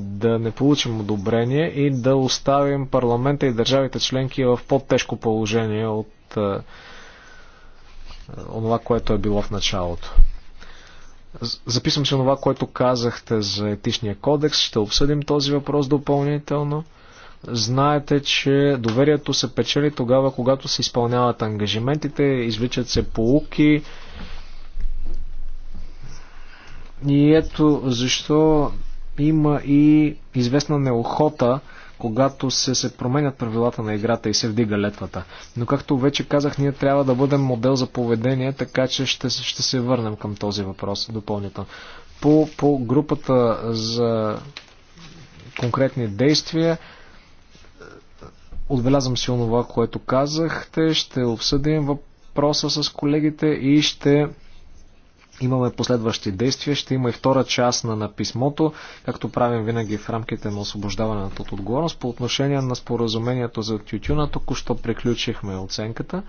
да не получим одобрение и да оставим парламента и държавите членки в по-тежко положение от онова, което е било в началото. Записвам се това, което казахте за етичния кодекс. Ще обсъдим този въпрос допълнително. Знаете, че доверието се печели тогава, когато се изпълняват ангажиментите, извличат се полуки, и ето защо има и известна неохота, когато се, се променят правилата на играта и се вдига летвата. Но както вече казах, ние трябва да бъдем модел за поведение, така че ще, ще се върнем към този въпрос допълнително. По, по групата за конкретни действия, отбелязвам си онова, което казахте, ще обсъдим въпроса с колегите и ще Имаме последващи действия, ще има и втора част на, на писмото, както правим винаги в рамките на освобождаването от отговорност. По отношение на споразумението за тютюна, току-що приключихме оценката.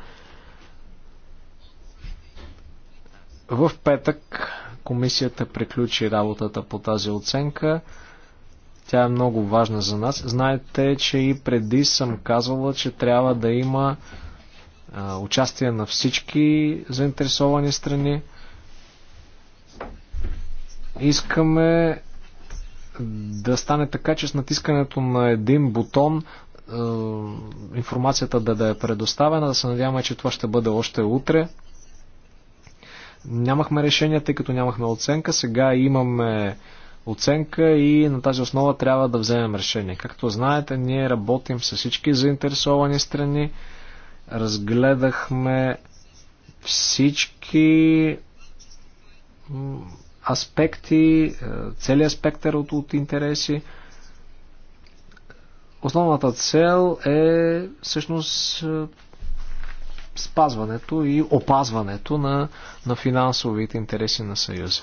В петък комисията приключи работата по тази оценка. Тя е много важна за нас. Знаете, че и преди съм казвала, че трябва да има а, участие на всички заинтересовани страни. Искаме да стане така, че с натискането на един бутон е, информацията да, да е предоставена. Да се надяваме, че това ще бъде още утре. Нямахме решение, тъй като нямахме оценка. Сега имаме оценка и на тази основа трябва да вземем решение. Както знаете, ние работим с всички заинтересовани страни. Разгледахме всички аспекти, е, целият спектър от, от интереси. Основната цел е всъщност е, спазването и опазването на, на финансовите интереси на Съюза.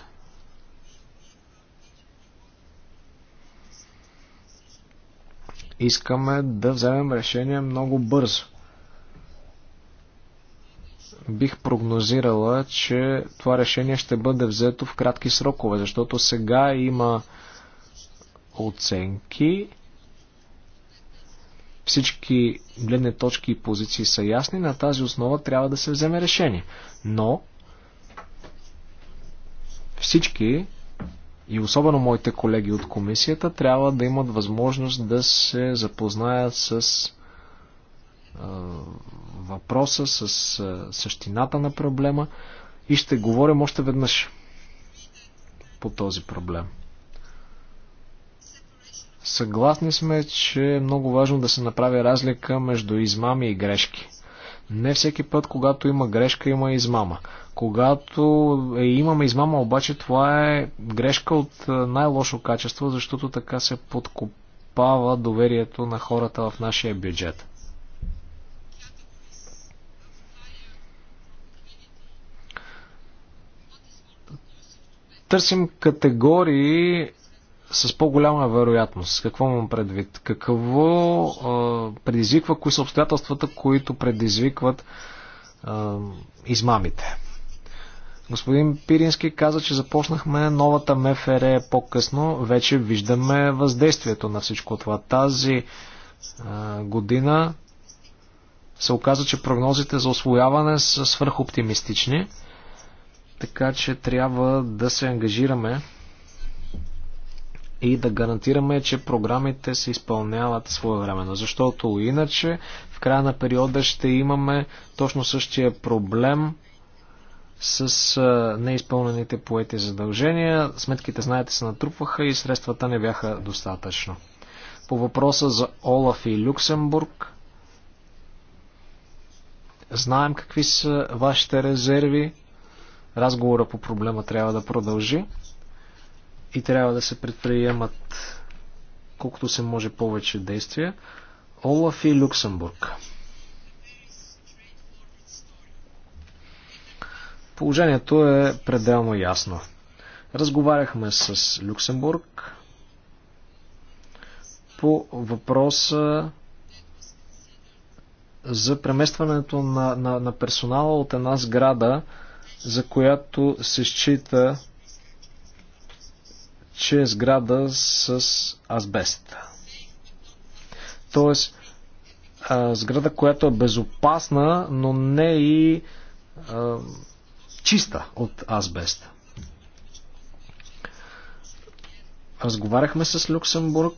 Искаме да вземем решение много бързо бих прогнозирала, че това решение ще бъде взето в кратки срокове, защото сега има оценки. Всички гледни точки и позиции са ясни. На тази основа трябва да се вземе решение. Но всички и особено моите колеги от комисията трябва да имат възможност да се запознаят с въпроса, с същината на проблема и ще говорим още веднъж по този проблем. Съгласни сме, че е много важно да се направи разлика между измами и грешки. Не всеки път, когато има грешка, има измама. Когато е, имаме измама, обаче това е грешка от най-лошо качество, защото така се подкопава доверието на хората в нашия бюджет. търсим категории с по-голяма вероятност. Какво имам предвид? Какво а, предизвиква, кои са обстоятелствата, които предизвикват а, измамите? Господин Пирински каза, че започнахме новата МФР по-късно. Вече виждаме въздействието на всичко това. Тази а, година се оказа, че прогнозите за освояване са свърхоптимистични. оптимистични така че трябва да се ангажираме и да гарантираме, че програмите се изпълняват своевременно. Защото иначе в края на периода ще имаме точно същия проблем с неизпълнените поети задължения. Сметките, знаете, се натрупваха и средствата не бяха достатъчно. По въпроса за Олаф и Люксембург, знаем какви са вашите резерви разговора по проблема трябва да продължи и трябва да се предприемат колкото се може повече действия. Олаф и Люксембург. Положението е пределно ясно. Разговаряхме с Люксембург по въпроса за преместването на, на, на персонала от една сграда за която се счита, че е сграда с азбест. Тоест, сграда, която е безопасна, но не и а, чиста от азбест. Разговаряхме с Люксембург.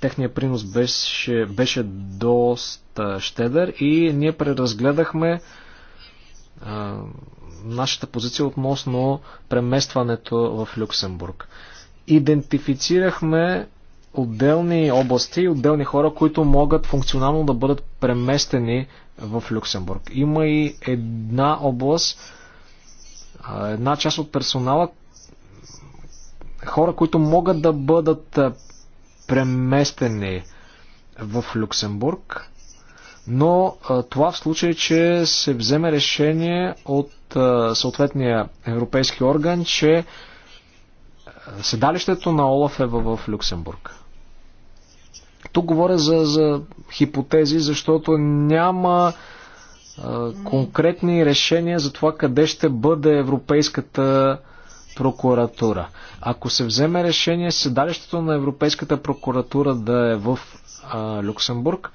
техният принос беше, беше доста щедър и ние преразгледахме а, нашата позиция относно преместването в Люксембург. Идентифицирахме отделни области и отделни хора, които могат функционално да бъдат преместени в Люксембург. Има и една област, една част от персонала, хора, които могат да бъдат преместени в Люксембург но това в случай, че се вземе решение от съответния европейски орган, че седалището на Олаф е в Люксембург. Тук говоря за, за хипотези, защото няма а, конкретни решения за това къде ще бъде Европейската прокуратура. Ако се вземе решение седалището на Европейската прокуратура да е в а, Люксембург, а,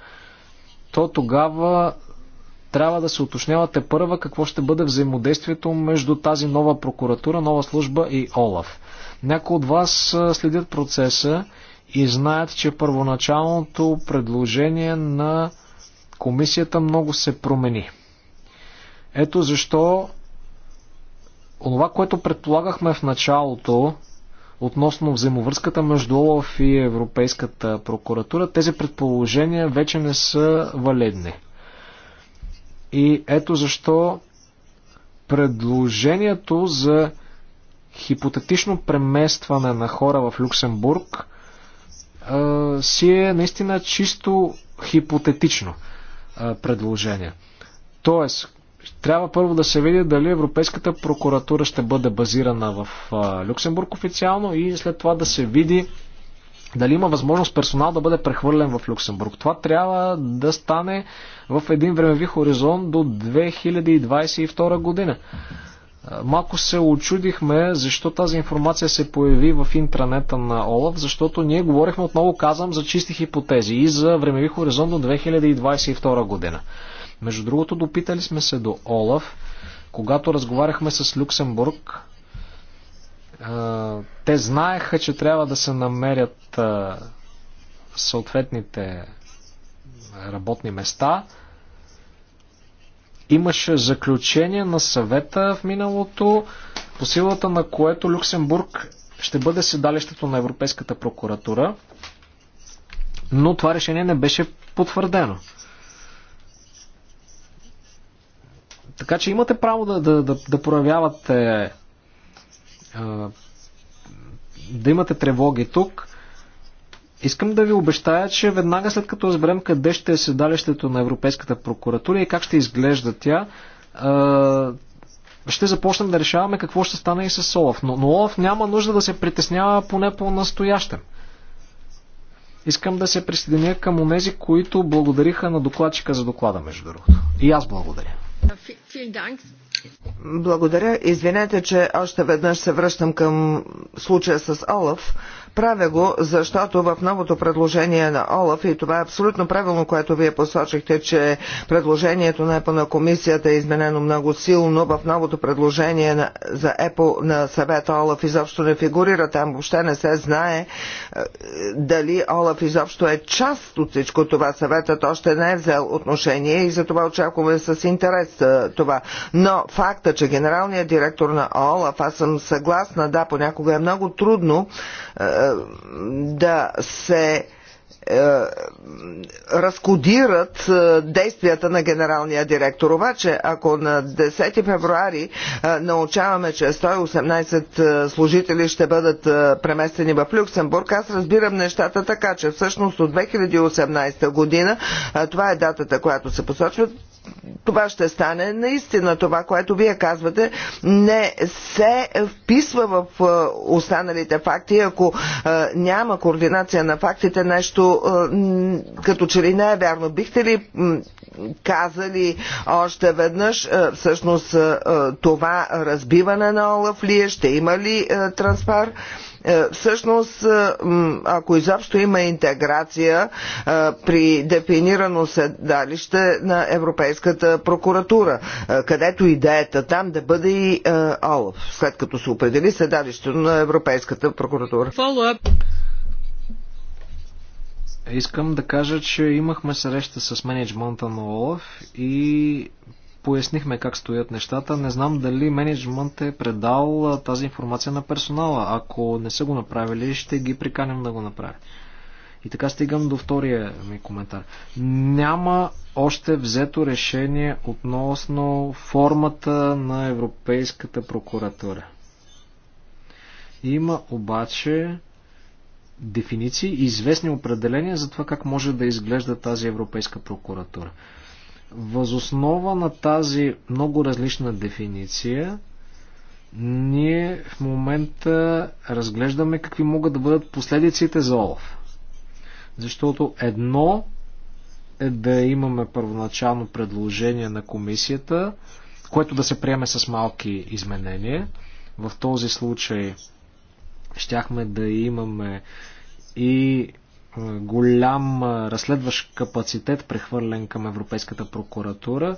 то тогава трябва да се уточнявате първа какво ще бъде взаимодействието между тази нова прокуратура, нова служба и ОЛАФ. Някои от вас следят процеса и знаят, че първоначалното предложение на комисията много се промени. Ето защо онова, което предполагахме в началото, относно взаимовръзката между ОЛАФ и Европейската прокуратура, тези предположения вече не са валедни. И ето защо предложението за хипотетично преместване на хора в Люксембург а, си е наистина чисто хипотетично а, предложение. Тоест, трябва първо да се види дали Европейската прокуратура ще бъде базирана в Люксембург официално и след това да се види дали има възможност персонал да бъде прехвърлен в Люксембург. Това трябва да стане в един времеви хоризонт до 2022 година. Малко се очудихме защо тази информация се появи в интранета на Олаф, защото ние говорихме отново, казвам, за чисти хипотези и за времеви хоризонт до 2022 година. Между другото, допитали сме се до Олаф. Когато разговаряхме с Люксембург, е, те знаеха, че трябва да се намерят е, съответните работни места. Имаше заключение на съвета в миналото, по силата на което Люксембург ще бъде седалището на Европейската прокуратура, но това решение не беше потвърдено. Така че имате право да, да, да, да проявявате е, да имате тревоги тук. Искам да ви обещая, че веднага след като разберем къде ще е седалището на Европейската прокуратура и как ще изглежда тя, е, ще започнем да решаваме какво ще стане и с Олаф. Но, но Олаф няма нужда да се притеснява поне по-настоящем. Искам да се присъединя към онези, които благодариха на докладчика за доклада, между другото. И аз благодаря. Благодаря. Извинете, че още веднъж се връщам към случая с Олаф. Правя го, защото в новото предложение на Олаф, и това е абсолютно правилно, което вие посочихте, че предложението на ЕПО на комисията е изменено много силно. В новото предложение на, за ЕПО на съвета Олаф изобщо не фигурира там. Въобще не се знае е, дали Олаф изобщо е част от всичко това. Съветът още не е взел отношение и затова очакваме с интерес е, това. Но факта, че генералният директор на Олаф, аз съм съгласна, да, понякога е много трудно да се е, разкодират е, действията на генералния директор. Обаче, ако на 10 февруари е, научаваме, че 118 служители ще бъдат преместени в Люксембург, аз разбирам нещата така, че всъщност от 2018 година, това е датата, която се посочва, това ще стане. Наистина това, което вие казвате, не се вписва в е, останалите факти. Ако е, няма координация на фактите, нещо е, като че ли не е вярно. Бихте ли казали още веднъж всъщност това разбиване на Олаф лие Ще има ли транспар? Е, всъщност, е, ако изобщо има интеграция е, при дефинирано седалище на Европейската прокуратура, където идеята там да бъде и ОЛАФ, след като се определи седалището на Европейската прокуратура. Искам да кажа, че имахме среща с менеджмента на ОЛАФ и пояснихме как стоят нещата. Не знам дали менеджмент е предал тази информация на персонала. Ако не са го направили, ще ги приканем да го направят. И така стигам до втория ми коментар. Няма още взето решение относно формата на Европейската прокуратура. Има обаче дефиниции и известни определения за това как може да изглежда тази Европейска прокуратура. Възоснова на тази много различна дефиниция, ние в момента разглеждаме какви могат да бъдат последиците за ОЛАФ. Защото едно е да имаме първоначално предложение на комисията, което да се приеме с малки изменения. В този случай щяхме да имаме и е, голям е, разследващ капацитет, прехвърлен към Европейската прокуратура.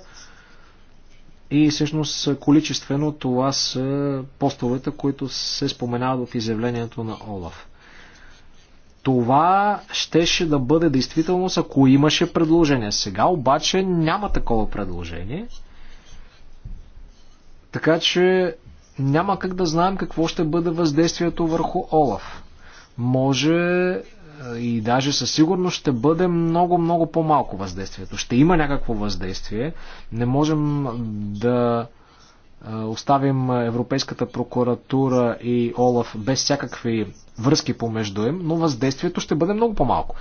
И всъщност е, количествено това са постовете, които се споменават в изявлението на Олаф. Това щеше да бъде действителност, ако имаше предложение. Сега обаче няма такова предложение. Така че няма как да знаем какво ще бъде въздействието върху Олаф. Може и даже със сигурност ще бъде много, много по-малко въздействието. Ще има някакво въздействие. Не можем да оставим Европейската прокуратура и Олаф без всякакви връзки помежду им, но въздействието ще бъде много по-малко.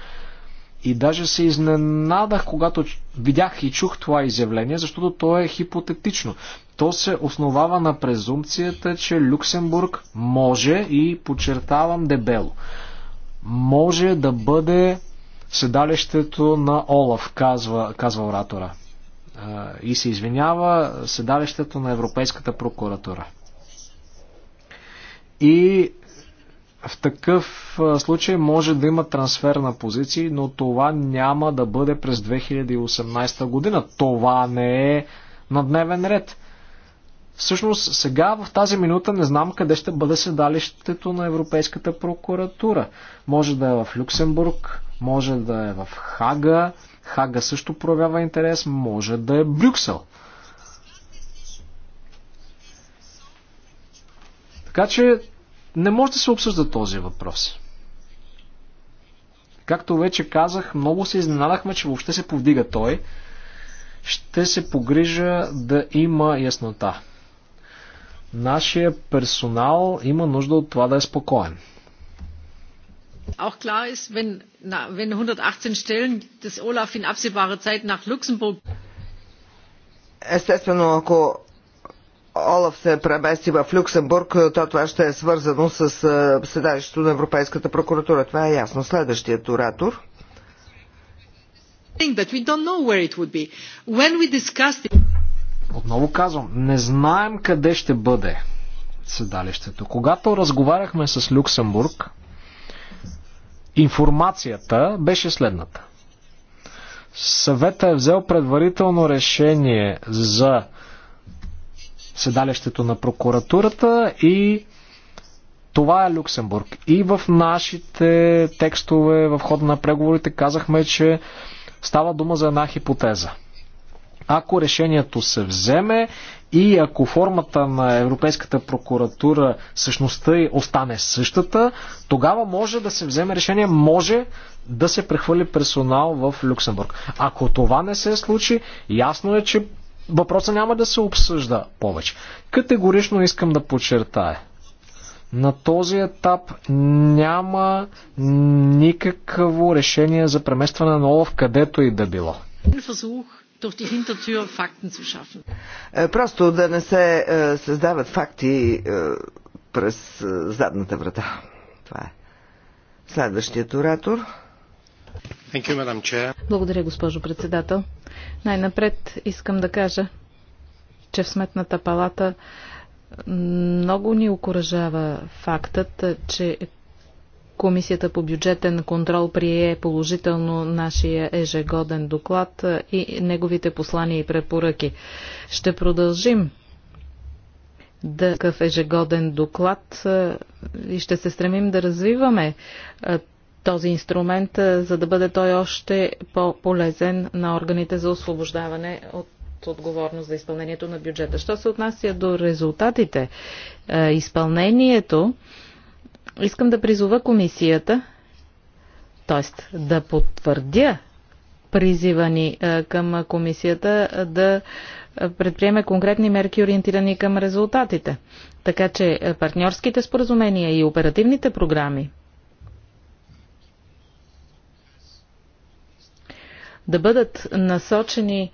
И даже се изненадах, когато видях и чух това изявление, защото то е хипотетично. То се основава на презумпцията, че Люксембург може и подчертавам дебело може да бъде седалището на Олаф, казва, казва оратора. И се извинява седалището на Европейската прокуратура. И в такъв случай може да има трансфер на позиции, но това няма да бъде през 2018 година. Това не е на дневен ред. Всъщност сега в тази минута не знам къде ще бъде седалището на Европейската прокуратура. Може да е в Люксембург, може да е в Хага, Хага също проявява интерес, може да е Брюксел. Така че не може да се обсъжда този въпрос. Както вече казах, много се изненадахме, че въобще се повдига той. Ще се погрижа да има яснота. Нашия персонал има нужда от това да е спокоен. Auch klar ist, wenn, na, wenn 118 Stellen des Olaf in Zeit nach Luxemburg. Естествено, ако Олаф се премести в Люксембург, то това ще е свързано с седалището на Европейската прокуратура. Това е ясно. Следващият оратор. Отново казвам, не знаем къде ще бъде седалището. Когато разговаряхме с Люксембург, информацията беше следната. Съвета е взел предварително решение за седалището на прокуратурата и това е Люксембург. И в нашите текстове в хода на преговорите казахме, че става дума за една хипотеза – ако решението се вземе и ако формата на Европейската прокуратура същността и остане същата, тогава може да се вземе решение, може да се прехвърли персонал в Люксембург. Ако това не се случи, ясно е, че въпросът няма да се обсъжда повече. Категорично искам да подчертая. На този етап няма никакво решение за преместване на Олаф където и да било. Е, просто да не се е, създават факти е, през задната врата. Това е. Следващият оратор. Благодаря, госпожо председател. Най-напред искам да кажа, че в Сметната палата много ни окоръжава фактът, че Комисията по бюджетен контрол прие положително нашия ежегоден доклад и неговите послания и препоръки. Ще продължим да такъв ежегоден доклад и ще се стремим да развиваме този инструмент, за да бъде той още по-полезен на органите за освобождаване от отговорност за изпълнението на бюджета. Що се отнася до резултатите, изпълнението Искам да призова комисията, т.е. да потвърдя призива ни е, към комисията е, да е, предприеме конкретни мерки, ориентирани към резултатите. Така че партньорските споразумения и оперативните програми да бъдат насочени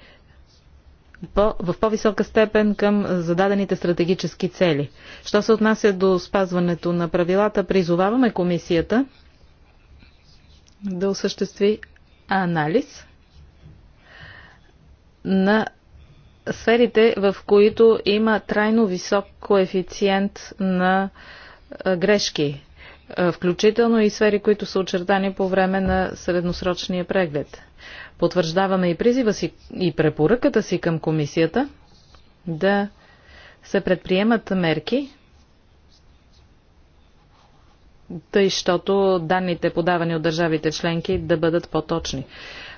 в по-висока степен към зададените стратегически цели. Що се отнася до спазването на правилата, призоваваме комисията да осъществи анализ на сферите, в които има трайно висок коефициент на грешки, включително и сфери, които са очертани по време на средносрочния преглед. Потвърждаваме и призива си и препоръката си към комисията да се предприемат мерки, тъй, щото данните подавани от държавите членки да бъдат по-точни.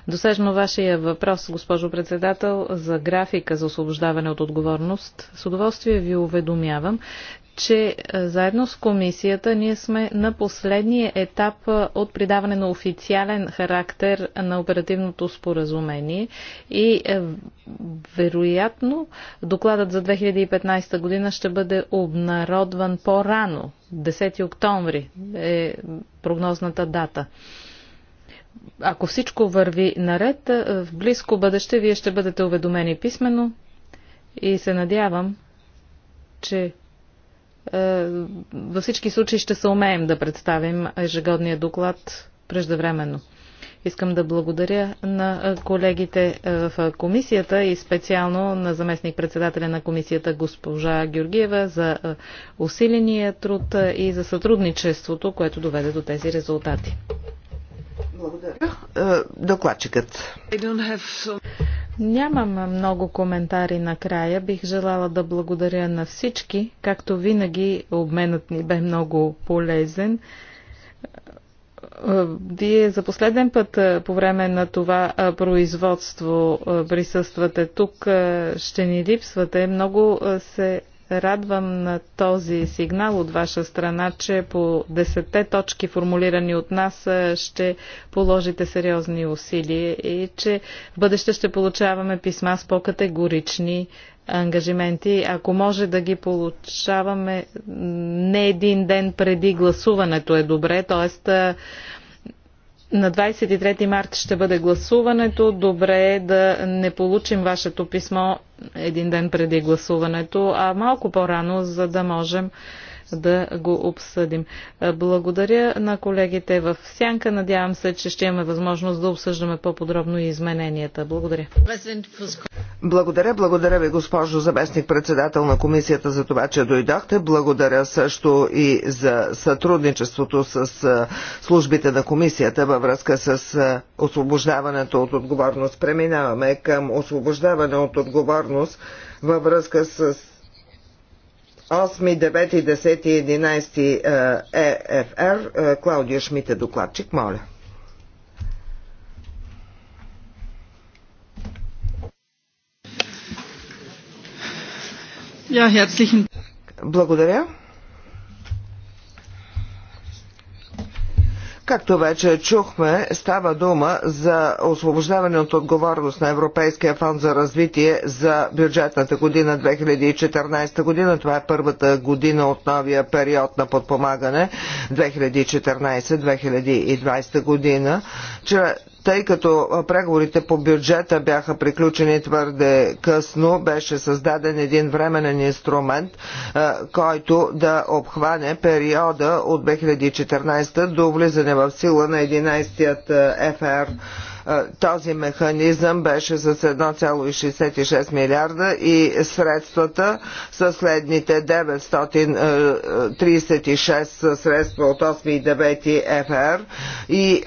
Досежно вашия въпрос, госпожо председател, за графика за освобождаване от отговорност. С удоволствие ви уведомявам, че е, заедно с комисията ние сме на последния етап е, от придаване на официален характер на оперативното споразумение и е, вероятно докладът за 2015 година ще бъде обнародван по-рано. 10 октомври е прогнозната дата. Ако всичко върви наред, в близко бъдеще вие ще бъдете уведомени писменно и се надявам, че е, във всички случаи ще се умеем да представим ежегодния доклад преждевременно. Искам да благодаря на колегите е, в комисията и специално на заместник-председателя на комисията госпожа Георгиева за е, усиления труд и за сътрудничеството, което доведе до тези резултати. Благодаря. Докладчикът. Нямам много коментари накрая. Бих желала да благодаря на всички. Както винаги, обменът ни бе много полезен. Е, вие за последен път е, по време на това е, производство присъствате тук. Ще ни липсвате. Много се радвам на този сигнал от ваша страна, че по десетте точки, формулирани от нас, ще положите сериозни усилия и че в бъдеще ще получаваме писма с по-категорични ангажименти, ако може да ги получаваме не един ден преди гласуването е добре, т.е на 23 март ще бъде гласуването. Добре е да не получим вашето писмо един ден преди гласуването, а малко по-рано, за да можем да го обсъдим. Благодаря на колегите в Сянка. Надявам се, че ще имаме възможност да обсъждаме по-подробно и измененията. Благодаря. Благодаря, благодаря ви, госпожо заместник председател на комисията за това, че дойдохте. Благодаря също и за сътрудничеството с службите на комисията във връзка с освобождаването от отговорност. Преминаваме към освобождаване от отговорност във връзка с 8, 9, 10 11 ЕФР. Клаудия Шмидт е докладчик. Моля. Благодаря. Както вече чухме, става дума за освобождаване от отговорност на Европейския фонд за развитие за бюджетната година 2014 година. Това е първата година от новия период на подпомагане 2014-2020 година. Тъй като преговорите по бюджета бяха приключени твърде късно, беше създаден един временен инструмент, който да обхване периода от 2014 до влизане в сила на 11-тият ФР е, този механизъм беше с 1,66 милиарда и средствата са следните 936 е, е, средства от 8 и 9 ФР и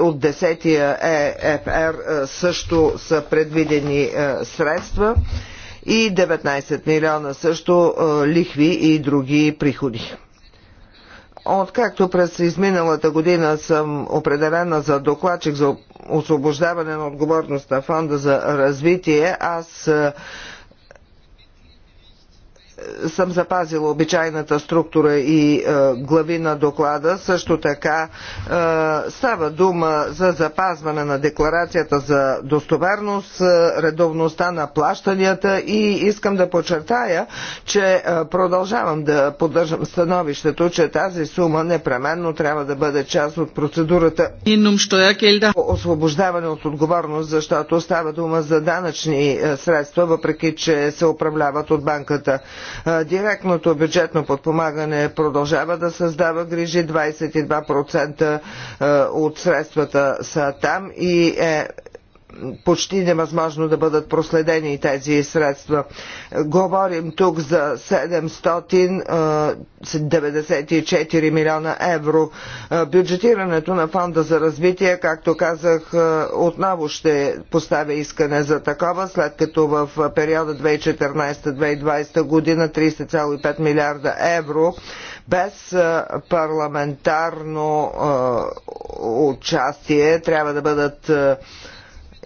от 10 ФР също са предвидени средства и 19 милиона също лихви и други приходи. Откакто през изминалата година съм определена за докладчик за освобождаване на отговорност на фонда за развитие, аз съм запазила обичайната структура и е, глави на доклада. Също така е, става дума за запазване на декларацията за достоверност, е, редовността на плащанията и искам да подчертая, че е, продължавам да поддържам становището, че тази сума непременно трябва да бъде част от процедурата освобождаване от отговорност, защото става дума за данъчни е, средства, въпреки че се управляват от банката. Директното бюджетно подпомагане продължава да създава грижи. 22% от средствата са там и е почти невъзможно да бъдат проследени тези средства. Говорим тук за 794 милиона евро. Бюджетирането на фонда за развитие, както казах, отново ще поставя искане за такова, след като в периода 2014-2020 година 30,5 милиарда евро без парламентарно участие трябва да бъдат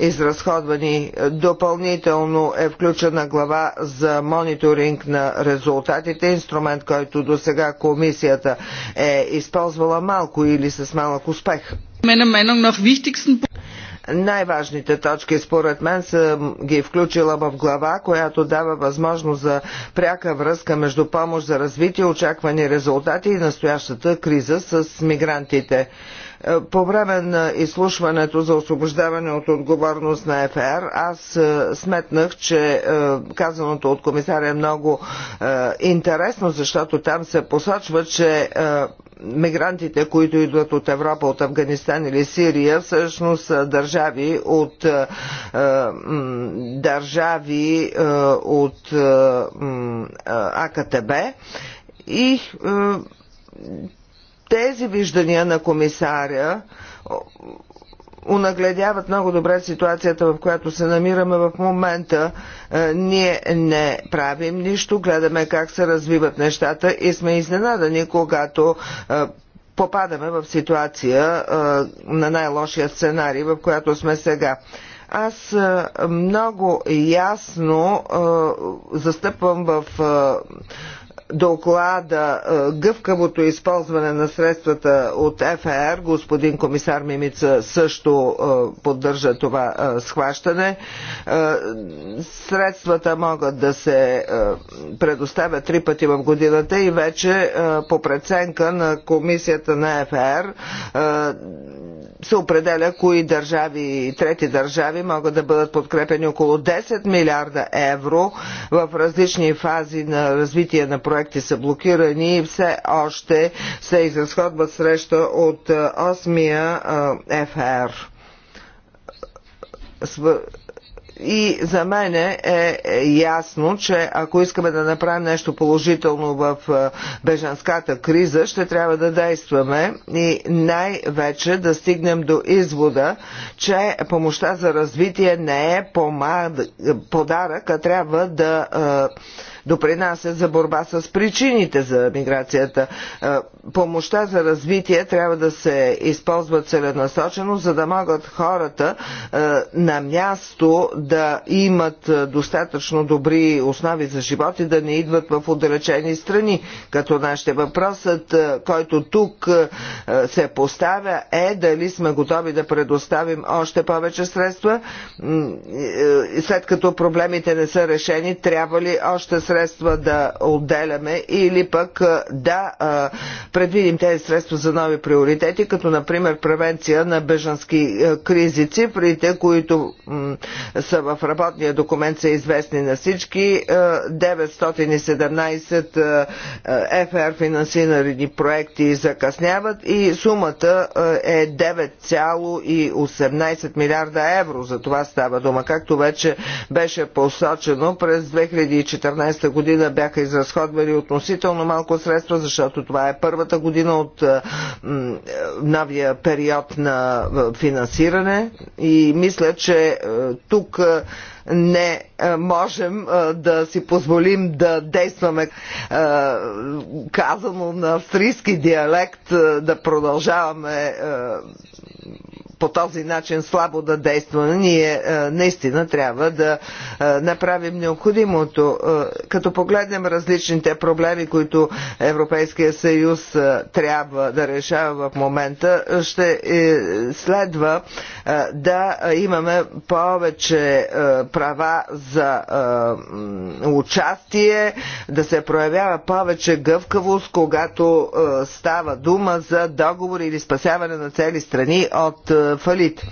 изразходвани. Допълнително е включена глава за мониторинг на резултатите, инструмент, който до сега комисията е използвала малко или с малък успех. Най-важните точки според мен съм ги включила в глава, която дава възможност за пряка връзка между помощ за развитие, очаквани резултати и настоящата криза с мигрантите. Е, по време на изслушването за освобождаване от отговорност на ФР, е аз е, сметнах, че казаното от комисаря е много интересно, защото там се посочва, че мигрантите, които идват от Европа, от Афганистан или Сирия, всъщност са държави от държави от АКТБ и тези виждания на комисаря унагледяват много добре ситуацията, в която се намираме в момента. Е, ние не правим нищо, гледаме как се развиват нещата и сме изненадани, когато е, попадаме в ситуация е, на най-лошия сценарий, в която сме сега аз много ясно застъпвам в доклада е, гъвкавото използване на средствата от ФР, е господин комисар Мимица също е, поддържа това схващане. Средствата могат да се предоставят три пъти в годината и вече по преценка на комисията на ФР се определя кои държави и трети държави могат да бъдат подкрепени около 10 милиарда евро в различни фази на развитие на проекти са блокирани и все още се изразходват среща от 8-я ФР и за мен е, е ясно, че ако искаме да направим нещо положително в е, бежанската криза, ще трябва да действаме и най-вече да стигнем до извода, че помощта за развитие не е, е подарък, а трябва да допринасят за борба с причините за миграцията. Е, помощта за развитие трябва да се използва целенасочено, за да могат хората е, на място да имат е, достатъчно добри основи за живот и да не идват в отдалечени страни. Като нашите въпросът, който тук се поставя е дали сме готови да предоставим още повече средства. След като проблемите не са решени, трябва ли още средства средства да отделяме или пък да предвидим тези средства за нови приоритети, като например превенция на бежански кризи. Цифрите, които са в работния документ, са известни на всички. 917 ФР финансирани проекти закъсняват и сумата е 9,18 милиарда евро. За това става дума. Както вече беше посочено, през 2014 2011 година бяха изразходвани относително малко средства, защото това е първата година от новия период на финансиране и мисля, че тук не можем да си позволим да действаме казано на австрийски диалект, да продължаваме по този начин слабо да действаме, ние е, наистина трябва да е, направим необходимото. Е, като погледнем различните проблеми, които Европейския съюз трябва да решава в момента, ще следва да имаме повече права за участие, да се проявява повече гъвкавост, когато става дума за договори или спасяване на цели страни от фалит.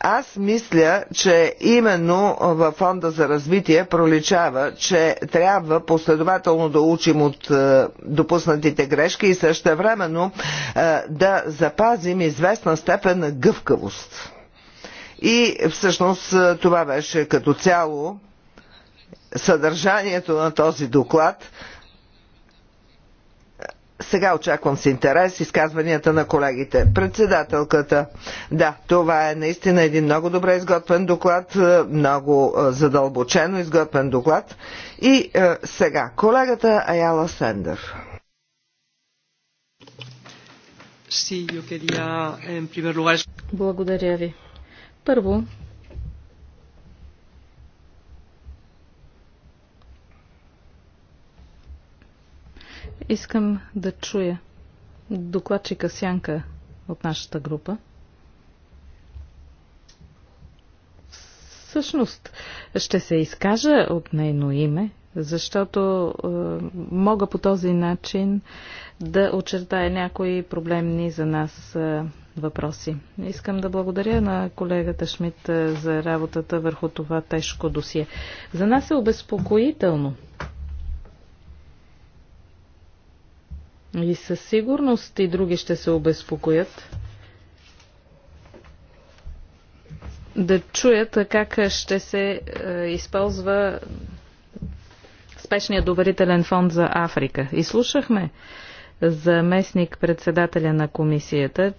Аз мисля, че именно в Фонда за развитие проличава, че трябва последователно да учим от е, допуснатите грешки и също времено е, да запазим известна степен на гъвкавост. И всъщност е, това беше като цяло съдържанието на този доклад – сега очаквам с интерес изказванията на колегите. Председателката. Да, това е наистина един много добре изготвен доклад, е, много е, задълбочено изготвен доклад. И е, сега, колегата Аяла Сендър. Благодаря ви. Първо, Искам да чуя докладчика Сянка от нашата група. Всъщност, ще се изкажа от нейно име, защото е, мога по този начин да очертая някои проблемни за нас е, въпроси. Искам да благодаря на колегата Шмидт е, за работата върху това тежко досие. За нас е обезпокоително, И със сигурност и други ще се обезпокоят да чуят как ще се е, използва спешния доверителен фонд за Африка. И слушахме местник председателя на комисията.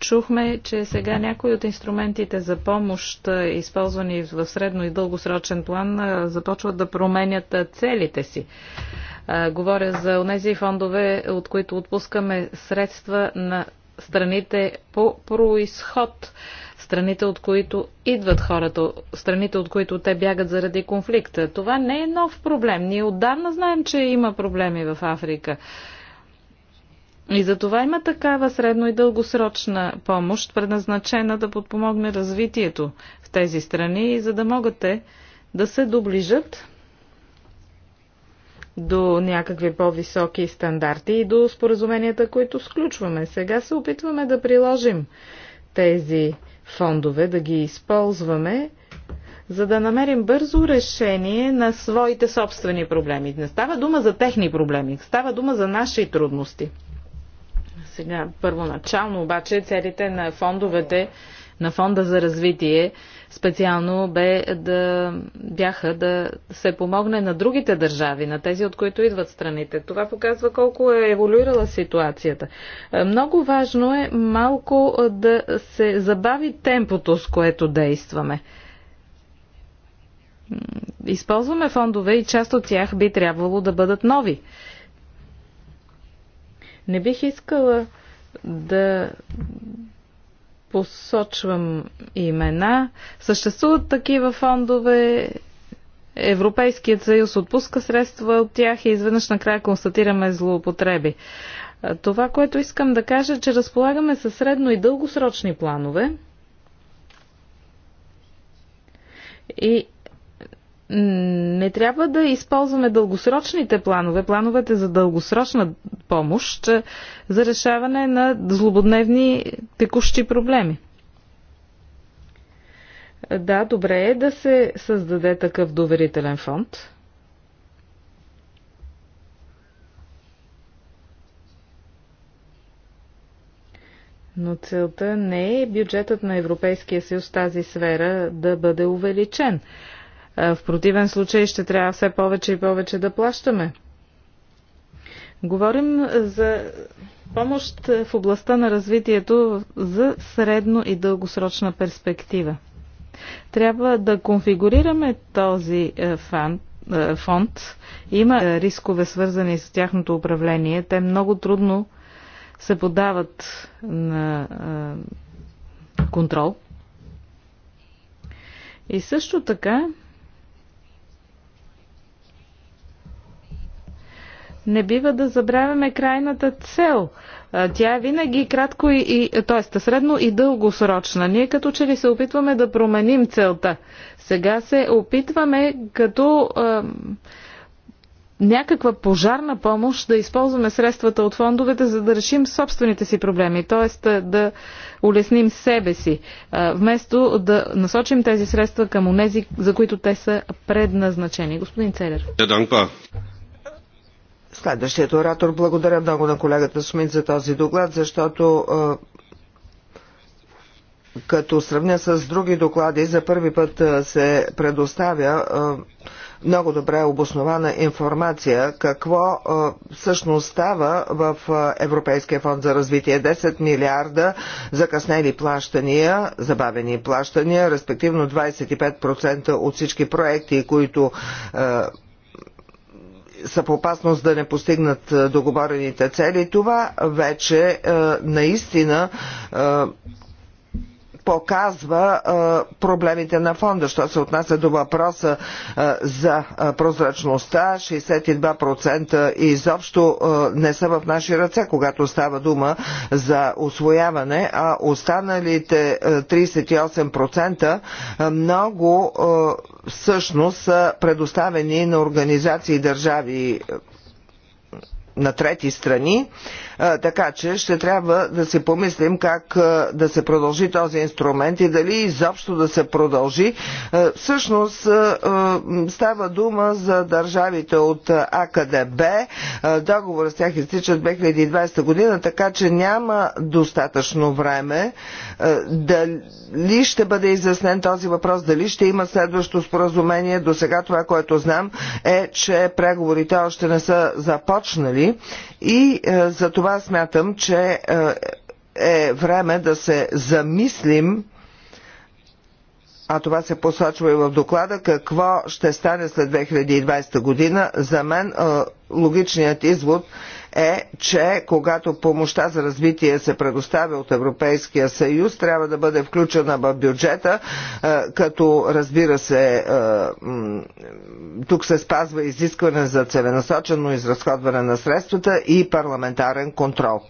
Чухме, че сега някои от инструментите за помощ, е, използвани в средно и дългосрочен план, е, започват да променят целите си. Говоря за тези фондове, от които отпускаме средства на страните по происход, страните от които идват хората, страните от които те бягат заради конфликта. Това не е нов проблем. Ние отдавна знаем, че има проблеми в Африка. И за това има такава средно и дългосрочна помощ, предназначена да подпомогне развитието в тези страни и за да могат те да се доближат до някакви по-високи стандарти и до споразуменията, които сключваме. Сега се опитваме да приложим тези фондове, да ги използваме, за да намерим бързо решение на своите собствени проблеми. Не става дума за техни проблеми, става дума за наши трудности. Сега, първоначално обаче, целите на фондовете, на фонда за развитие специално бе да бяха да се помогне на другите държави, на тези, от които идват страните. Това показва колко е еволюирала ситуацията. Е, много важно е малко е, да се забави темпото, с което действаме. Използваме фондове и част от тях би трябвало да бъдат нови. Не бих искала да посочвам имена. Съществуват такива фондове. Европейският съюз отпуска средства от тях и изведнъж накрая констатираме злоупотреби. Това, което искам да кажа, че разполагаме със средно и дългосрочни планове. И не трябва да използваме дългосрочните планове, плановете за дългосрочна помощ е, за решаване на злободневни текущи проблеми. Да, добре е да се създаде такъв доверителен фонд. Но целта не е бюджетът на Европейския съюз в тази сфера да бъде увеличен. Е, в противен случай ще трябва все повече и повече да плащаме. Говорим за помощ в областта на развитието за средно и дългосрочна перспектива. Трябва да конфигурираме този е, е, фонд. Има рискове свързани с тяхното управление. Те много трудно се подават на контрол. И също така не бива да забравяме крайната цел. Тя е винаги кратко и, и т.е. средно и дългосрочна. Ние като че ли се опитваме да променим целта. Сега се опитваме като е, някаква пожарна помощ да използваме средствата от фондовете, за да решим собствените си проблеми, т.е. да улесним себе си, вместо да насочим тези средства към онези, за които те са предназначени. Господин Целер. Следващият оратор благодаря много на колегата Смит за този доклад, защото като сравня с други доклади, за първи път се предоставя много добре обоснована информация какво всъщност става в Европейския фонд за развитие. 10 милиарда закъснели плащания, забавени плащания, респективно 25% от всички проекти, които са в опасност да не постигнат е, договорените цели. Това вече е, наистина е, показва проблемите на фонда. Що се отнася до въпроса за прозрачността, 62% изобщо не са в наши ръце, когато става дума за освояване, а останалите 38% много всъщност са предоставени на организации и държави на трети страни. Така че ще трябва да си помислим как да се продължи този инструмент и дали изобщо да се продължи. Всъщност става дума за държавите от АКДБ. Договор с тях изтича 2020 година, така че няма достатъчно време. Дали ще бъде изяснен този въпрос, дали ще има следващо споразумение. До сега това, което знам, е, че преговорите още не са започнали и за това затова смятам, че е, е време да се замислим а това се посочва и в доклада, какво ще стане след 2020 година, за мен е, логичният извод е, че когато помощта за развитие се предоставя от Европейския съюз, трябва да бъде включена в бюджета, е, като разбира се, е, тук се спазва изискване за целенасочено изразходване на средствата и парламентарен контрол.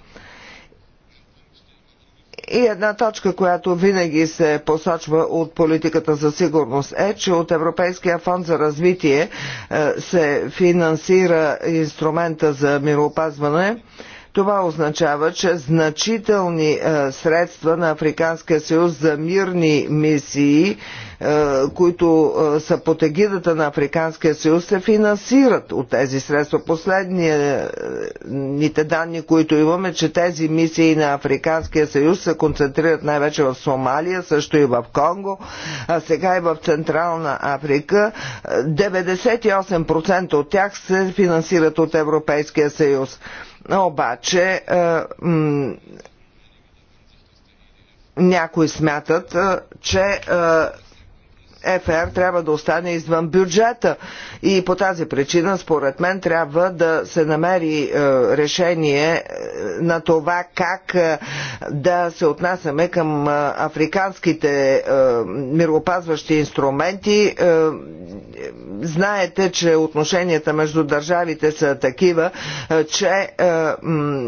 И една точка, която винаги се посочва от политиката за сигурност е, че от Европейския фонд за развитие е, се финансира инструмента за мироопазване. Това означава, че значителни е, средства на Африканския съюз за мирни мисии е, които е, са под егидата на Африканския съюз, се финансират от тези средства. Последните данни, които имаме, че тези мисии на Африканския съюз се концентрират най-вече в Сомалия, също и в Конго, а сега и в Централна Африка. 98% от тях се финансират от Европейския съюз. Обаче, е, някои смятат, че ФР трябва да остане извън бюджета. И по тази причина, според мен, трябва да се намери е, решение е, на това как е, да се отнасяме към африканските мироопазващи инструменти. Знаете, че отношенията между държавите са такива, че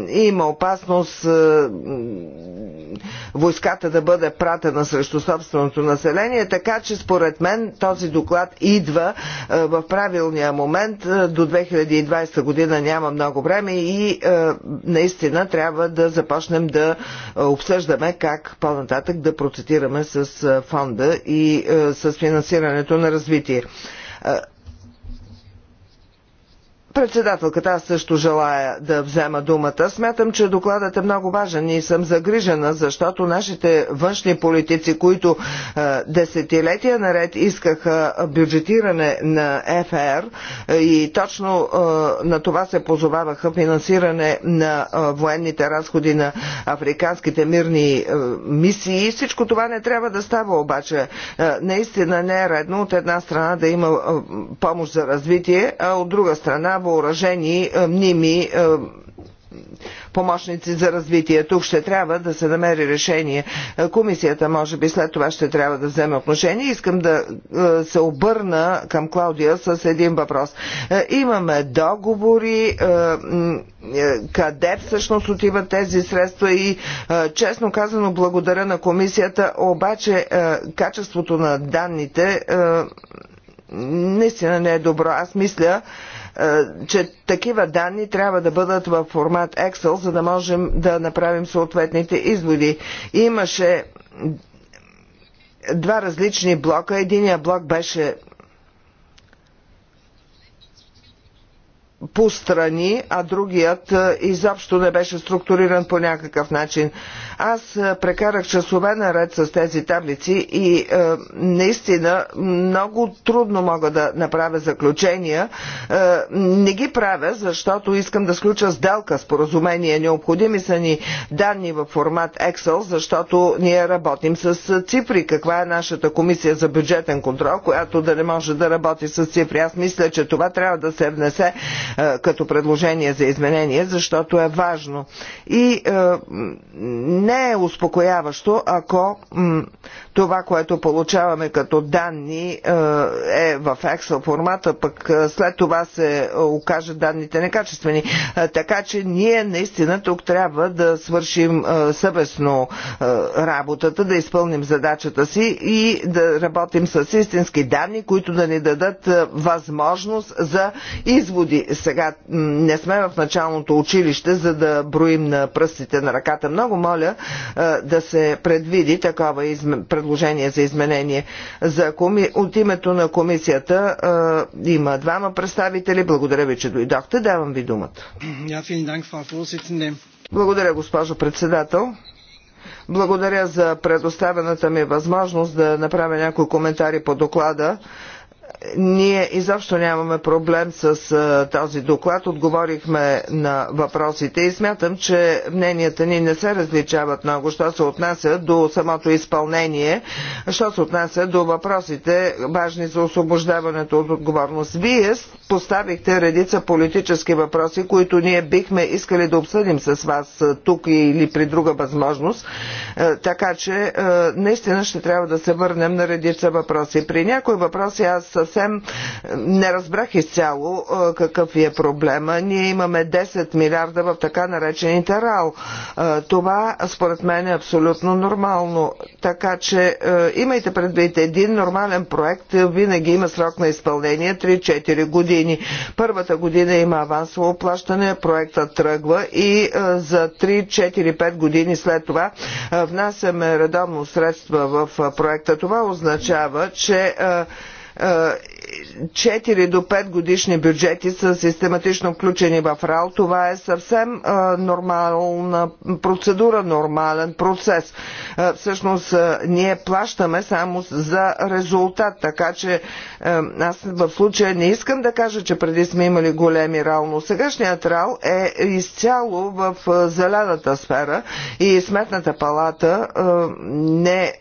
има опасност войската да бъде пратена срещу собственото население, така че според според мен този доклад идва е, в правилния момент. Е, до 2020 година няма много време и е, наистина трябва да започнем да обсъждаме как по-нататък да процитираме с фонда и с финансирането на развитие. Председателката, аз също желая да взема думата. Смятам, че докладът е много важен и съм загрижена, защото нашите външни политици, които е, десетилетия наред искаха бюджетиране на ФР е, и точно е, на това се позоваваха финансиране на е, военните разходи на африканските мирни е, мисии. Всичко това не трябва да става обаче. Е, наистина не е редно от една страна да има е, помощ за развитие, а от друга страна въоръжени е, мними е, помощници за развитие. Тук ще трябва да се намери решение. Е, комисията, може би, след това ще трябва да вземе отношение. Искам да се обърна към Клаудия с един въпрос. Имаме договори, къде всъщност отиват тези средства и честно казано благодаря на комисията, обаче качеството на данните наистина не е добро. Аз мисля, е, че такива данни трябва да бъдат в формат Excel, за да можем да направим съответните изводи. Имаше два различни блока. Единия блок беше по страни, а другият е, изобщо не беше структуриран по някакъв начин. Аз е, прекарах часове наред с тези таблици и е, наистина много трудно мога да направя заключения. Е, не ги правя, защото искам да сключа сделка, споразумение. Необходими са ни данни в формат Excel, защото ние работим с е, цифри. Каква е нашата комисия за бюджетен контрол, която да не може да работи с цифри? Аз мисля, че това трябва да се внесе е, като предложение за изменение, защото е важно. И е, не е успокояващо, ако м това, което получаваме като данни е, е в Excel формата, пък е, след това се е, окажат данните некачествени. Така че ние наистина тук трябва да свършим съвестно работата, да изпълним задачата си и да работим с истински данни, които да ни дадат възможност за изводи. Сега не сме в началното училище, за да броим на пръстите на ръката. Много моля да се предвиди такова изменение предложение за изменение. За коми... От името на комисията а, има двама представители. Благодаря ви, че дойдохте. Давам ви думата. Благодаря, госпожо председател. Благодаря за предоставената ми възможност да направя някои коментари по доклада ние изобщо нямаме проблем с този доклад. Отговорихме на въпросите и смятам, че мненията ни не се различават много, що се отнася до самото изпълнение, що се отнася до въпросите, важни за освобождаването от отговорност. Вие поставихте редица политически въпроси, които ние бихме искали да обсъдим с вас тук или при друга възможност. Така че наистина ще трябва да се върнем на редица въпроси. При някои въпроси аз съвсем не разбрах изцяло какъв ви е проблема. Ние имаме 10 милиарда в така наречените РАО. Това според мен е абсолютно нормално. Така че имайте предвид, един нормален проект винаги има срок на изпълнение 3-4 години. Първата година има авансово плащане, проекта тръгва и за 3-4-5 години след това внасяме редовно средства в проекта. Това означава, че 4 е, до 5 годишни бюджети са систематично включени в РАЛ. Това е съвсем е, нормална процедура, нормален процес. Е, всъщност ние плащаме само за резултат, така че аз в случая не искам да кажа, че преди сме имали големи РАЛ, но сегашният РАЛ е изцяло в зелената сфера и Сметната палата не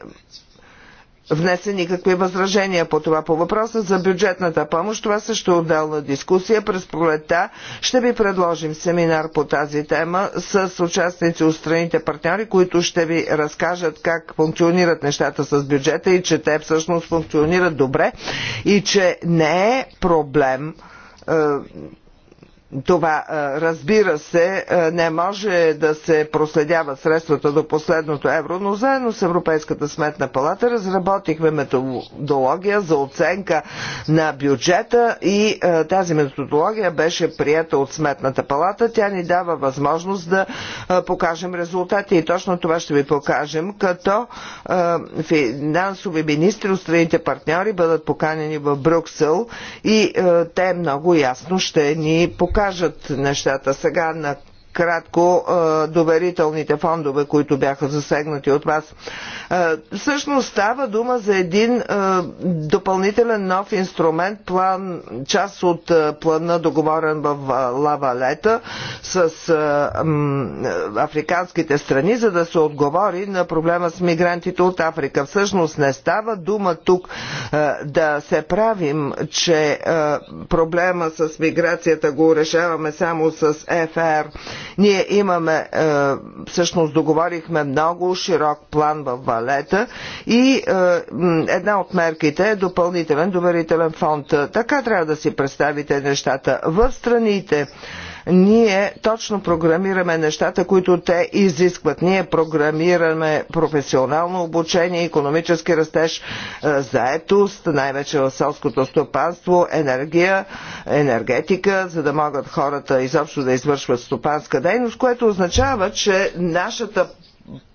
внесе никакви възражения по това. По въпроса за бюджетната помощ, това също е отделна дискусия. През пролетта ще ви предложим семинар по тази тема с участници от страните партньори, които ще ви разкажат как функционират нещата с бюджета и че те всъщност функционират добре и че не е проблем е, това, разбира се, не може да се проследяват средствата до последното евро, но заедно с Европейската сметна палата разработихме методология за оценка на бюджета и тази методология беше прията от сметната палата. Тя ни дава възможност да покажем резултати и точно това ще ви покажем, като финансови министри от страните партньори бъдат поканени в Брюксел и те много ясно ще ни покажат кажат нещата. Сега на кратко доверителните фондове, които бяха засегнати от вас. Всъщност става дума за един допълнителен нов инструмент, план, част от плана договорен в Лавалета с африканските страни, за да се отговори на проблема с мигрантите от Африка. Всъщност не става дума тук да се правим, че проблема с миграцията го решаваме само с ФР ние имаме, е, всъщност договорихме много широк план в Валета и е, една от мерките е допълнителен доверителен фонд. Така трябва да си представите нещата. В страните, ние точно програмираме нещата, които те изискват. Ние програмираме професионално обучение, економически растеж, е, заетост, най-вече в селското стопанство, енергия, енергетика, за да могат хората изобщо да извършват стопанска дейност, което означава, че нашата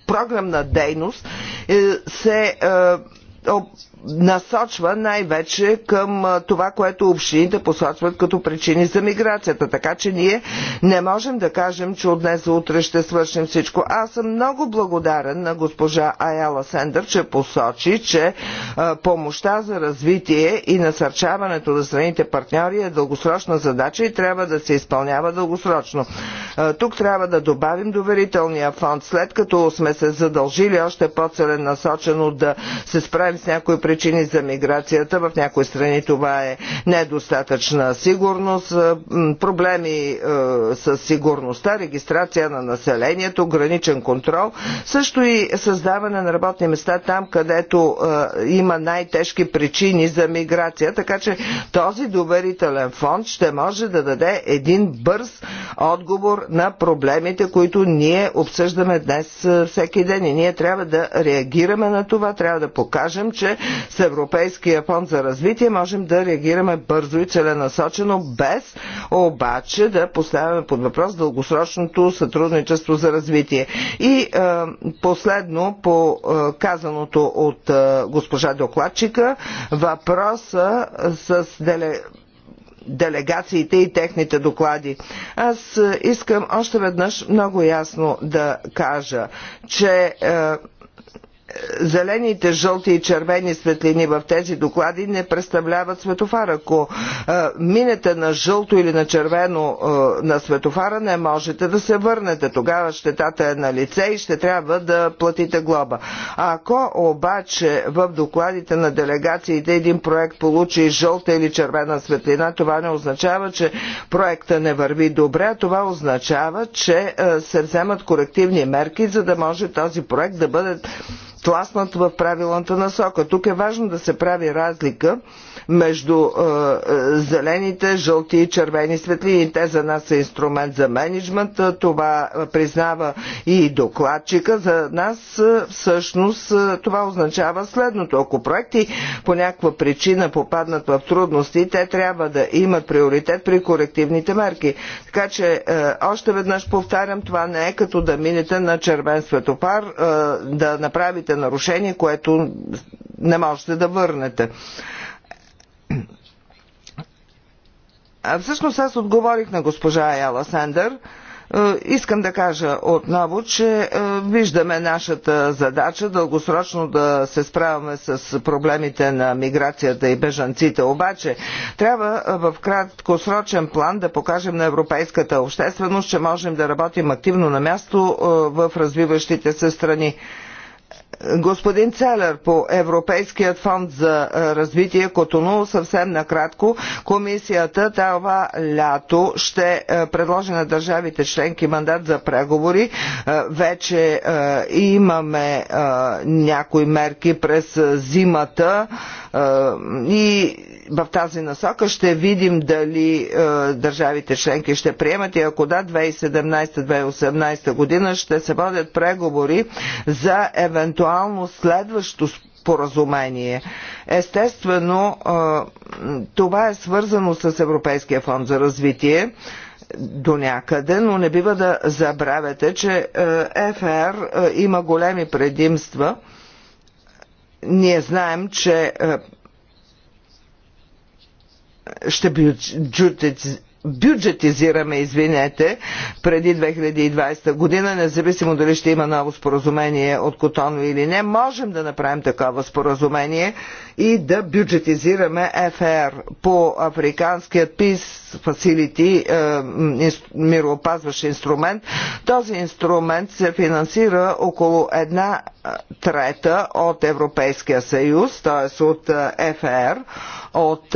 програмна дейност е, се е, насочва най-вече към това, което общините посочват като причини за миграцията. Така че ние не можем да кажем, че от днес за утре ще свършим всичко. Аз съм много благодарен на госпожа Аяла Сендър, че посочи, че помощта за развитие и насърчаването на страните партньори е дългосрочна задача и трябва да се изпълнява дългосрочно. Тук трябва да добавим доверителния фонд, след като сме се задължили още по-целенасочено да се справим с някои причини за миграцията. В някои страни това е недостатъчна сигурност, е, проблеми е, с сигурността, регистрация на населението, граничен контрол, също и създаване на работни места там, където е, има най-тежки причини за миграция. Така че този доверителен фонд ще може да даде един бърз отговор на проблемите, които ние обсъждаме днес всеки ден и ние трябва да реагираме на това, трябва да покажем, че с Европейския фонд за развитие, можем да реагираме бързо и целенасочено, без обаче да поставяме под въпрос дългосрочното сътрудничество за развитие. И е, последно, по е, казаното от е, госпожа докладчика, въпроса е, с деле делегациите и техните доклади. Аз е, искам още веднъж много ясно да кажа, че е, зелените, жълти и червени светлини в тези доклади не представляват светофара. Ако е, минете на жълто или на червено е, на светофара, не можете да се върнете. Тогава щетата е на лице и ще трябва да платите глоба. А ако обаче в докладите на делегациите един проект получи жълта или червена светлина, това не означава, че проекта не върви добре, а това означава, че е, се вземат корективни мерки, за да може този проект да бъде тласнат в правилната насока. Тук е важно да се прави разлика между е, е, зелените, жълти и червени светлини. Те за нас са инструмент за менеджмент. Е, това признава и докладчика. За нас всъщност това означава следното. Ако проекти по някаква причина попаднат в трудности, те трябва да имат приоритет при корективните мерки. Така че още веднъж повтарям, това не е като да минете на червен светопар, да направите нарушение, което не можете да върнете. Всъщност аз отговорих на госпожа Аяла Сендър. Е, искам да кажа отново, че е, виждаме нашата задача дългосрочно да се справяме с проблемите на миграцията и бежанците. Обаче трябва е, в краткосрочен план да покажем на европейската общественост, че можем да работим активно на място в развиващите се страни. Господин Целер по Европейският фонд за развитие Котону съвсем накратко. Комисията това лято ще предложи на държавите членки мандат за преговори. Вече имаме някои мерки през зимата и в тази насока. Ще видим дали е, държавите членки ще приемат и ако да, 2017-2018 година ще се водят преговори за евентуално следващо споразумение. Естествено, е, това е свързано с Европейския фонд за развитие до някъде, но не бива да забравяте, че е, ФР има големи предимства. Ние знаем, че ще бюджетите бюджетизираме, извинете, преди 2020 година, независимо дали ще има ново споразумение от Котоно или не, можем да направим такова споразумение и да бюджетизираме ФР по африканският ПИС е, фасилити мироопазващ инструмент. Този инструмент се финансира около една е, трета от Европейския съюз, т.е. от ФР, е, от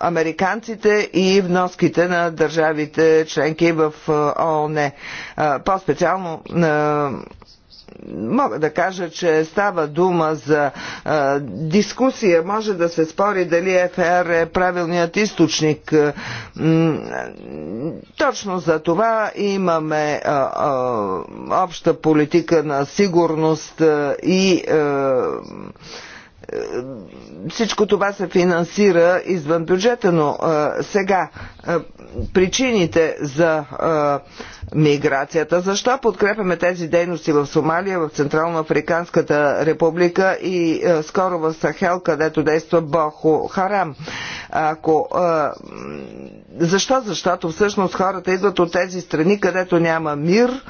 американците и вноските на държавите членки в ООН. По-специално мога да кажа, че става дума за а, дискусия. Може да се спори дали ФР е правилният източник. Точно за това имаме а, а, обща политика на сигурност и а, всичко това се финансира извън бюджета, но а, сега а, причините за а, миграцията, защо подкрепяме тези дейности в Сомалия, в Централно-Африканската република и а, скоро в Сахел, където действа Бохо Харам. Ако, а, защо? Защото всъщност хората идват от тези страни, където няма мир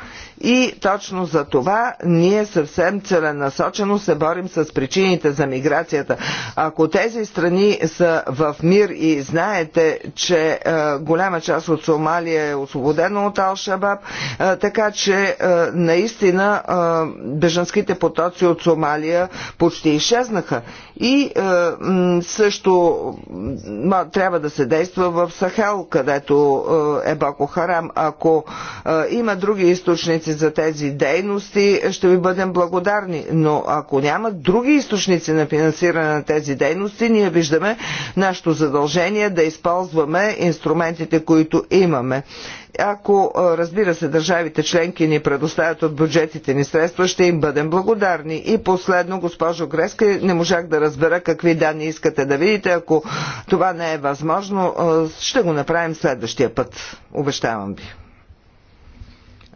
и точно за това ние съвсем целенасочено се борим с причините за миграцията. Ако тези страни са в мир и знаете, че е, голяма част от Сомалия е освободена от Ал-Шабаб, е, така че е, наистина е, бежанските потоци от Сомалия почти изчезнаха. И е, също ма, трябва да се действа в Сахел, където е, е Бако Харам. Ако е, има други източници, източници за тези дейности, ще ви бъдем благодарни. Но ако няма други източници на финансиране на тези дейности, ние виждаме нашето задължение да използваме инструментите, които имаме. Ако, разбира се, държавите членки ни предоставят от бюджетите ни средства, ще им бъдем благодарни. И последно, госпожо Греска, не можах да разбера какви данни искате да видите. Ако това не е възможно, ще го направим следващия път. Обещавам ви.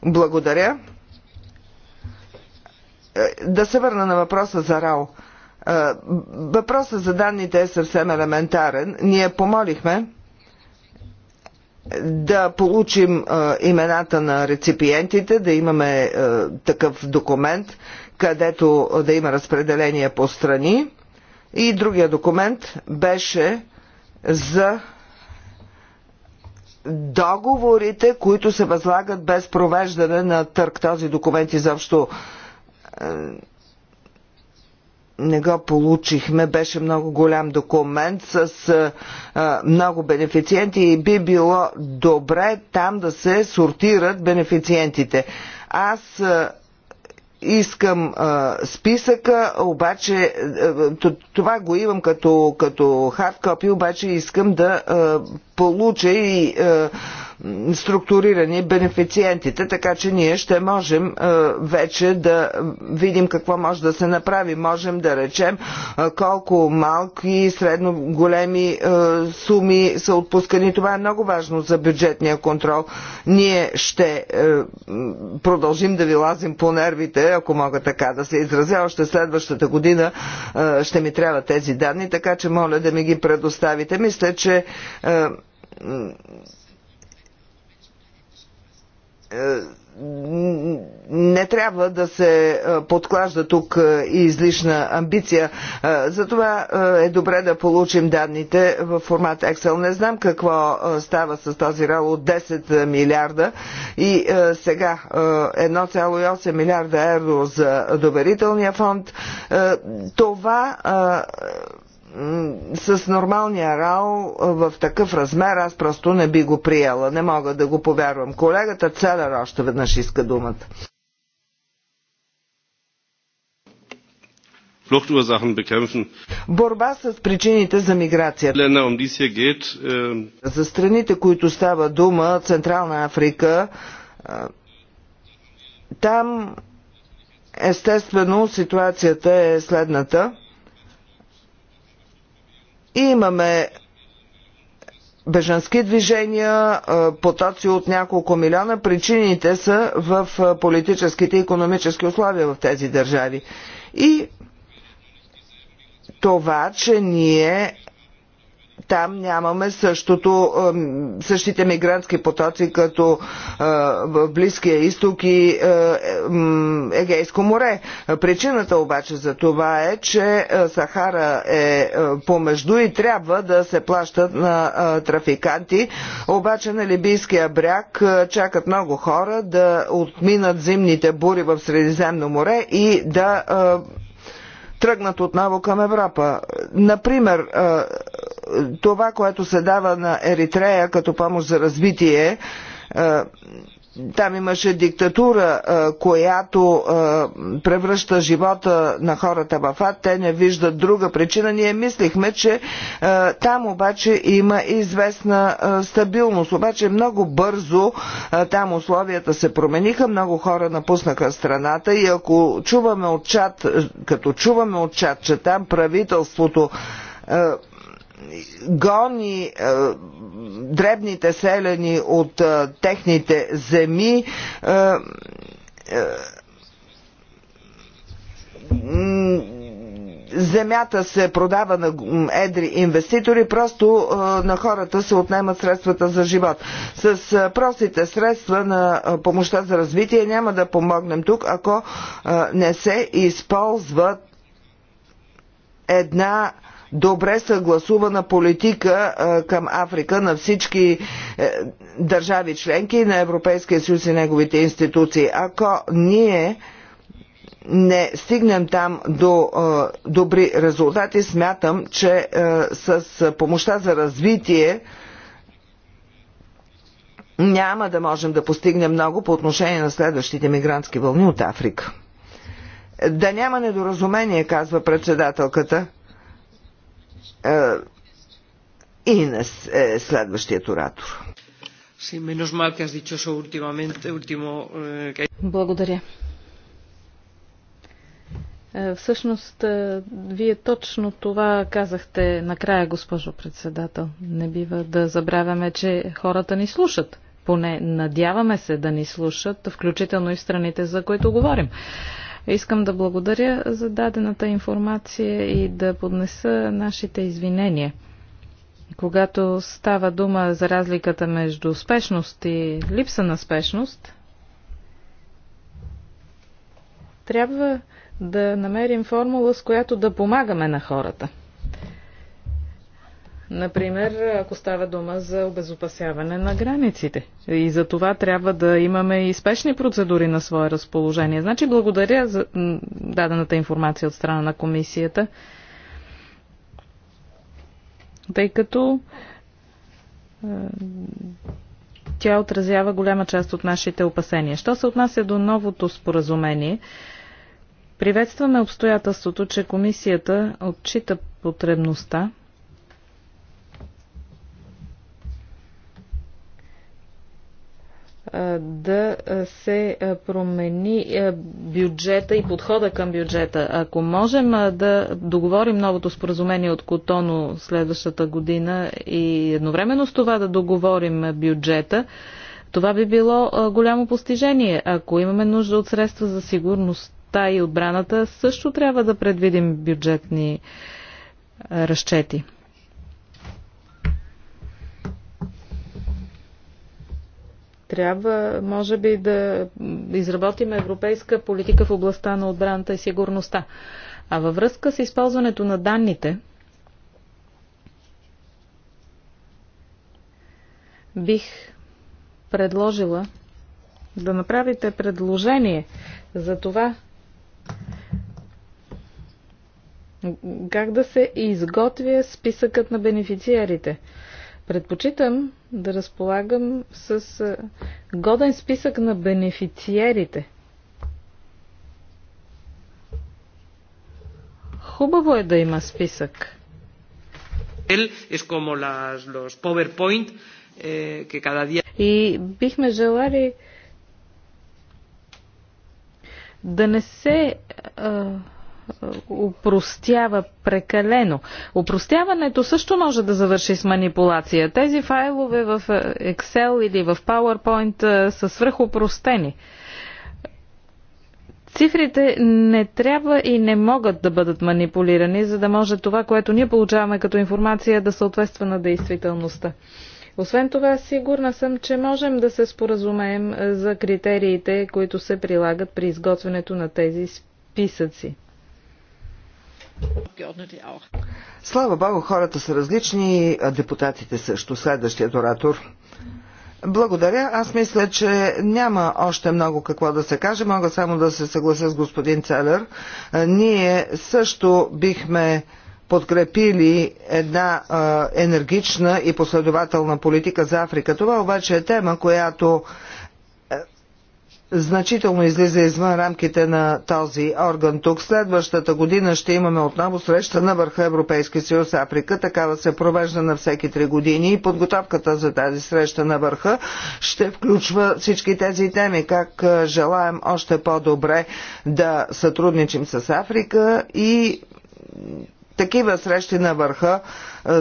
Благодаря. Е, да се върна на въпроса за РАО. Е, въпросът за данните е съвсем елементарен. Ние помолихме да получим е, имената на реципиентите, да имаме такъв документ, където да има разпределение по страни. И другия документ беше за договорите, които се възлагат без провеждане на търг. Този документ изобщо е, не го получихме. Беше много голям документ с а, е, е, много бенефициенти и би било добре там да се сортират бенефициентите. Аз а, искам а, списъка, обаче това го имам като, като copy, обаче искам да а, получа и а, структурирани бенефициентите, така че ние ще можем е, вече да видим какво може да се направи. Можем да речем е, колко малки и средно големи е, суми са отпускани. Това е много важно за бюджетния контрол. Ние ще продължим да ви лазим по нервите, ако мога така да се изразя. Още следващата година ще ми трябва тези данни, така че моля да ми ги предоставите. Мисля, че е, не трябва да се е, подклажда тук и е, излишна амбиция. Затова е добре да получим данните в формат Excel. Не знам какво става с този рал от 10 милиарда и сега 1,8 милиарда евро за доверителния фонд. Това с нормалния рал в такъв размер аз просто не би го приела. Не мога да го повярвам. Колегата Целер още веднъж иска думата. Fluchtursachen bekämpfen. Борба с причините за миграция. Um э, за страните, които става дума, Централна Африка, э, там естествено ситуацията е следната. И имаме бежански движения, потоци от няколко милиона. Причините са в политическите и економически условия в тези държави. И това, че ние там нямаме същото, същите мигрантски потоци като е, в Близкия изток и е, Егейско море. Причината обаче за това е, че е, Сахара е помежду и трябва да се плащат на трафиканти. Обаче на Либийския бряг чакат много хора да отминат зимните бури в Средиземно море и да тръгнат отново към Европа. Например, това, което се дава на Еритрея като помощ за развитие, там имаше диктатура, е, която е, превръща живота на хората в ад. Те не виждат друга причина. Ние мислихме, че е, там обаче има известна стабилност. Обаче много бързо там условията се промениха, много хора напуснаха страната и ако чуваме от чат, като чуваме от чат, че там правителството гони е, дребните селени от е, техните земи. Е, е, земята се продава на едри инвеститори, просто е, на хората се отнемат средствата за живот. С е, простите средства на е, помощта за развитие няма да помогнем тук, ако не се използват една добре съгласувана политика към Африка на всички е, държави членки на Европейския съюз и неговите институции. Ако ние не стигнем там до е, добри резултати, смятам, че е, с помощта за развитие няма да можем да постигнем много по отношение на следващите мигрантски вълни от Африка. Да няма недоразумение, казва председателката. И на е, следващият оратор. Благодаря. Всъщност, вие точно това казахте накрая, госпожо председател. Не бива да забравяме, че хората ни слушат. Поне надяваме се да ни слушат, включително и в страните, за които говорим. Искам да благодаря за дадената информация и да поднеса нашите извинения. Когато става дума за разликата между спешност и липса на спешност, трябва да намерим формула, с която да помагаме на хората – Например, ако става дума за обезопасяване на границите. И за това трябва да имаме и спешни процедури на свое разположение. Значи, благодаря за дадената информация от страна на комисията, тъй като е, тя отразява голяма част от нашите опасения. Що се отнася до новото споразумение, приветстваме обстоятелството, че комисията отчита потребността да се промени бюджета и подхода към бюджета. Ако можем да договорим новото споразумение от Котоно следващата година и едновременно с това да договорим бюджета, това би било голямо постижение. Ако имаме нужда от средства за сигурността и отбраната, също трябва да предвидим бюджетни разчети. Трябва, може би, да изработим европейска политика в областта на отбраната и сигурността. А във връзка с използването на данните, бих предложила да направите предложение за това как да се изготвя списъкът на бенефициарите. Предпочитам да разполагам с е, годен списък на бенефициерите. Хубаво е да има списък. Е е, И бихме желали да не се а, упростява прекалено. Упростяването също може да завърши с манипулация. Тези файлове в Excel или в PowerPoint са свръхупростени. Цифрите не трябва и не могат да бъдат манипулирани, за да може това, което ние получаваме като информация, да съответства на действителността. Освен това, сигурна съм, че можем да се споразумеем за критериите, които се прилагат при изготвянето на тези списъци. Слава Богу, хората са различни, депутатите също. Следващият оратор. Благодаря. Аз мисля, че няма още много какво да се каже. Мога само да се съглася с господин Целер. Ние също бихме подкрепили една а, енергична и последователна политика за Африка. Това обаче е тема, която значително излиза извън рамките на този орган. Тук следващата година ще имаме отново среща на върха Европейски съюз Африка. Такава се провежда на всеки три години и подготовката за тази среща на върха ще включва всички тези теми. Как желаем още по-добре да сътрудничим с Африка и такива срещи на върха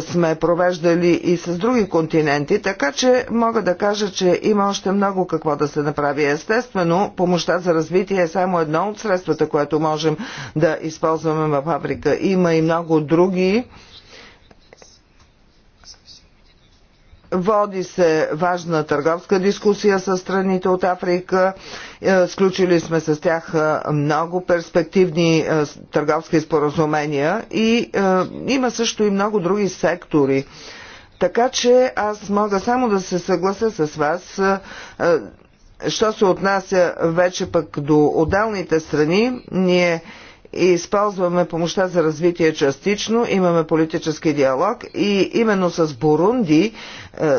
сме провеждали и с други континенти, така че мога да кажа, че има още много какво да се направи. Естествено, помощта за развитие е само едно от средствата, което можем да използваме в Африка. Има и много други Води се важна търговска дискусия с страните от Африка. Е, сключили сме с тях е, много перспективни е, търговски споразумения и има също и много други сектори. Така че аз мога само да се съглася с вас. Що се отнася вече пък до отделните страни, ние и използваме помощта за развитие частично, имаме политически диалог и именно с Бурунди е,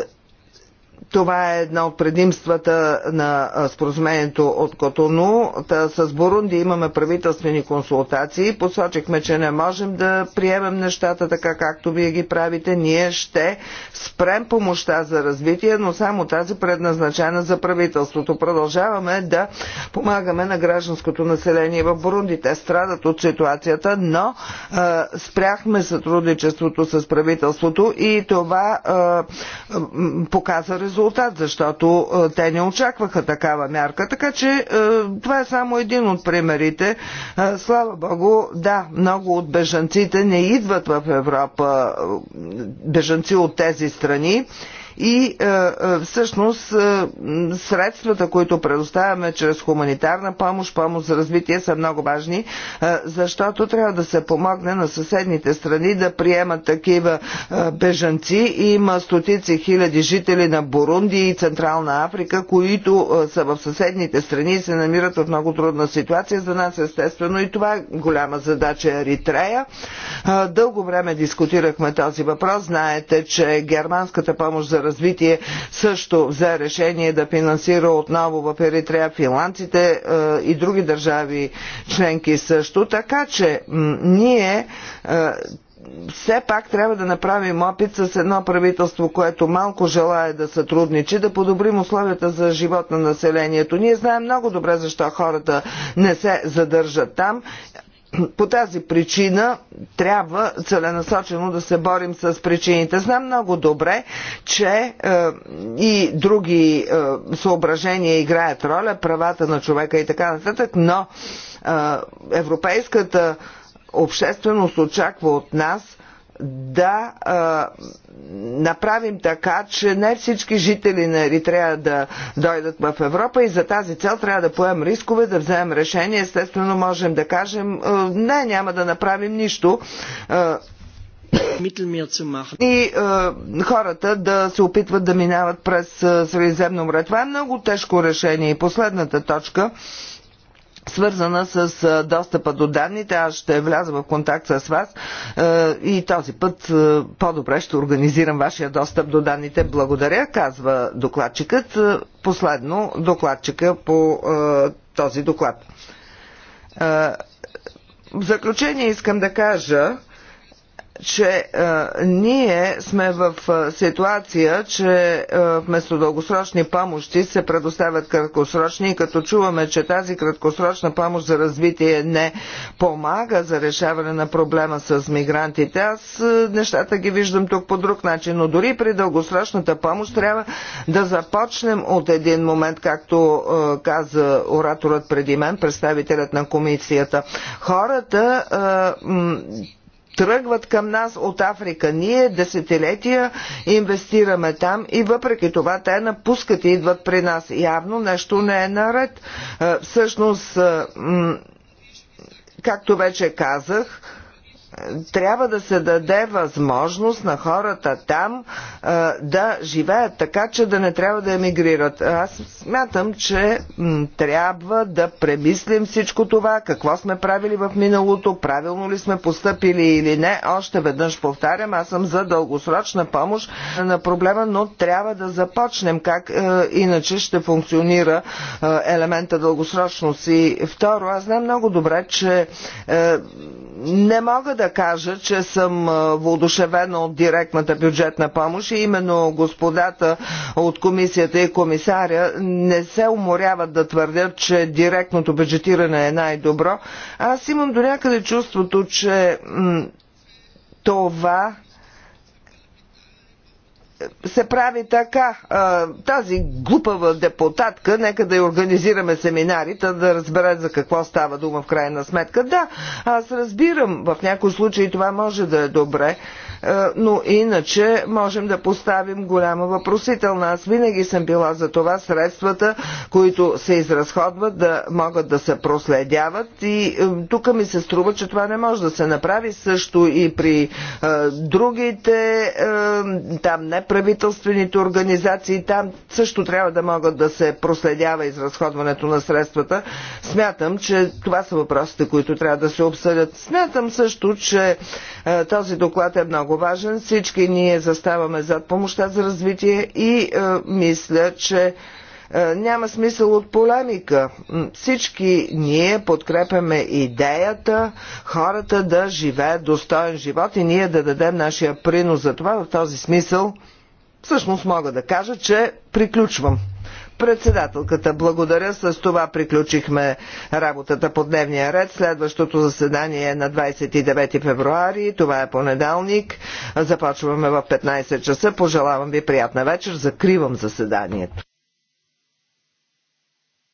това е една от предимствата на споразумението от Котону. Та с Бурунди имаме правителствени консултации. Посочихме, че не можем да приемем нещата така, както вие ги правите. Ние ще спрем помощта за развитие, но само тази предназначена за правителството. Продължаваме да помагаме на гражданското население в Бурунди. Те страдат от ситуацията, но е, спряхме сътрудничеството с правителството и това е, показа резултат резултат, защото е, те не очакваха такава мярка. Така че е, това е само един от примерите. Е, слава Богу, да, много от бежанците не идват в Европа, бежанци от тези страни и е, е, всъщност е, средствата, които предоставяме чрез хуманитарна помощ, помощ за развитие са много важни, защото трябва да се помогне на съседните страни да приемат такива бежанци. Има стотици хиляди жители на Бурунди и Централна Африка, които са в съседните страни и се намират в много трудна ситуация. За нас естествено и това е голяма задача Еритрея. Дълго време дискутирахме този въпрос. Знаете, че германската помощ за развитие също взе решение да финансира отново в Еритрея финландците е, и други държави членки също. Така че ние е, все пак трябва да направим опит с едно правителство, което малко желая да сътрудничи, да подобрим условията за живот на населението. Ние знаем много добре защо хората не се задържат там, по тази причина трябва целенасочено да се борим с причините. Знам много добре, че е, и други е, съображения играят роля, правата на човека и така нататък, но е, европейската общественост очаква от нас да а, направим така, че не всички жители на нали, Еритрея да дойдат в Европа и за тази цел трябва да поем рискове, да вземем решение. Естествено можем да кажем а, не, няма да направим нищо. А, и е, хората да се опитват да минават през Средиземно море. Това е много тежко решение. И последната точка. Е, свързана с достъпа до данните. Аз ще вляза в контакт с вас и този път по-добре ще организирам вашия достъп до данните. Благодаря, казва докладчикът. Последно докладчика по този доклад. В заключение искам да кажа, че а, е, ние сме в а, е, ситуация, че а, е, вместо дългосрочни помощи се предоставят краткосрочни и като чуваме, че тази краткосрочна помощ за развитие не помага за решаване на проблема с мигрантите, аз а, е, нещата ги виждам тук по друг начин, но дори при дългосрочната помощ трябва да започнем от един момент, както а, е, каза ораторът преди мен, представителят на комисията. Хората а, е, тръгват към нас от Африка. Ние десетилетия инвестираме там и въпреки това те напускат и идват при нас. Явно нещо не е наред. Е, всъщност, е, както вече казах, трябва да се даде възможност на хората там а, да живеят така, че да не трябва да емигрират. Аз смятам, че м, трябва да премислим всичко това, какво сме правили в миналото, правилно ли сме поступили или не. Още веднъж повтарям, аз съм за дългосрочна помощ на проблема, но трябва да започнем как а, иначе ще функционира а, елемента дългосрочност. И второ, аз знам много добре, че а, не мога да да кажа, че съм воодушевена от директната бюджетна помощ и именно господата от комисията и комисаря не се уморяват да твърдят, че директното бюджетиране е най-добро. Аз имам до някъде чувството, че това се прави така. Тази глупава депутатка, нека да й организираме семинарите, да разбере за какво става дума в крайна сметка. Да, аз разбирам, в някои случаи това може да е добре, е, но иначе можем да поставим голяма въпросителна. Аз винаги съм била за това средствата, които се изразходват, да могат да се проследяват и е, тук ми се струва, че това не може да се направи също и при е, другите е, там неправителствените организации, там също трябва да могат да се проследява изразходването на средствата. Смятам, че това са въпросите, които трябва да се обсъдят. Смятам също, че е, този доклад е много много важен. Всички ние заставаме зад помощта за развитие и е, мисля, че е, няма смисъл от полемика. Всички ние подкрепяме идеята хората да живеят достоен живот и ние да дадем нашия принос за това. В този смисъл всъщност мога да кажа, че приключвам. Председателката, благодаря. С това приключихме работата по дневния ред. Следващото заседание е на 29 февруари. Това е понеделник. Започваме в 15 часа. Пожелавам ви приятна вечер. Закривам заседанието.